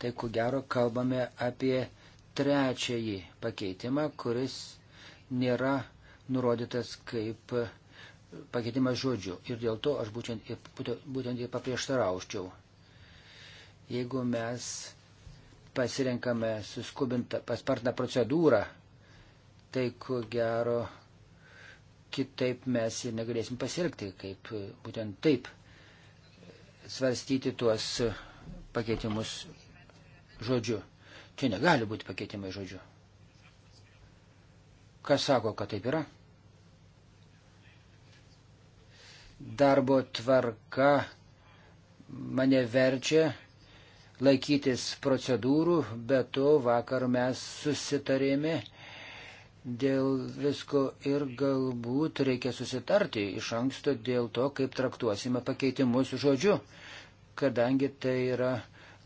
tai ku gero kalbame apie trečiąjį pakeitimą, kuris nėra nurodytas kaip pakeitimas žodžių. Ir dėl to aš būtent, būtent ir paprieštarauščiau. Jeigu mes pasirenkame suskubintą, paspartą procedūrą, tai ko gero kitaip mes ir negalėsim pasirkti, kaip būtent taip svarstyti tuos pakeitimus žodžiu. Čia negali būti pakeitimai žodžiu. Kas sako, kad taip yra? darbo tvarka mane verčia laikytis procedūrų, bet to vakar mes susitarėme dėl visko ir galbūt reikia susitarti iš anksto dėl to, kaip traktuosime pakeitimus žodžiu, kadangi tai yra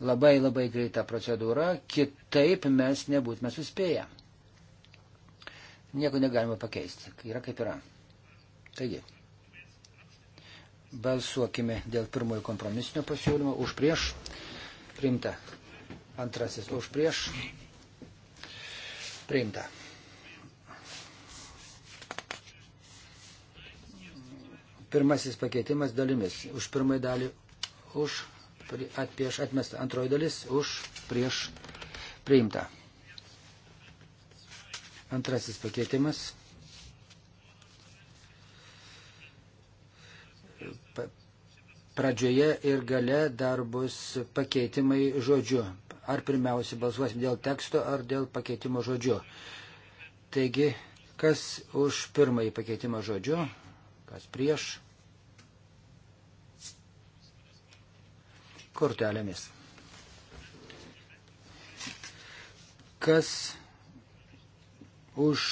labai labai greita procedūra, kitaip mes nebūtume suspėję. Nieko negalima pakeisti, yra kaip yra. Taigi. Balsuokime dėl pirmojo kompromisinio pasiūlymo. Už prieš. Priimta. Antrasis už prieš. Priimta. Pirmasis pakeitimas dalimis. Už pirmąją dalį už at, prieš atmestą. Antroji dalis už prieš priimta. Antrasis pakeitimas. pradžioje ir gale dar bus pakeitimai žodžiu. Ar pirmiausia balsuosim dėl teksto, ar dėl pakeitimo žodžiu. Taigi, kas už pirmąjį pakeitimą žodžiu, kas prieš. Kortelėmis. Kas už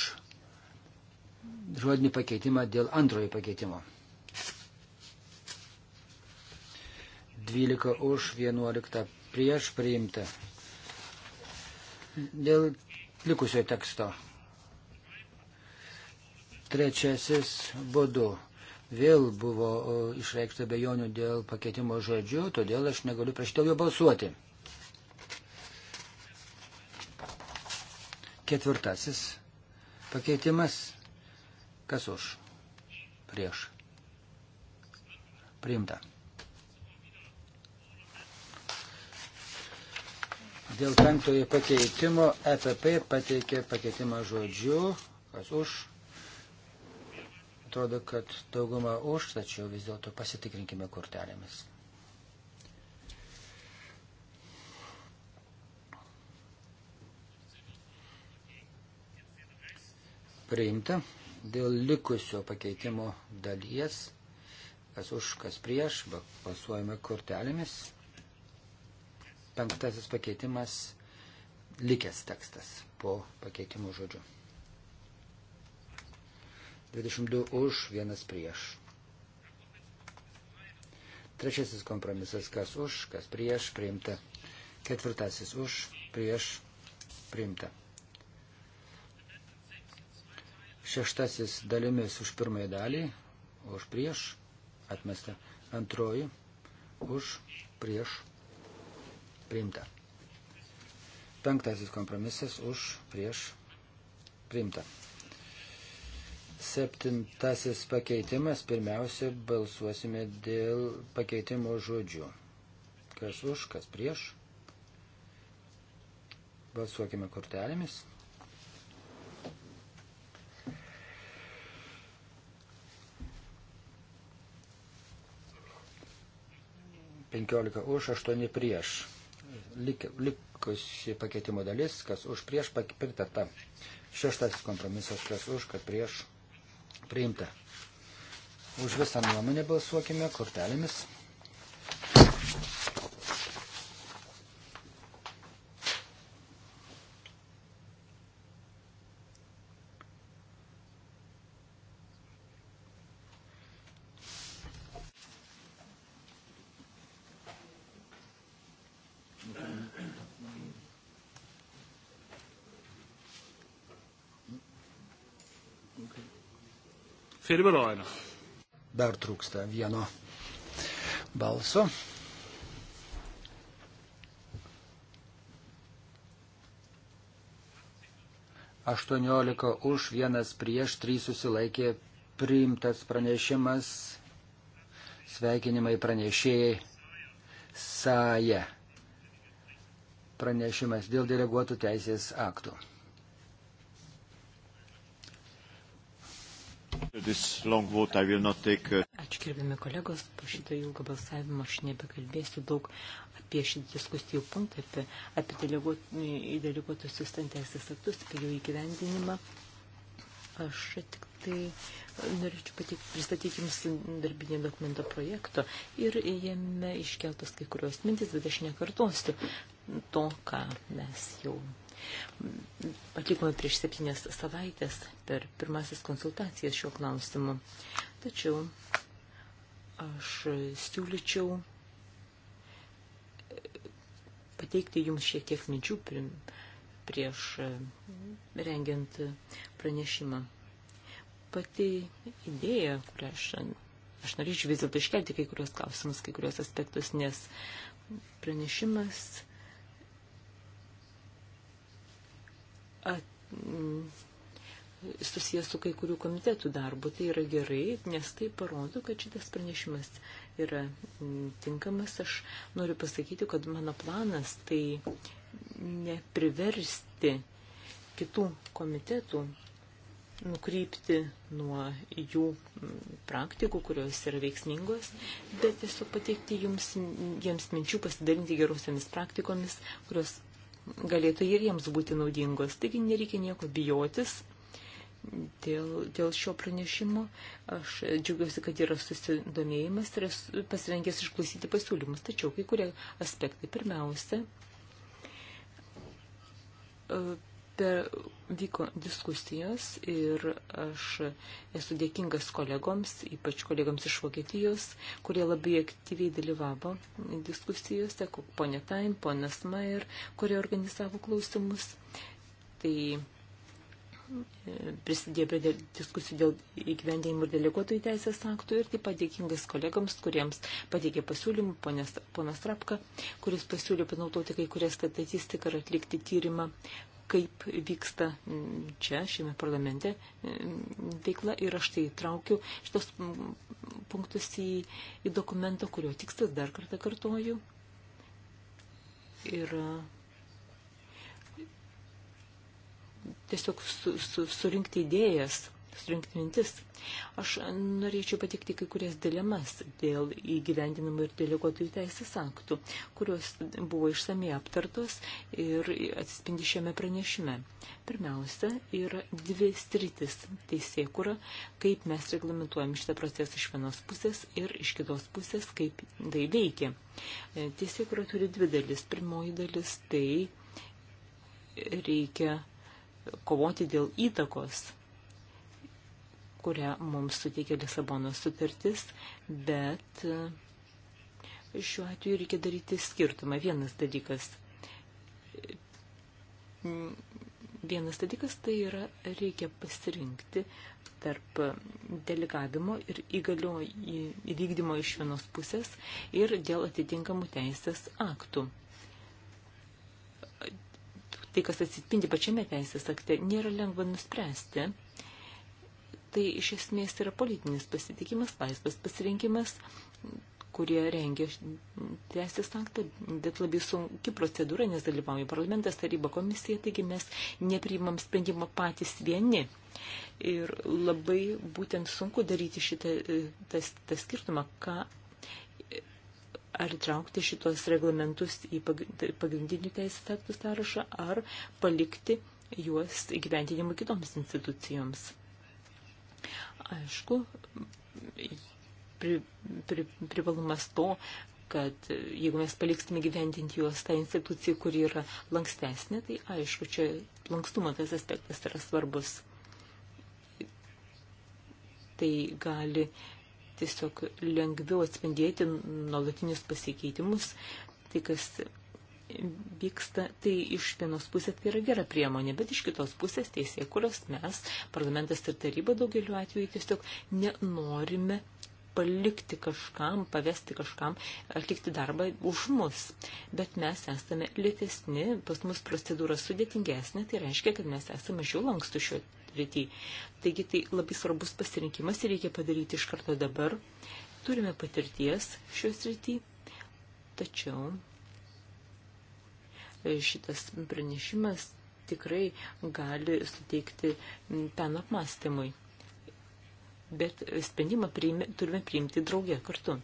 žodinį pakeitimą dėl antrojo pakeitimo. 12 už, 11 prieš priimta. Dėl likusio teksto. Trečiasis būdu. Vėl buvo išreikšta bejonių dėl pakeitimo žodžių, todėl aš negaliu prieš tau jo balsuoti. Ketvirtasis pakeitimas. Kas už? Prieš. Priimta. Dėl penktojo pakeitimo EPP pateikė pakeitimą žodžiu, kas už. Atrodo, kad dauguma už, tačiau vis dėlto pasitikrinkime kortelėmis. Priimta dėl likusio pakeitimo dalies, kas už, kas prieš, balsuojame kortelėmis penktasis pakeitimas likęs tekstas po pakeitimų žodžių. 22 už, vienas prieš. Trečiasis kompromisas, kas už, kas prieš, priimta. Ketvirtasis už, prieš, priimta. Šeštasis dalimis už pirmąją dalį, už prieš, atmesta. Antroji, už, prieš, priimta priimta. Penktasis kompromisas už prieš priimta. Septintasis pakeitimas. Pirmiausia, balsuosime dėl pakeitimo žodžių. Kas už, kas prieš. Balsuokime kortelėmis. Penkiolika už, aštuoni prieš likusi pakeitimo dalis, kas už prieš pritarta. Šeštasis kompromisas, kas už, kad prieš priimta. Už visą nuomonę balsuokime kortelėmis. Ferberojano. Dar trūksta vieno balso. Aštuoniolika už, vienas prieš, trys susilaikė priimtas pranešimas, sveikinimai pranešėjai Saja. Pranešimas dėl deleguotų teisės aktų. this long vote I will not take. Uh... Ačiū, gerbiami kolegos, po šito ilgo balsavimo aš nebekalbėsiu daug apie šį diskusijų punktą, apie, apie deleguot, deleguotus įstantęsis aktus, apie jų įgyvendinimą. Aš tik tai norėčiau pateikti, pristatyti Jums darbinį dokumento projekto ir jame iškeltas kai kurios mintis, bet aš nekartosiu to, ką mes jau atlikome prieš septynės savaitės per pirmasis konsultacijas šiuo klausimu. Tačiau aš siūlyčiau pateikti jums šiek tiek minčių prieš e, rengiant pranešimą. Pati idėja, kurią aš, aš norėčiau vis dėlto iškelti kai kurios klausimus, kai kurios aspektus, nes pranešimas Mm, susijęs su kai kurių komitetų darbu. Tai yra gerai, nes tai parodo, kad šitas pranešimas yra mm, tinkamas. Aš noriu pasakyti, kad mano planas tai nepriversti kitų komitetų nukrypti nuo jų mm, praktikų, kurios yra veiksmingos, bet tiesiog pateikti jums, jiems minčių pasidalinti gerosiamis praktikomis, kurios galėtų ir jiems būti naudingos. Taigi nereikia nieko bijotis dėl, dėl šio pranešimo. Aš džiaugiuosi, kad yra susidomėjimas ir esu pasirengęs išklausyti pasiūlymus. Tačiau kai kurie aspektai. Pirmiausia, per vyko diskusijos ir aš esu dėkingas kolegoms, ypač kolegams iš Vokietijos, kurie labai aktyviai dalyvavo diskusijose, ponė Tain, ponas Mayer, kurie organizavo klausimus. Tai e, prisidėjo prie diskusijų dėl įgyvendėjimų ir deleguotojų teisės aktų ir taip pat dėkingas kolegams, kuriems pateikė pasiūlymų ponas Rapka, kuris pasiūlė panaudoti kai kurią statistiką ir atlikti tyrimą kaip vyksta mm, čia, šiame parlamente mm, veikla ir aš tai traukiu šitos mm, punktus į, į dokumentą, kurio tikslas dar kartą kartoju. Ir e, tiesiog su, su, surinkti idėjas, surinkti mintis. Aš norėčiau patikti kai kurias dilemas dėl įgyvendinamų ir deleguotojų teisės aktų, kurios buvo išsamei aptartos ir atsispindi šiame pranešime. Pirmiausia, yra dvi stritis teisėkura, kaip mes reglamentuojam šitą procesą iš vienos pusės ir iš kitos pusės, kaip tai veikia. Teisėkura turi dvi dalis. Pirmoji dalis tai reikia kovoti dėl įtakos kurią mums suteikia Lisabonos sutartis, bet e, šiuo atveju reikia daryti skirtumą. Vienas dalykas. Vienas dalykas tai yra reikia pasirinkti tarp delegavimo ir įgalio įvykdymo iš vienos pusės ir dėl atitinkamų teisės aktų. Tai, kas atsitpindi pačiame teisės akte, nėra lengva nuspręsti tai iš esmės yra politinis pasitikimas, laisvas pasirinkimas, kurie rengia teisės aktą, bet labai sunki procedūra, nes dalyvauja parlamentas, taryba komisija, taigi mes nepriimam sprendimo patys vieni. Ir labai būtent sunku daryti šitą tas, e, tas skirtumą, ką ar traukti šitos reglamentus į tai pagrindinių teisės aktų sąrašą, ar palikti juos įgyventinimui kitoms institucijoms. Aišku, pri, pri, privalumas to, kad jeigu mes paliksime gyventinti juos tą instituciją, kuri yra lankstesnė, tai aišku, čia lankstumo tas aspektas yra svarbus. Tai gali tiesiog lengviau atspindėti nuolatinius pasikeitimus, tai kas vyksta, tai iš vienos pusės tai yra gera priemonė, bet iš kitos pusės teisė, kurios mes, parlamentas ir taryba daugeliu atveju tiesiog nenorime palikti kažkam, pavesti kažkam, atlikti darbą už mus. Bet mes esame lėtesni, pas mus procedūra sudėtingesnė, tai reiškia, kad mes esame mažiau lankstų šio rytį. Taigi tai labai svarbus pasirinkimas ir reikia padaryti iš karto dabar. Turime patirties šios rytį, tačiau šitas pranešimas tikrai gali suteikti ten apmastymui. Bet sprendimą priimė, turime priimti draugę kartu.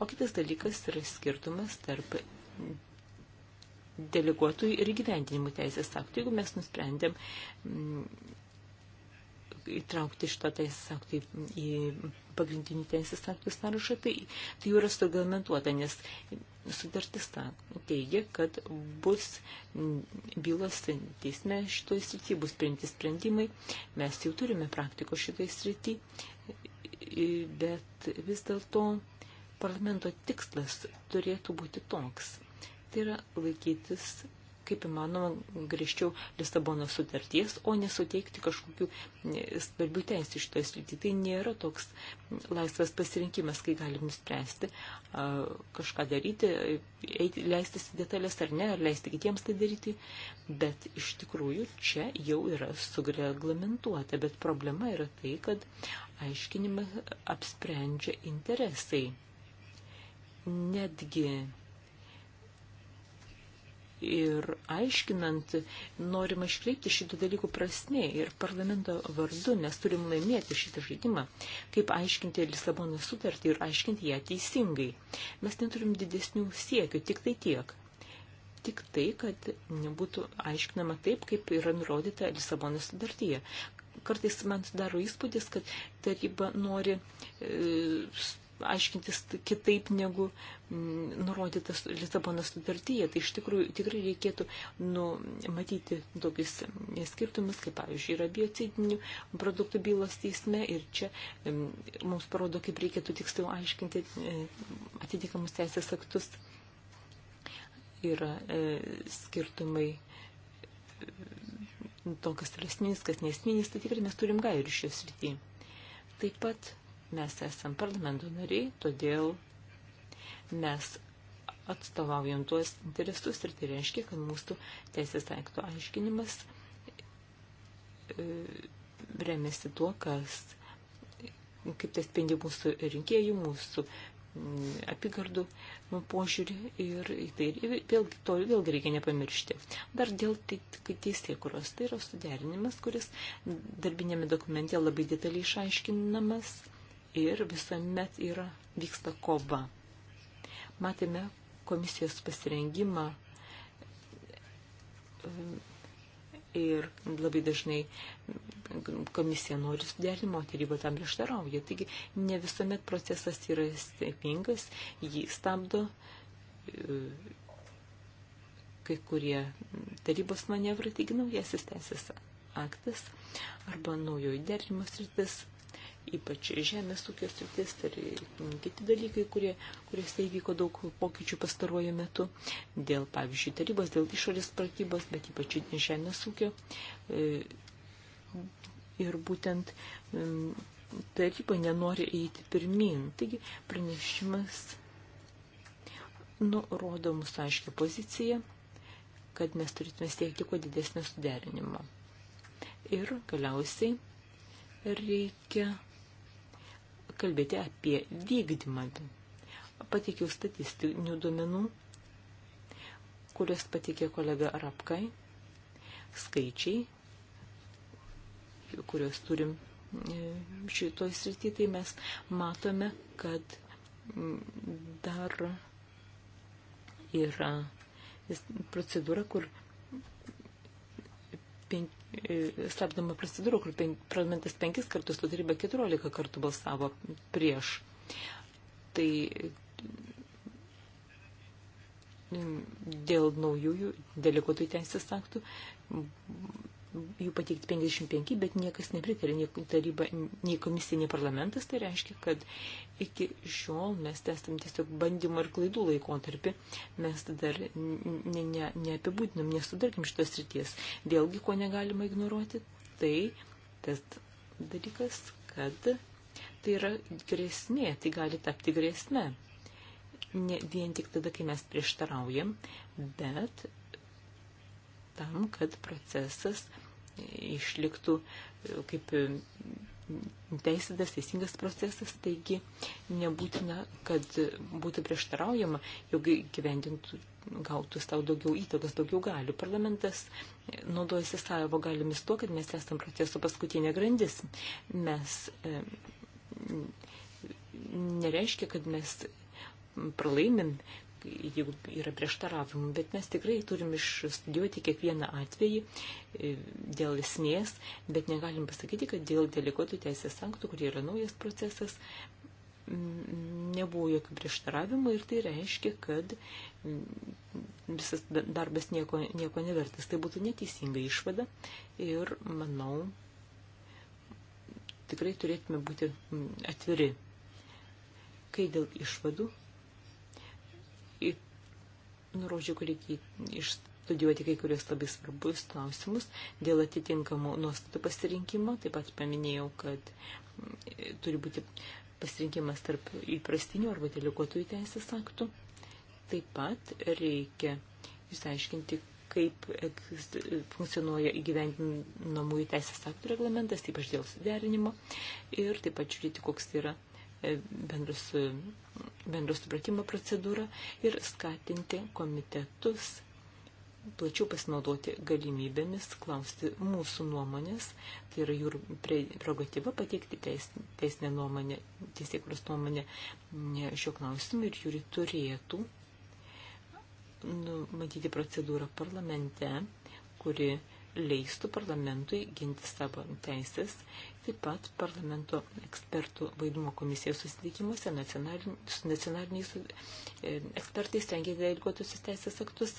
O kitas dalykas yra skirtumas tarp deleguotojų ir gyvendinimų teisės aktų. Jeigu mes nusprendėm įtraukti šitą teisės aktą į pagrindinį teisės aktų sąrašą, tai, tai jau yra sureglamentuota, nes sutartis ta teigia, kad bus bylos teisme šitoje srityje, bus priimti sprendimai, mes jau turime praktiko šitoje srityje, bet vis dėlto parlamento tikslas turėtų būti toks. Tai yra laikytis kaip įmanoma grįžčiau Lisabono sutarties, o nesuteikti kažkokių e, svarbių teisų iš toje srityje. Tai nėra toks laisvas pasirinkimas, kai galim nuspręsti kažką daryti, eiti, leistis detalės ar ne, ar leisti kitiems tai daryti, bet iš tikrųjų čia jau yra sugreglamentuota, bet problema yra tai, kad aiškinimą apsprendžia interesai. Netgi ir aiškinant, norima iškreipti šitų dalykų prasme ir parlamento vardu, nes turim laimėti šitą žaidimą, kaip aiškinti Lisabono sutartį ir aiškinti ją teisingai. Mes neturim didesnių siekių, tik tai tiek. Tik tai, kad nebūtų aiškinama taip, kaip yra nurodyta Lisabono sutartyje. Kartais man sudaro įspūdis, kad taryba nori e, aiškintis kitaip negu mm, nurodytas Lisabono sutartyje. Tai iš tikrųjų tikrai reikėtų numatyti tokius skirtumus, kaip pavyzdžiui, yra biocidinių produktų bylos teisme ir čia mm, mums parodo, kaip reikėtų tiksliau aiškinti mm, atitikamus teisės aktus. Yra e, skirtumai to, kas yra esminis, kas nesminis, tai tikrai mes turim gairių šios rytyje. Taip pat Mes esam parlamento nariai, todėl mes atstovaujam tuos interesus ir tai reiškia, kad mūsų teisės akto aiškinimas e, remiasi tuo, kas, kaip tai spindi mūsų rinkėjų, mūsų apygardų požiūrį ir tai vėlgi, to vėlgi reikia nepamiršti. Dar dėl teisėkuros, tai yra suderinimas, kuris darbinėme dokumente labai detaliai išaiškinamas ir visuomet yra, vyksta kova. Matėme komisijos pasirengimą e, ir labai dažnai komisija nori suderinimo, taryba tam prieštarauja. Taigi ne visuomet procesas yra stebingas, jį stabdo e, kai kurie tarybos manevrai, taigi naujasis teisės aktas arba naujoji derinimo sritis ypač žemės ūkio sritis ir tai kiti dalykai, kurie, kuriuose įvyko daug pokyčių pastaruoju metu, dėl, pavyzdžiui, tarybos, dėl išorės pratybos, bet ypač žemės ūkio. E, ir būtent taryba nenori eiti pirmin. Taigi pranešimas nurodo mūsų aiškę poziciją, kad mes turėtume siekti kuo didesnio suderinimo. Ir galiausiai reikia kalbėti apie vykdymą. Pateikiau statistinių duomenų, kurias pateikė kolega Rapkai, skaičiai, kuriuos turim e, šitoj srity, tai mes matome, kad dar yra procedūra, kur penk, e, stabdoma procedūra, kur penk, parlamentas penkis kartus, o taryba keturiolika kartų balsavo prieš. Tai e, dėl naujųjų deleguotų teisės aktų jų pateikti 55, bet niekas nepritarė, nei taryba, nei komisija, nei parlamentas. Tai reiškia, kad iki šiol mes testam tiesiog bandymą ir klaidų laikotarpį. Mes dar ne, ne, neapibūdinam, nesudarkim šitos ryties. Vėlgi, ko negalima ignoruoti, tai tas dalykas, kad tai yra grėsmė, tai gali tapti grėsme. Ne vien tik tada, kai mes prieštaraujam, bet tam, kad procesas išliktų e, kaip e, teisėtas, teisingas procesas, taigi nebūtina, kad būtų prieštaraujama, jog gyvendintų gautų savo daugiau įtakos, daugiau galių. Parlamentas e, naudojasi savo galimis tuo, kad mes esam proceso paskutinė grandis. Mes e, nereiškia, kad mes pralaimim, jeigu yra prieštaravimų, bet mes tikrai turim išstudijuoti kiekvieną atvejį e, dėl esmės, bet negalim pasakyti, kad dėl deleguotų teisės aktų, kurie yra naujas procesas, nebuvo jokių prieštaravimų ir tai reiškia, kad visas darbas nieko, nieko nevertas. Tai būtų neteisinga išvada ir, manau, tikrai turėtume būti atviri. Kai dėl išvadų, nurodžiau, kad reikia išstudijuoti kai kurios labai svarbus klausimus dėl atitinkamų nuostatų pasirinkimo. Taip pat paminėjau, kad mm, turi būti pasirinkimas tarp įprastinių arba deleguotojų teisės aktų. Taip pat reikia išsiaiškinti, kaip funkcionuoja įgyvendinamųjų teisės aktų reglamentas, ypač dėl suderinimo, ir taip pat žiūrėti, koks tai yra E, bendrus, e, bendrus supratimo procedūrą ir skatinti komitetus plačiau pasinaudoti galimybėmis klausti mūsų nuomonės, tai yra jų prerogatyva pateikti teisinę nuomonę, teisėkros nuomonę šio klausimu ir jų turėtų matyti procedūrą parlamente, kuri leistų parlamentui ginti savo teisės. Taip pat parlamento ekspertų vaidmo komisijos susitikimuose nacionalin, su nacionaliniais e, ekspertais rengia deleguotusius teisės aktus,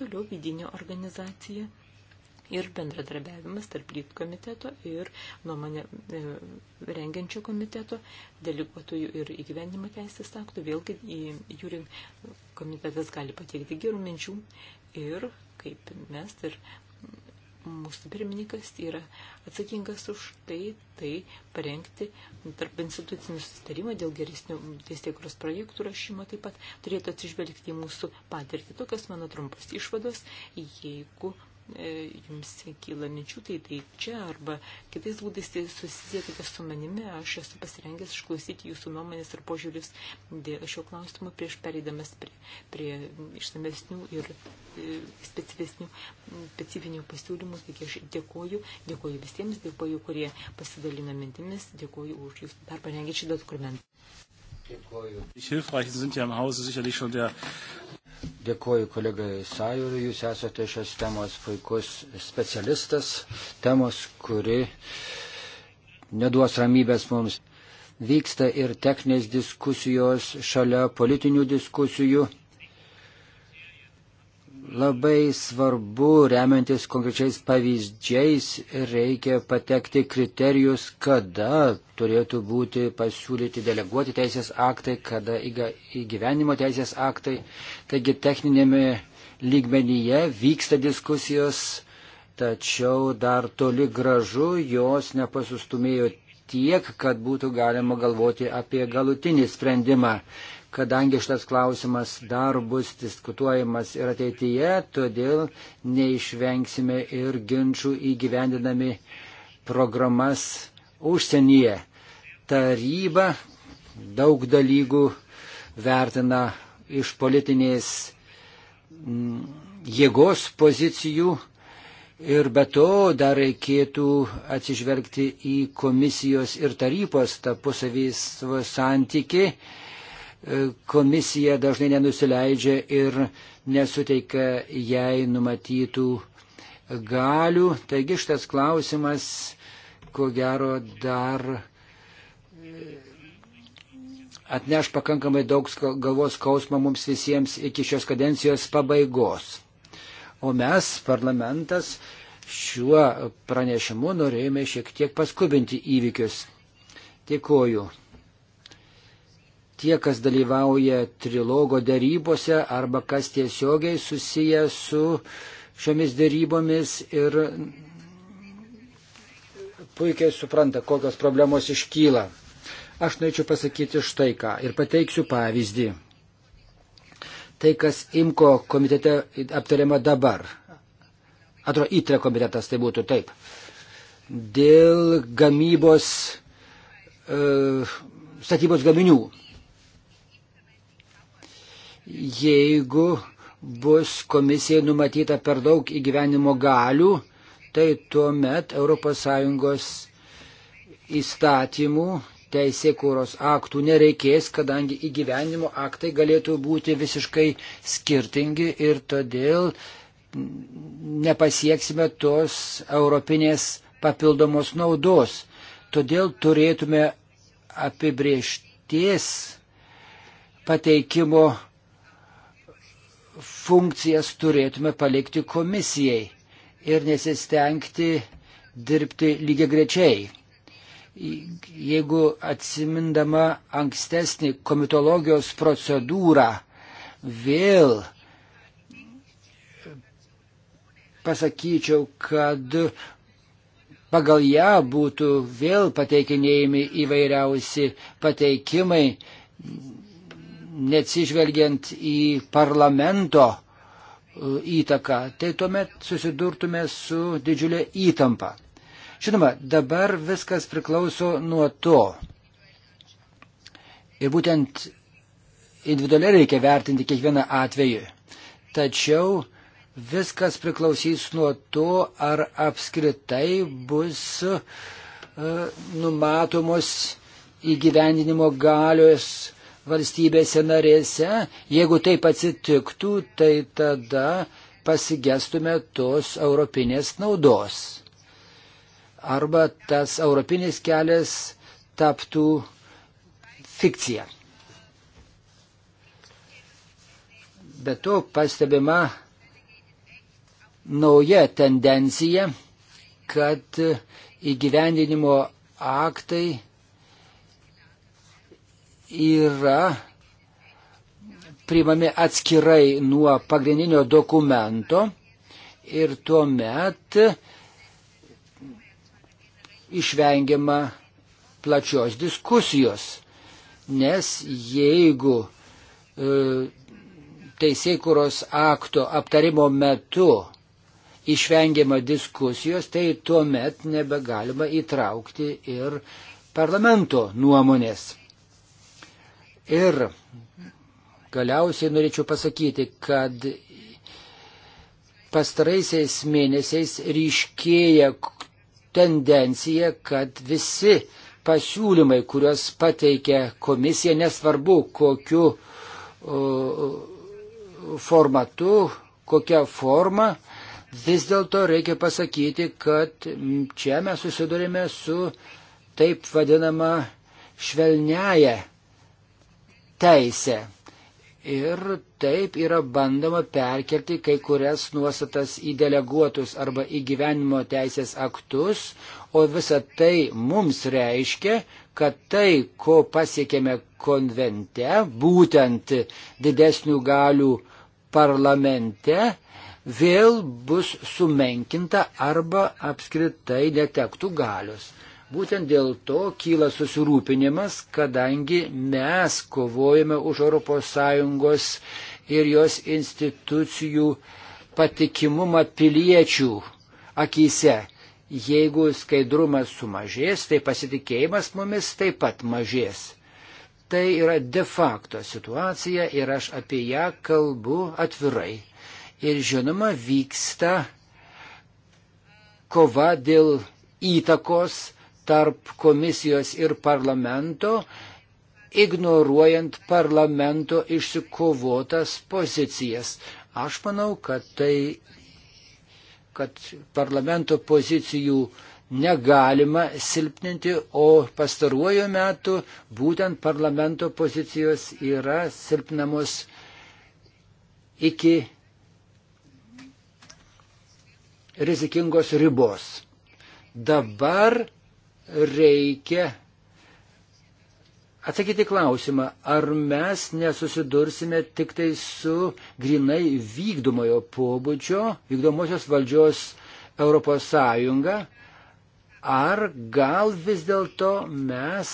toliau vidinė organizacija ir bendradarbiavimas tarp lyg komiteto ir nuomonę e, rengiančio komiteto, deleguotojų ir įgyvendimo teisės aktų, vėlgi į jūrį komitetas gali pateikti gerų minčių ir kaip mes ir mūsų pirmininkas yra atsakingas už tai, tai parengti tarp institucinį sustarimą dėl geresnių teisėkuros projektų rašymo taip pat turėtų atsižvelgti į mūsų patirtį. Tokios mano trumpas išvados, jeigu E, jums kyla minčių, tai tai čia arba kitais būdais tai susisiekite su manimi, aš esu pasirengęs išklausyti jūsų nuomonės ir požiūrius dėl šio klausimo prieš pereidamas prie, prie išsamesnių ir e, specifesnių, specifinių pasiūlymų. Taigi aš dėkoju, dėkoju visiems, dėkoju, kurie pasidalina mintimis, dėkoju už jūsų darbą rengiančią dokumentą. Dėkoju. Dėkuoju kolegai Sajūriui, jūs esate šios temos puikus specialistas, temos, kuri neduos ramybės mums. Vyksta ir techninės diskusijos šalia politinių diskusijų. Labai svarbu, remiantis konkrečiais pavyzdžiais, reikia patekti kriterijus, kada turėtų būti pasiūlyti deleguoti teisės aktai, kada įgyvenimo teisės aktai. Taigi techninėme lygmenyje vyksta diskusijos, tačiau dar toli gražu jos nepasustumėjo tiek, kad būtų galima galvoti apie galutinį sprendimą kadangi šitas klausimas dar bus diskutuojamas ir ateityje, todėl neišvengsime ir ginčių įgyvendinami programas užsienyje. Taryba daug dalykų vertina iš politinės mm, jėgos pozicijų ir be to dar reikėtų atsižvelgti į komisijos ir tarybos tapusavys santyki E, komisija dažnai nenusileidžia ir nesuteikia jai numatytų galių. Taigi šitas klausimas, ko gero, dar e, atneš pakankamai daug galvos skausmo mums visiems iki šios kadencijos pabaigos. O mes, parlamentas, šiuo pranešimu norėjome šiek tiek paskubinti įvykius. Dėkuoju tie, kas dalyvauja trilogo darybose arba kas tiesiogiai susiję su šiomis darybomis ir puikiai supranta, kokios problemos iškyla. Aš norėčiau pasakyti štai ką ir pateiksiu pavyzdį. Tai, kas IMKO komitete aptariama dabar. Atrodo, ITRE komitetas tai būtų taip. Dėl gamybos, e, statybos gaminių jeigu bus komisijai numatyta per daug įgyvenimo galių, tai tuomet ES įstatymų teisėkūros aktų nereikės, kadangi įgyvenimo aktai galėtų būti visiškai skirtingi ir todėl nepasieksime tos europinės papildomos naudos. Todėl turėtume apibriešties pateikimo funkcijas turėtume palikti komisijai ir nesistengti dirbti lygiai grečiai. Jeigu atsimindama ankstesnį komitologijos procedūrą vėl pasakyčiau, kad pagal ją būtų vėl pateikinėjami įvairiausi pateikimai, neatsižvelgiant į parlamento e, įtaką, tai tuomet susidurtume su didžiulė įtampa. Žinoma, dabar viskas priklauso nuo to. Ir būtent individualiai reikia vertinti kiekvieną atvejį. Tačiau viskas priklausys nuo to, ar apskritai bus uh, numatomos įgyvendinimo galios valstybėse narėse. Jeigu taip atsitiktų, tai tada pasigestume tos europinės naudos. Arba tas europinis kelias taptų fikcija. Be to pastebima nauja tendencija, kad įgyvendinimo aktai yra priimami atskirai nuo pagrindinio dokumento ir tuomet išvengiama plačios diskusijos, nes jeigu e, teisėkuros akto aptarimo metu išvengiama diskusijos, tai tuomet nebegalima įtraukti ir parlamento nuomonės. Ir galiausiai norėčiau pasakyti, kad pastaraisiais mėnesiais ryškėja tendencija, kad visi pasiūlymai, kuriuos pateikia komisija, nesvarbu kokiu formatu, kokią formą, vis dėlto reikia pasakyti, kad čia mes susidurime su taip vadinama švelniaja teisę. Ir taip yra bandoma perkelti kai kurias nuostatas į deleguotus arba į gyvenimo teisės aktus, o visa tai mums reiškia, kad tai, ko pasiekėme konvente, būtent didesnių galių parlamente, vėl bus sumenkinta arba apskritai netektų galios. Būtent dėl to kyla susirūpinimas, kadangi mes kovojame už ES ir jos institucijų patikimumą piliečių akise. Jeigu skaidrumas sumažės, tai pasitikėjimas mumis taip pat mažės. Tai yra de facto situacija ir aš apie ją kalbu atvirai. Ir žinoma, vyksta kova dėl įtakos tarp komisijos ir parlamento, ignoruojant parlamento išsikovotas pozicijas. Aš manau, kad tai, kad parlamento pozicijų negalima silpninti, o pastaruoju metu būtent parlamento pozicijos yra silpnamos iki rizikingos ribos. Dabar reikia atsakyti klausimą, ar mes nesusidursime tik tai su grinai vykdomojo pobūdžio, vykdomosios valdžios Europos Sąjunga, ar gal vis dėlto mes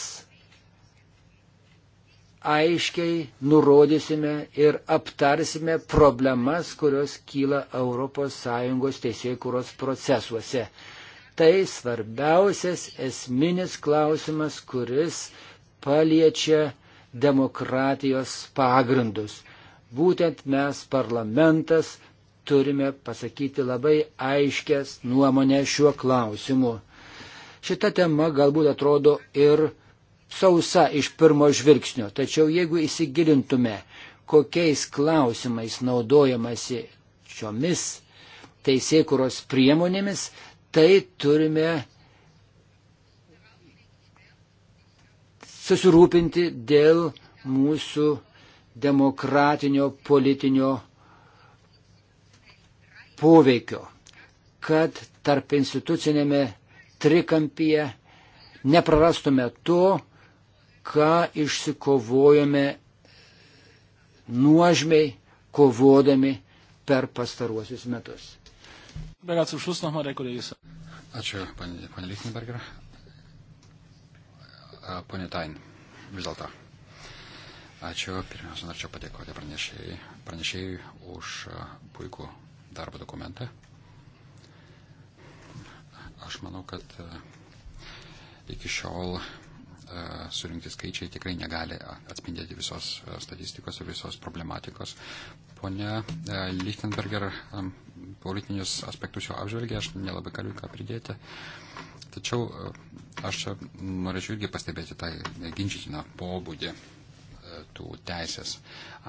aiškiai nurodysime ir aptarsime problemas, kurios kyla ES teisėkuros procesuose. Tai svarbiausias esminis klausimas, kuris paliečia demokratijos pagrindus. Būtent mes, parlamentas, turime pasakyti labai aiškės nuomonę šiuo klausimu. Šita tema galbūt atrodo ir sausa iš pirmo žvilgsnio, tačiau jeigu įsigilintume, kokiais klausimais naudojamasi šiomis teisėkuros priemonėmis, tai turime susirūpinti dėl mūsų demokratinio politinio poveikio, kad tarp institucinėme trikampyje neprarastume to, ką išsikovojome nuožmiai kovodami per pastaruosius metus. Lichtenberger, zum Schluss nochmal der Kollege. Ačiū, ponė Lichtenberger. Pone Tain, vis dėlto. Ačiū. Pirmiausia, norėčiau padėkoti pranešėjai, pranešėjai už puikų darbo dokumentą. Aš manau, kad iki šiol E, surinkti skaičiai tikrai negali atspindėti visos e, statistikos ir visos problematikos. Pone e, Lichtenberger politinius aspektus jau apžvelgė, aš nelabai galiu ką pridėti. Tačiau aš čia norėčiau irgi pastebėti tą ginčytiną pobūdį tų teisės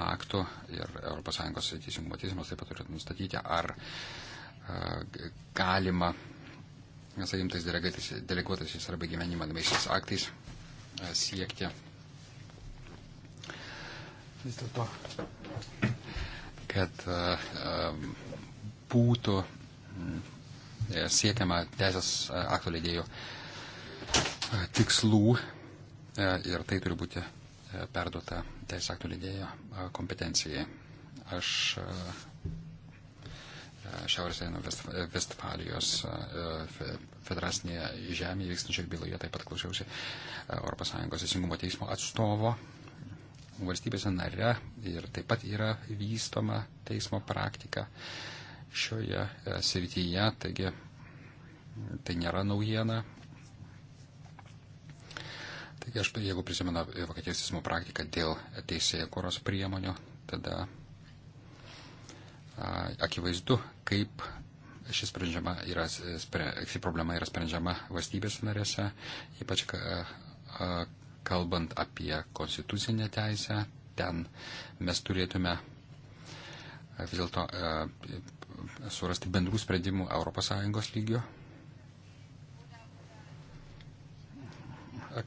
aktų ir ES teisingumo teismas taip pat turėtų nustatyti, ar galima, sakykime, tais deleguotaisiais arba gyvenimą namaišiais aktais E, siekti. Vis dėlto, kad e, e, būtų siekiama teisės akto leidėjų tikslų ir tai turi būti perduota teisės akto leidėjo kompetencijai. Aš Šiaurės Aino Vestfalijos e, federacinėje žemėje vykstančioje byloje. Taip pat klausiausi ES teisingumo teismo atstovo valstybėse nare ir taip pat yra vystoma teismo praktika šioje e, srityje, taigi tai nėra naujiena. Taigi aš, jeigu prisimenu e, Vokietijos teismo praktiką dėl teisėjų kuros priemonių, tada akivaizdu, kaip ši, yra, ši problema yra sprendžiama valstybės narėse, ypač kalbant apie konstitucinę teisę, ten mes turėtume vis dėlto surasti bendrų sprendimų ES lygio,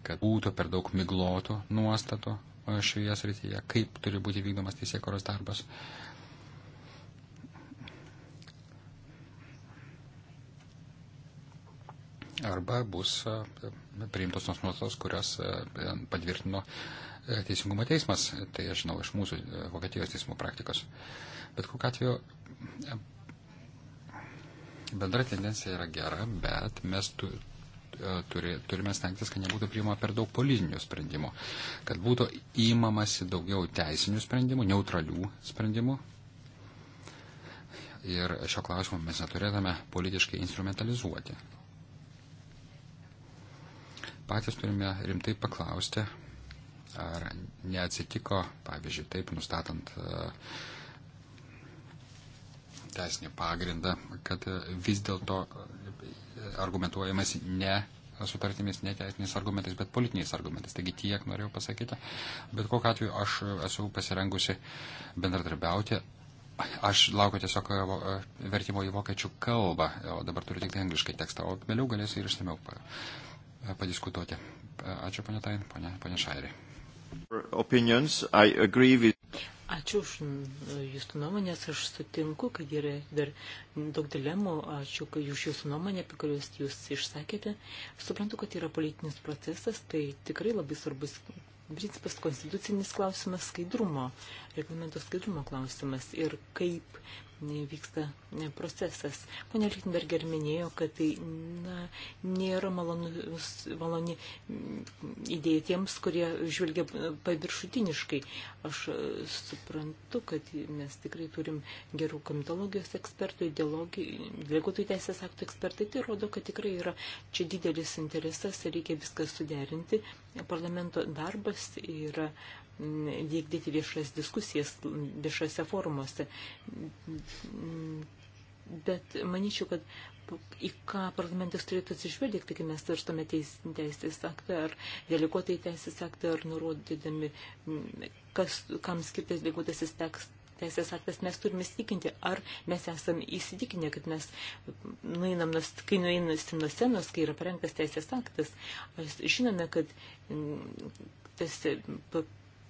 kad būtų per daug miglotų nuostatų šioje srityje, kaip turi būti vykdomas teisėkoros darbas. Uh, arba bus e, priimtos tos nuostatos, kurias e, e, patvirtino Teisingumo teismas. Tai aš žinau iš mūsų Vokietijos teismų praktikos. Bet kokiu atveju bendra tendencija yra gera, bet mes tu, turi, turime stengtis, kad nebūtų priima per daug politinių sprendimų, kad būtų įmamasi daugiau teisinių sprendimų, neutralių sprendimų. Ir šio klausimo mes neturėtume politiškai instrumentalizuoti patys turime rimtai paklausti, ar neatsitiko, pavyzdžiui, taip nustatant e, teisinį pagrindą, kad e, vis dėlto e, argumentuojamas ne sutartimis, ne teisiniais argumentais, bet politiniais argumentais. Taigi tiek norėjau pasakyti. Bet kokiu atveju aš esu pasirengusi bendradarbiauti. Aš laukiu tiesiog vertimo į vokiečių kalbą, o dabar turiu tik tai angliškai tekstą, o vėliau galėsiu ir išsameu padiskutuoti. Ačiū, ponė Tain, ponė, ponė Šairė. With... Ačiū už jūsų nuomonės, aš sutinku, kad yra dar daug dilemų, ačiū už jūsų nuomonę, apie kuriuos jūs išsakėte. Suprantu, kad yra politinis procesas, tai tikrai labai svarbus principas konstitucinis klausimas skaidrumo, reglamento skaidrumo klausimas ir kaip vyksta procesas. Pone Lichtenberger minėjo, kad tai na, nėra malonus, maloni mm, idėja tiems, kurie žvelgia paviršutiniškai. Aš e, suprantu, kad mes tikrai turim gerų komitologijos ekspertų, deleguotų teisės aktų ekspertai. Tai rodo, kad tikrai yra čia didelis interesas ir reikia viską suderinti. Parlamento darbas yra. Ir vykdyti viešas diskusijas viešose forumuose. Bet manyčiau, kad į ką parlamentas turėtų atsižvelgti, kai mes svarstome teisės aktą ar deleguotai teisės aktą ar nurodydami, kas, kam skirtas deleguotasis tekstas teisės aktas mes turime įsitikinti, ar mes esame įsitikinę, kad mes nuinam, kai nueinam nuo senos, kai yra parengtas teisės aktas, žinome, kad tas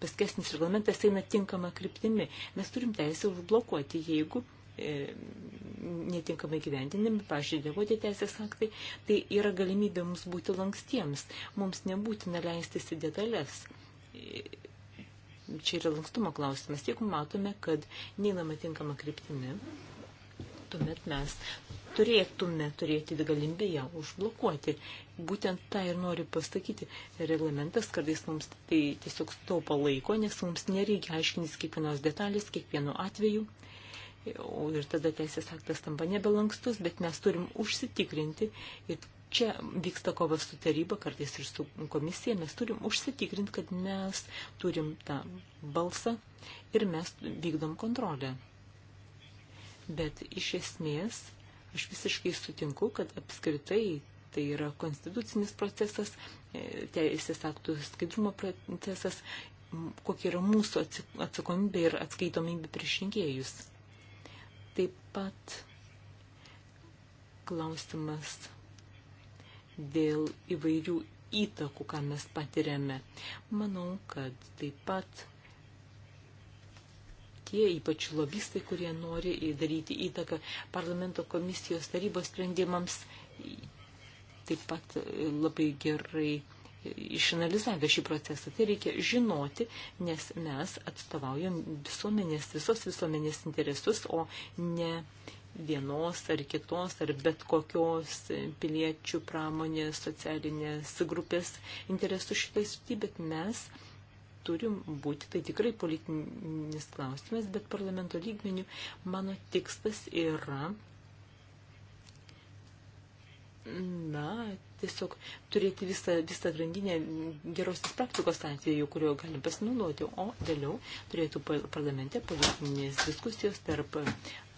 paskesnis reglamentas eina tinkama kryptimi. Mes turim teisę užblokuoti, jeigu e, netinkamai gyventinami, pažydėvoti teisės aktai, tai yra galimybė mums būti lankstiems, mums nebūtina leistis į detalės. E, čia yra lankstumo klausimas, jeigu matome, kad neinama tinkama kryptimi, tuomet mes turėtume turėti galimybę ją užblokuoti. Būtent tą ir noriu pasakyti. Reglamentas kartais mums tai tiesiog taupa laiko, nes mums nereikia aiškintis kiekvienos detalės, kiekvienu atveju. Ir tada teisės aktas tampa nebelankstus, bet mes turim užsitikrinti ir čia vyksta kova su taryba, kartais ir su komisija, mes turim užsitikrinti, kad mes turim tą balsą ir mes vykdom kontrolę. Bet iš esmės aš visiškai sutinku, kad apskritai tai yra konstitucinis procesas, e, teisės aktų skaidrumo procesas, kokia yra mūsų atsakomybė ir atskaitomybė prieš rinkėjus. Taip pat klausimas dėl įvairių įtakų, ką mes patiriame. Manau, kad taip pat tie, ypač lobistai, kurie nori daryti įtaką parlamento komisijos tarybos sprendimams, taip pat labai gerai išanalizavę šį procesą. Tai reikia žinoti, nes mes atstovaujam visuomenės, visos visuomenės interesus, o ne vienos ar kitos ar bet kokios piliečių pramonės, socialinės grupės interesų šitai sutį, bet mes turi būti tai tikrai politinis klausimas, bet parlamento lygmenių mano tikslas yra, na, tiesiog turėti visą, visą grandinę gerosios praktikos atveju, kurio galim pasinaudoti, o vėliau turėtų parlamente politinės diskusijos tarp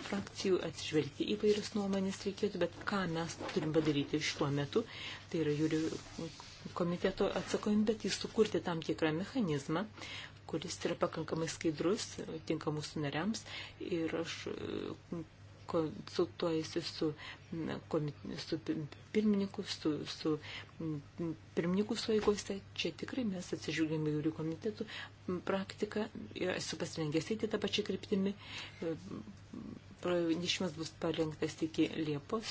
frakcijų atsižvelgti įvairius nuomonės reikėtų, bet ką mes turim padaryti šiuo metu, tai yra jūrių komiteto atsakomybė tai sukurti tam tikrą mechanizmą, kuris yra pakankamai skaidrus, tinka mūsų nariams ir aš e, konsultuojasi su, su pirmininku, su, su pirmininku suaigose. Čia tikrai mes atsižiūrėjome jūrių komitetų praktiką, esu pasirengęs eiti tą pačią kryptimį e, pranešimas bus parengtas iki Liepos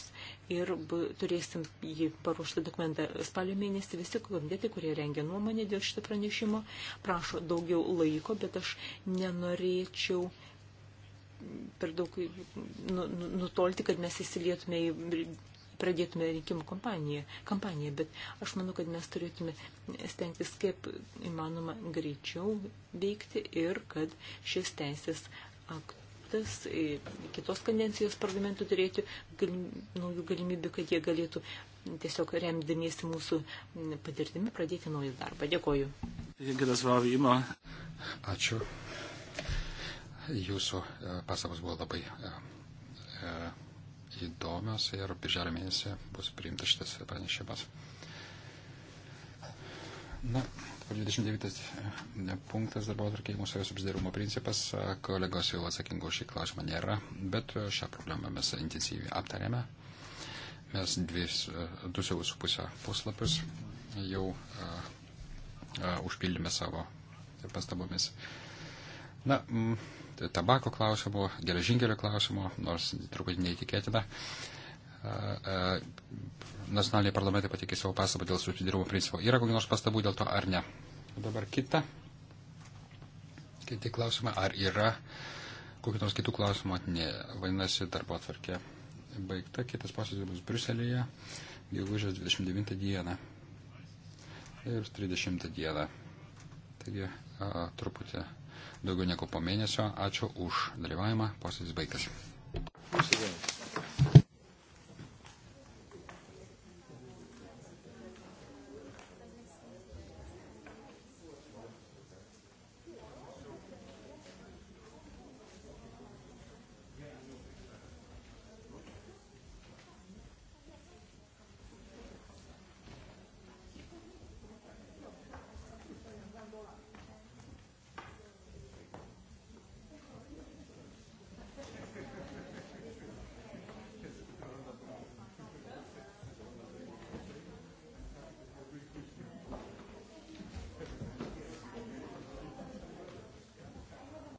ir bu, turėsim jį paruoštą dokumentą spalio mėnesį. Visi komitetai, kurie rengia nuomonę dėl šito pranešimo, prašo daugiau laiko, bet aš nenorėčiau per daug nu, nu, nutolti, kad mes įsilietume į pradėtume rinkimų kampaniją, kampaniją, bet aš manau, kad mes turėtume stengtis kaip įmanoma greičiau veikti ir kad šis teisės aktų parlamentas, kitos kandencijos parlamentų turėti galim, naujų galimybių, kad jie galėtų tiesiog remdamiesi mūsų patirtimi pradėti naują darbą. Dėkoju. Ačiū. Jūsų e, pasabas buvo labai e, e, įdomios ir birželio mėnesį bus priimtas šitas pranešimas. Na, 29 e, punktas darbo atvarkiai mūsų subsidarumo principas. E, kolegos jau atsakingo šį klausimą nėra, bet e, šią problemą mes intensyviai aptarėme. Mes dvis, du jau su pusę puslapius jau a, a, užpildėme savo pastabomis. Na, m, tabako klausimo, geležinkelio klausimo, nors truputį neįtikėtina. A, nacionaliniai parlamentai patikė savo pastabą dėl subsidiarumo principo. Yra kokių nors pastabų dėl to ar ne? Dabar kita. Kiti klausimai. Ar yra kokių nors kitų klausimų? Ne. Vadinasi, darbo atvarkė baigta. Kitas posėdis bus Bruselėje. Gegužės 29 dieną. Ir 30 dieną. Taigi, a, truputį daugiau negu po mėnesio. Ačiū už dalyvavimą. Posėdis baigtas. Pusėdien.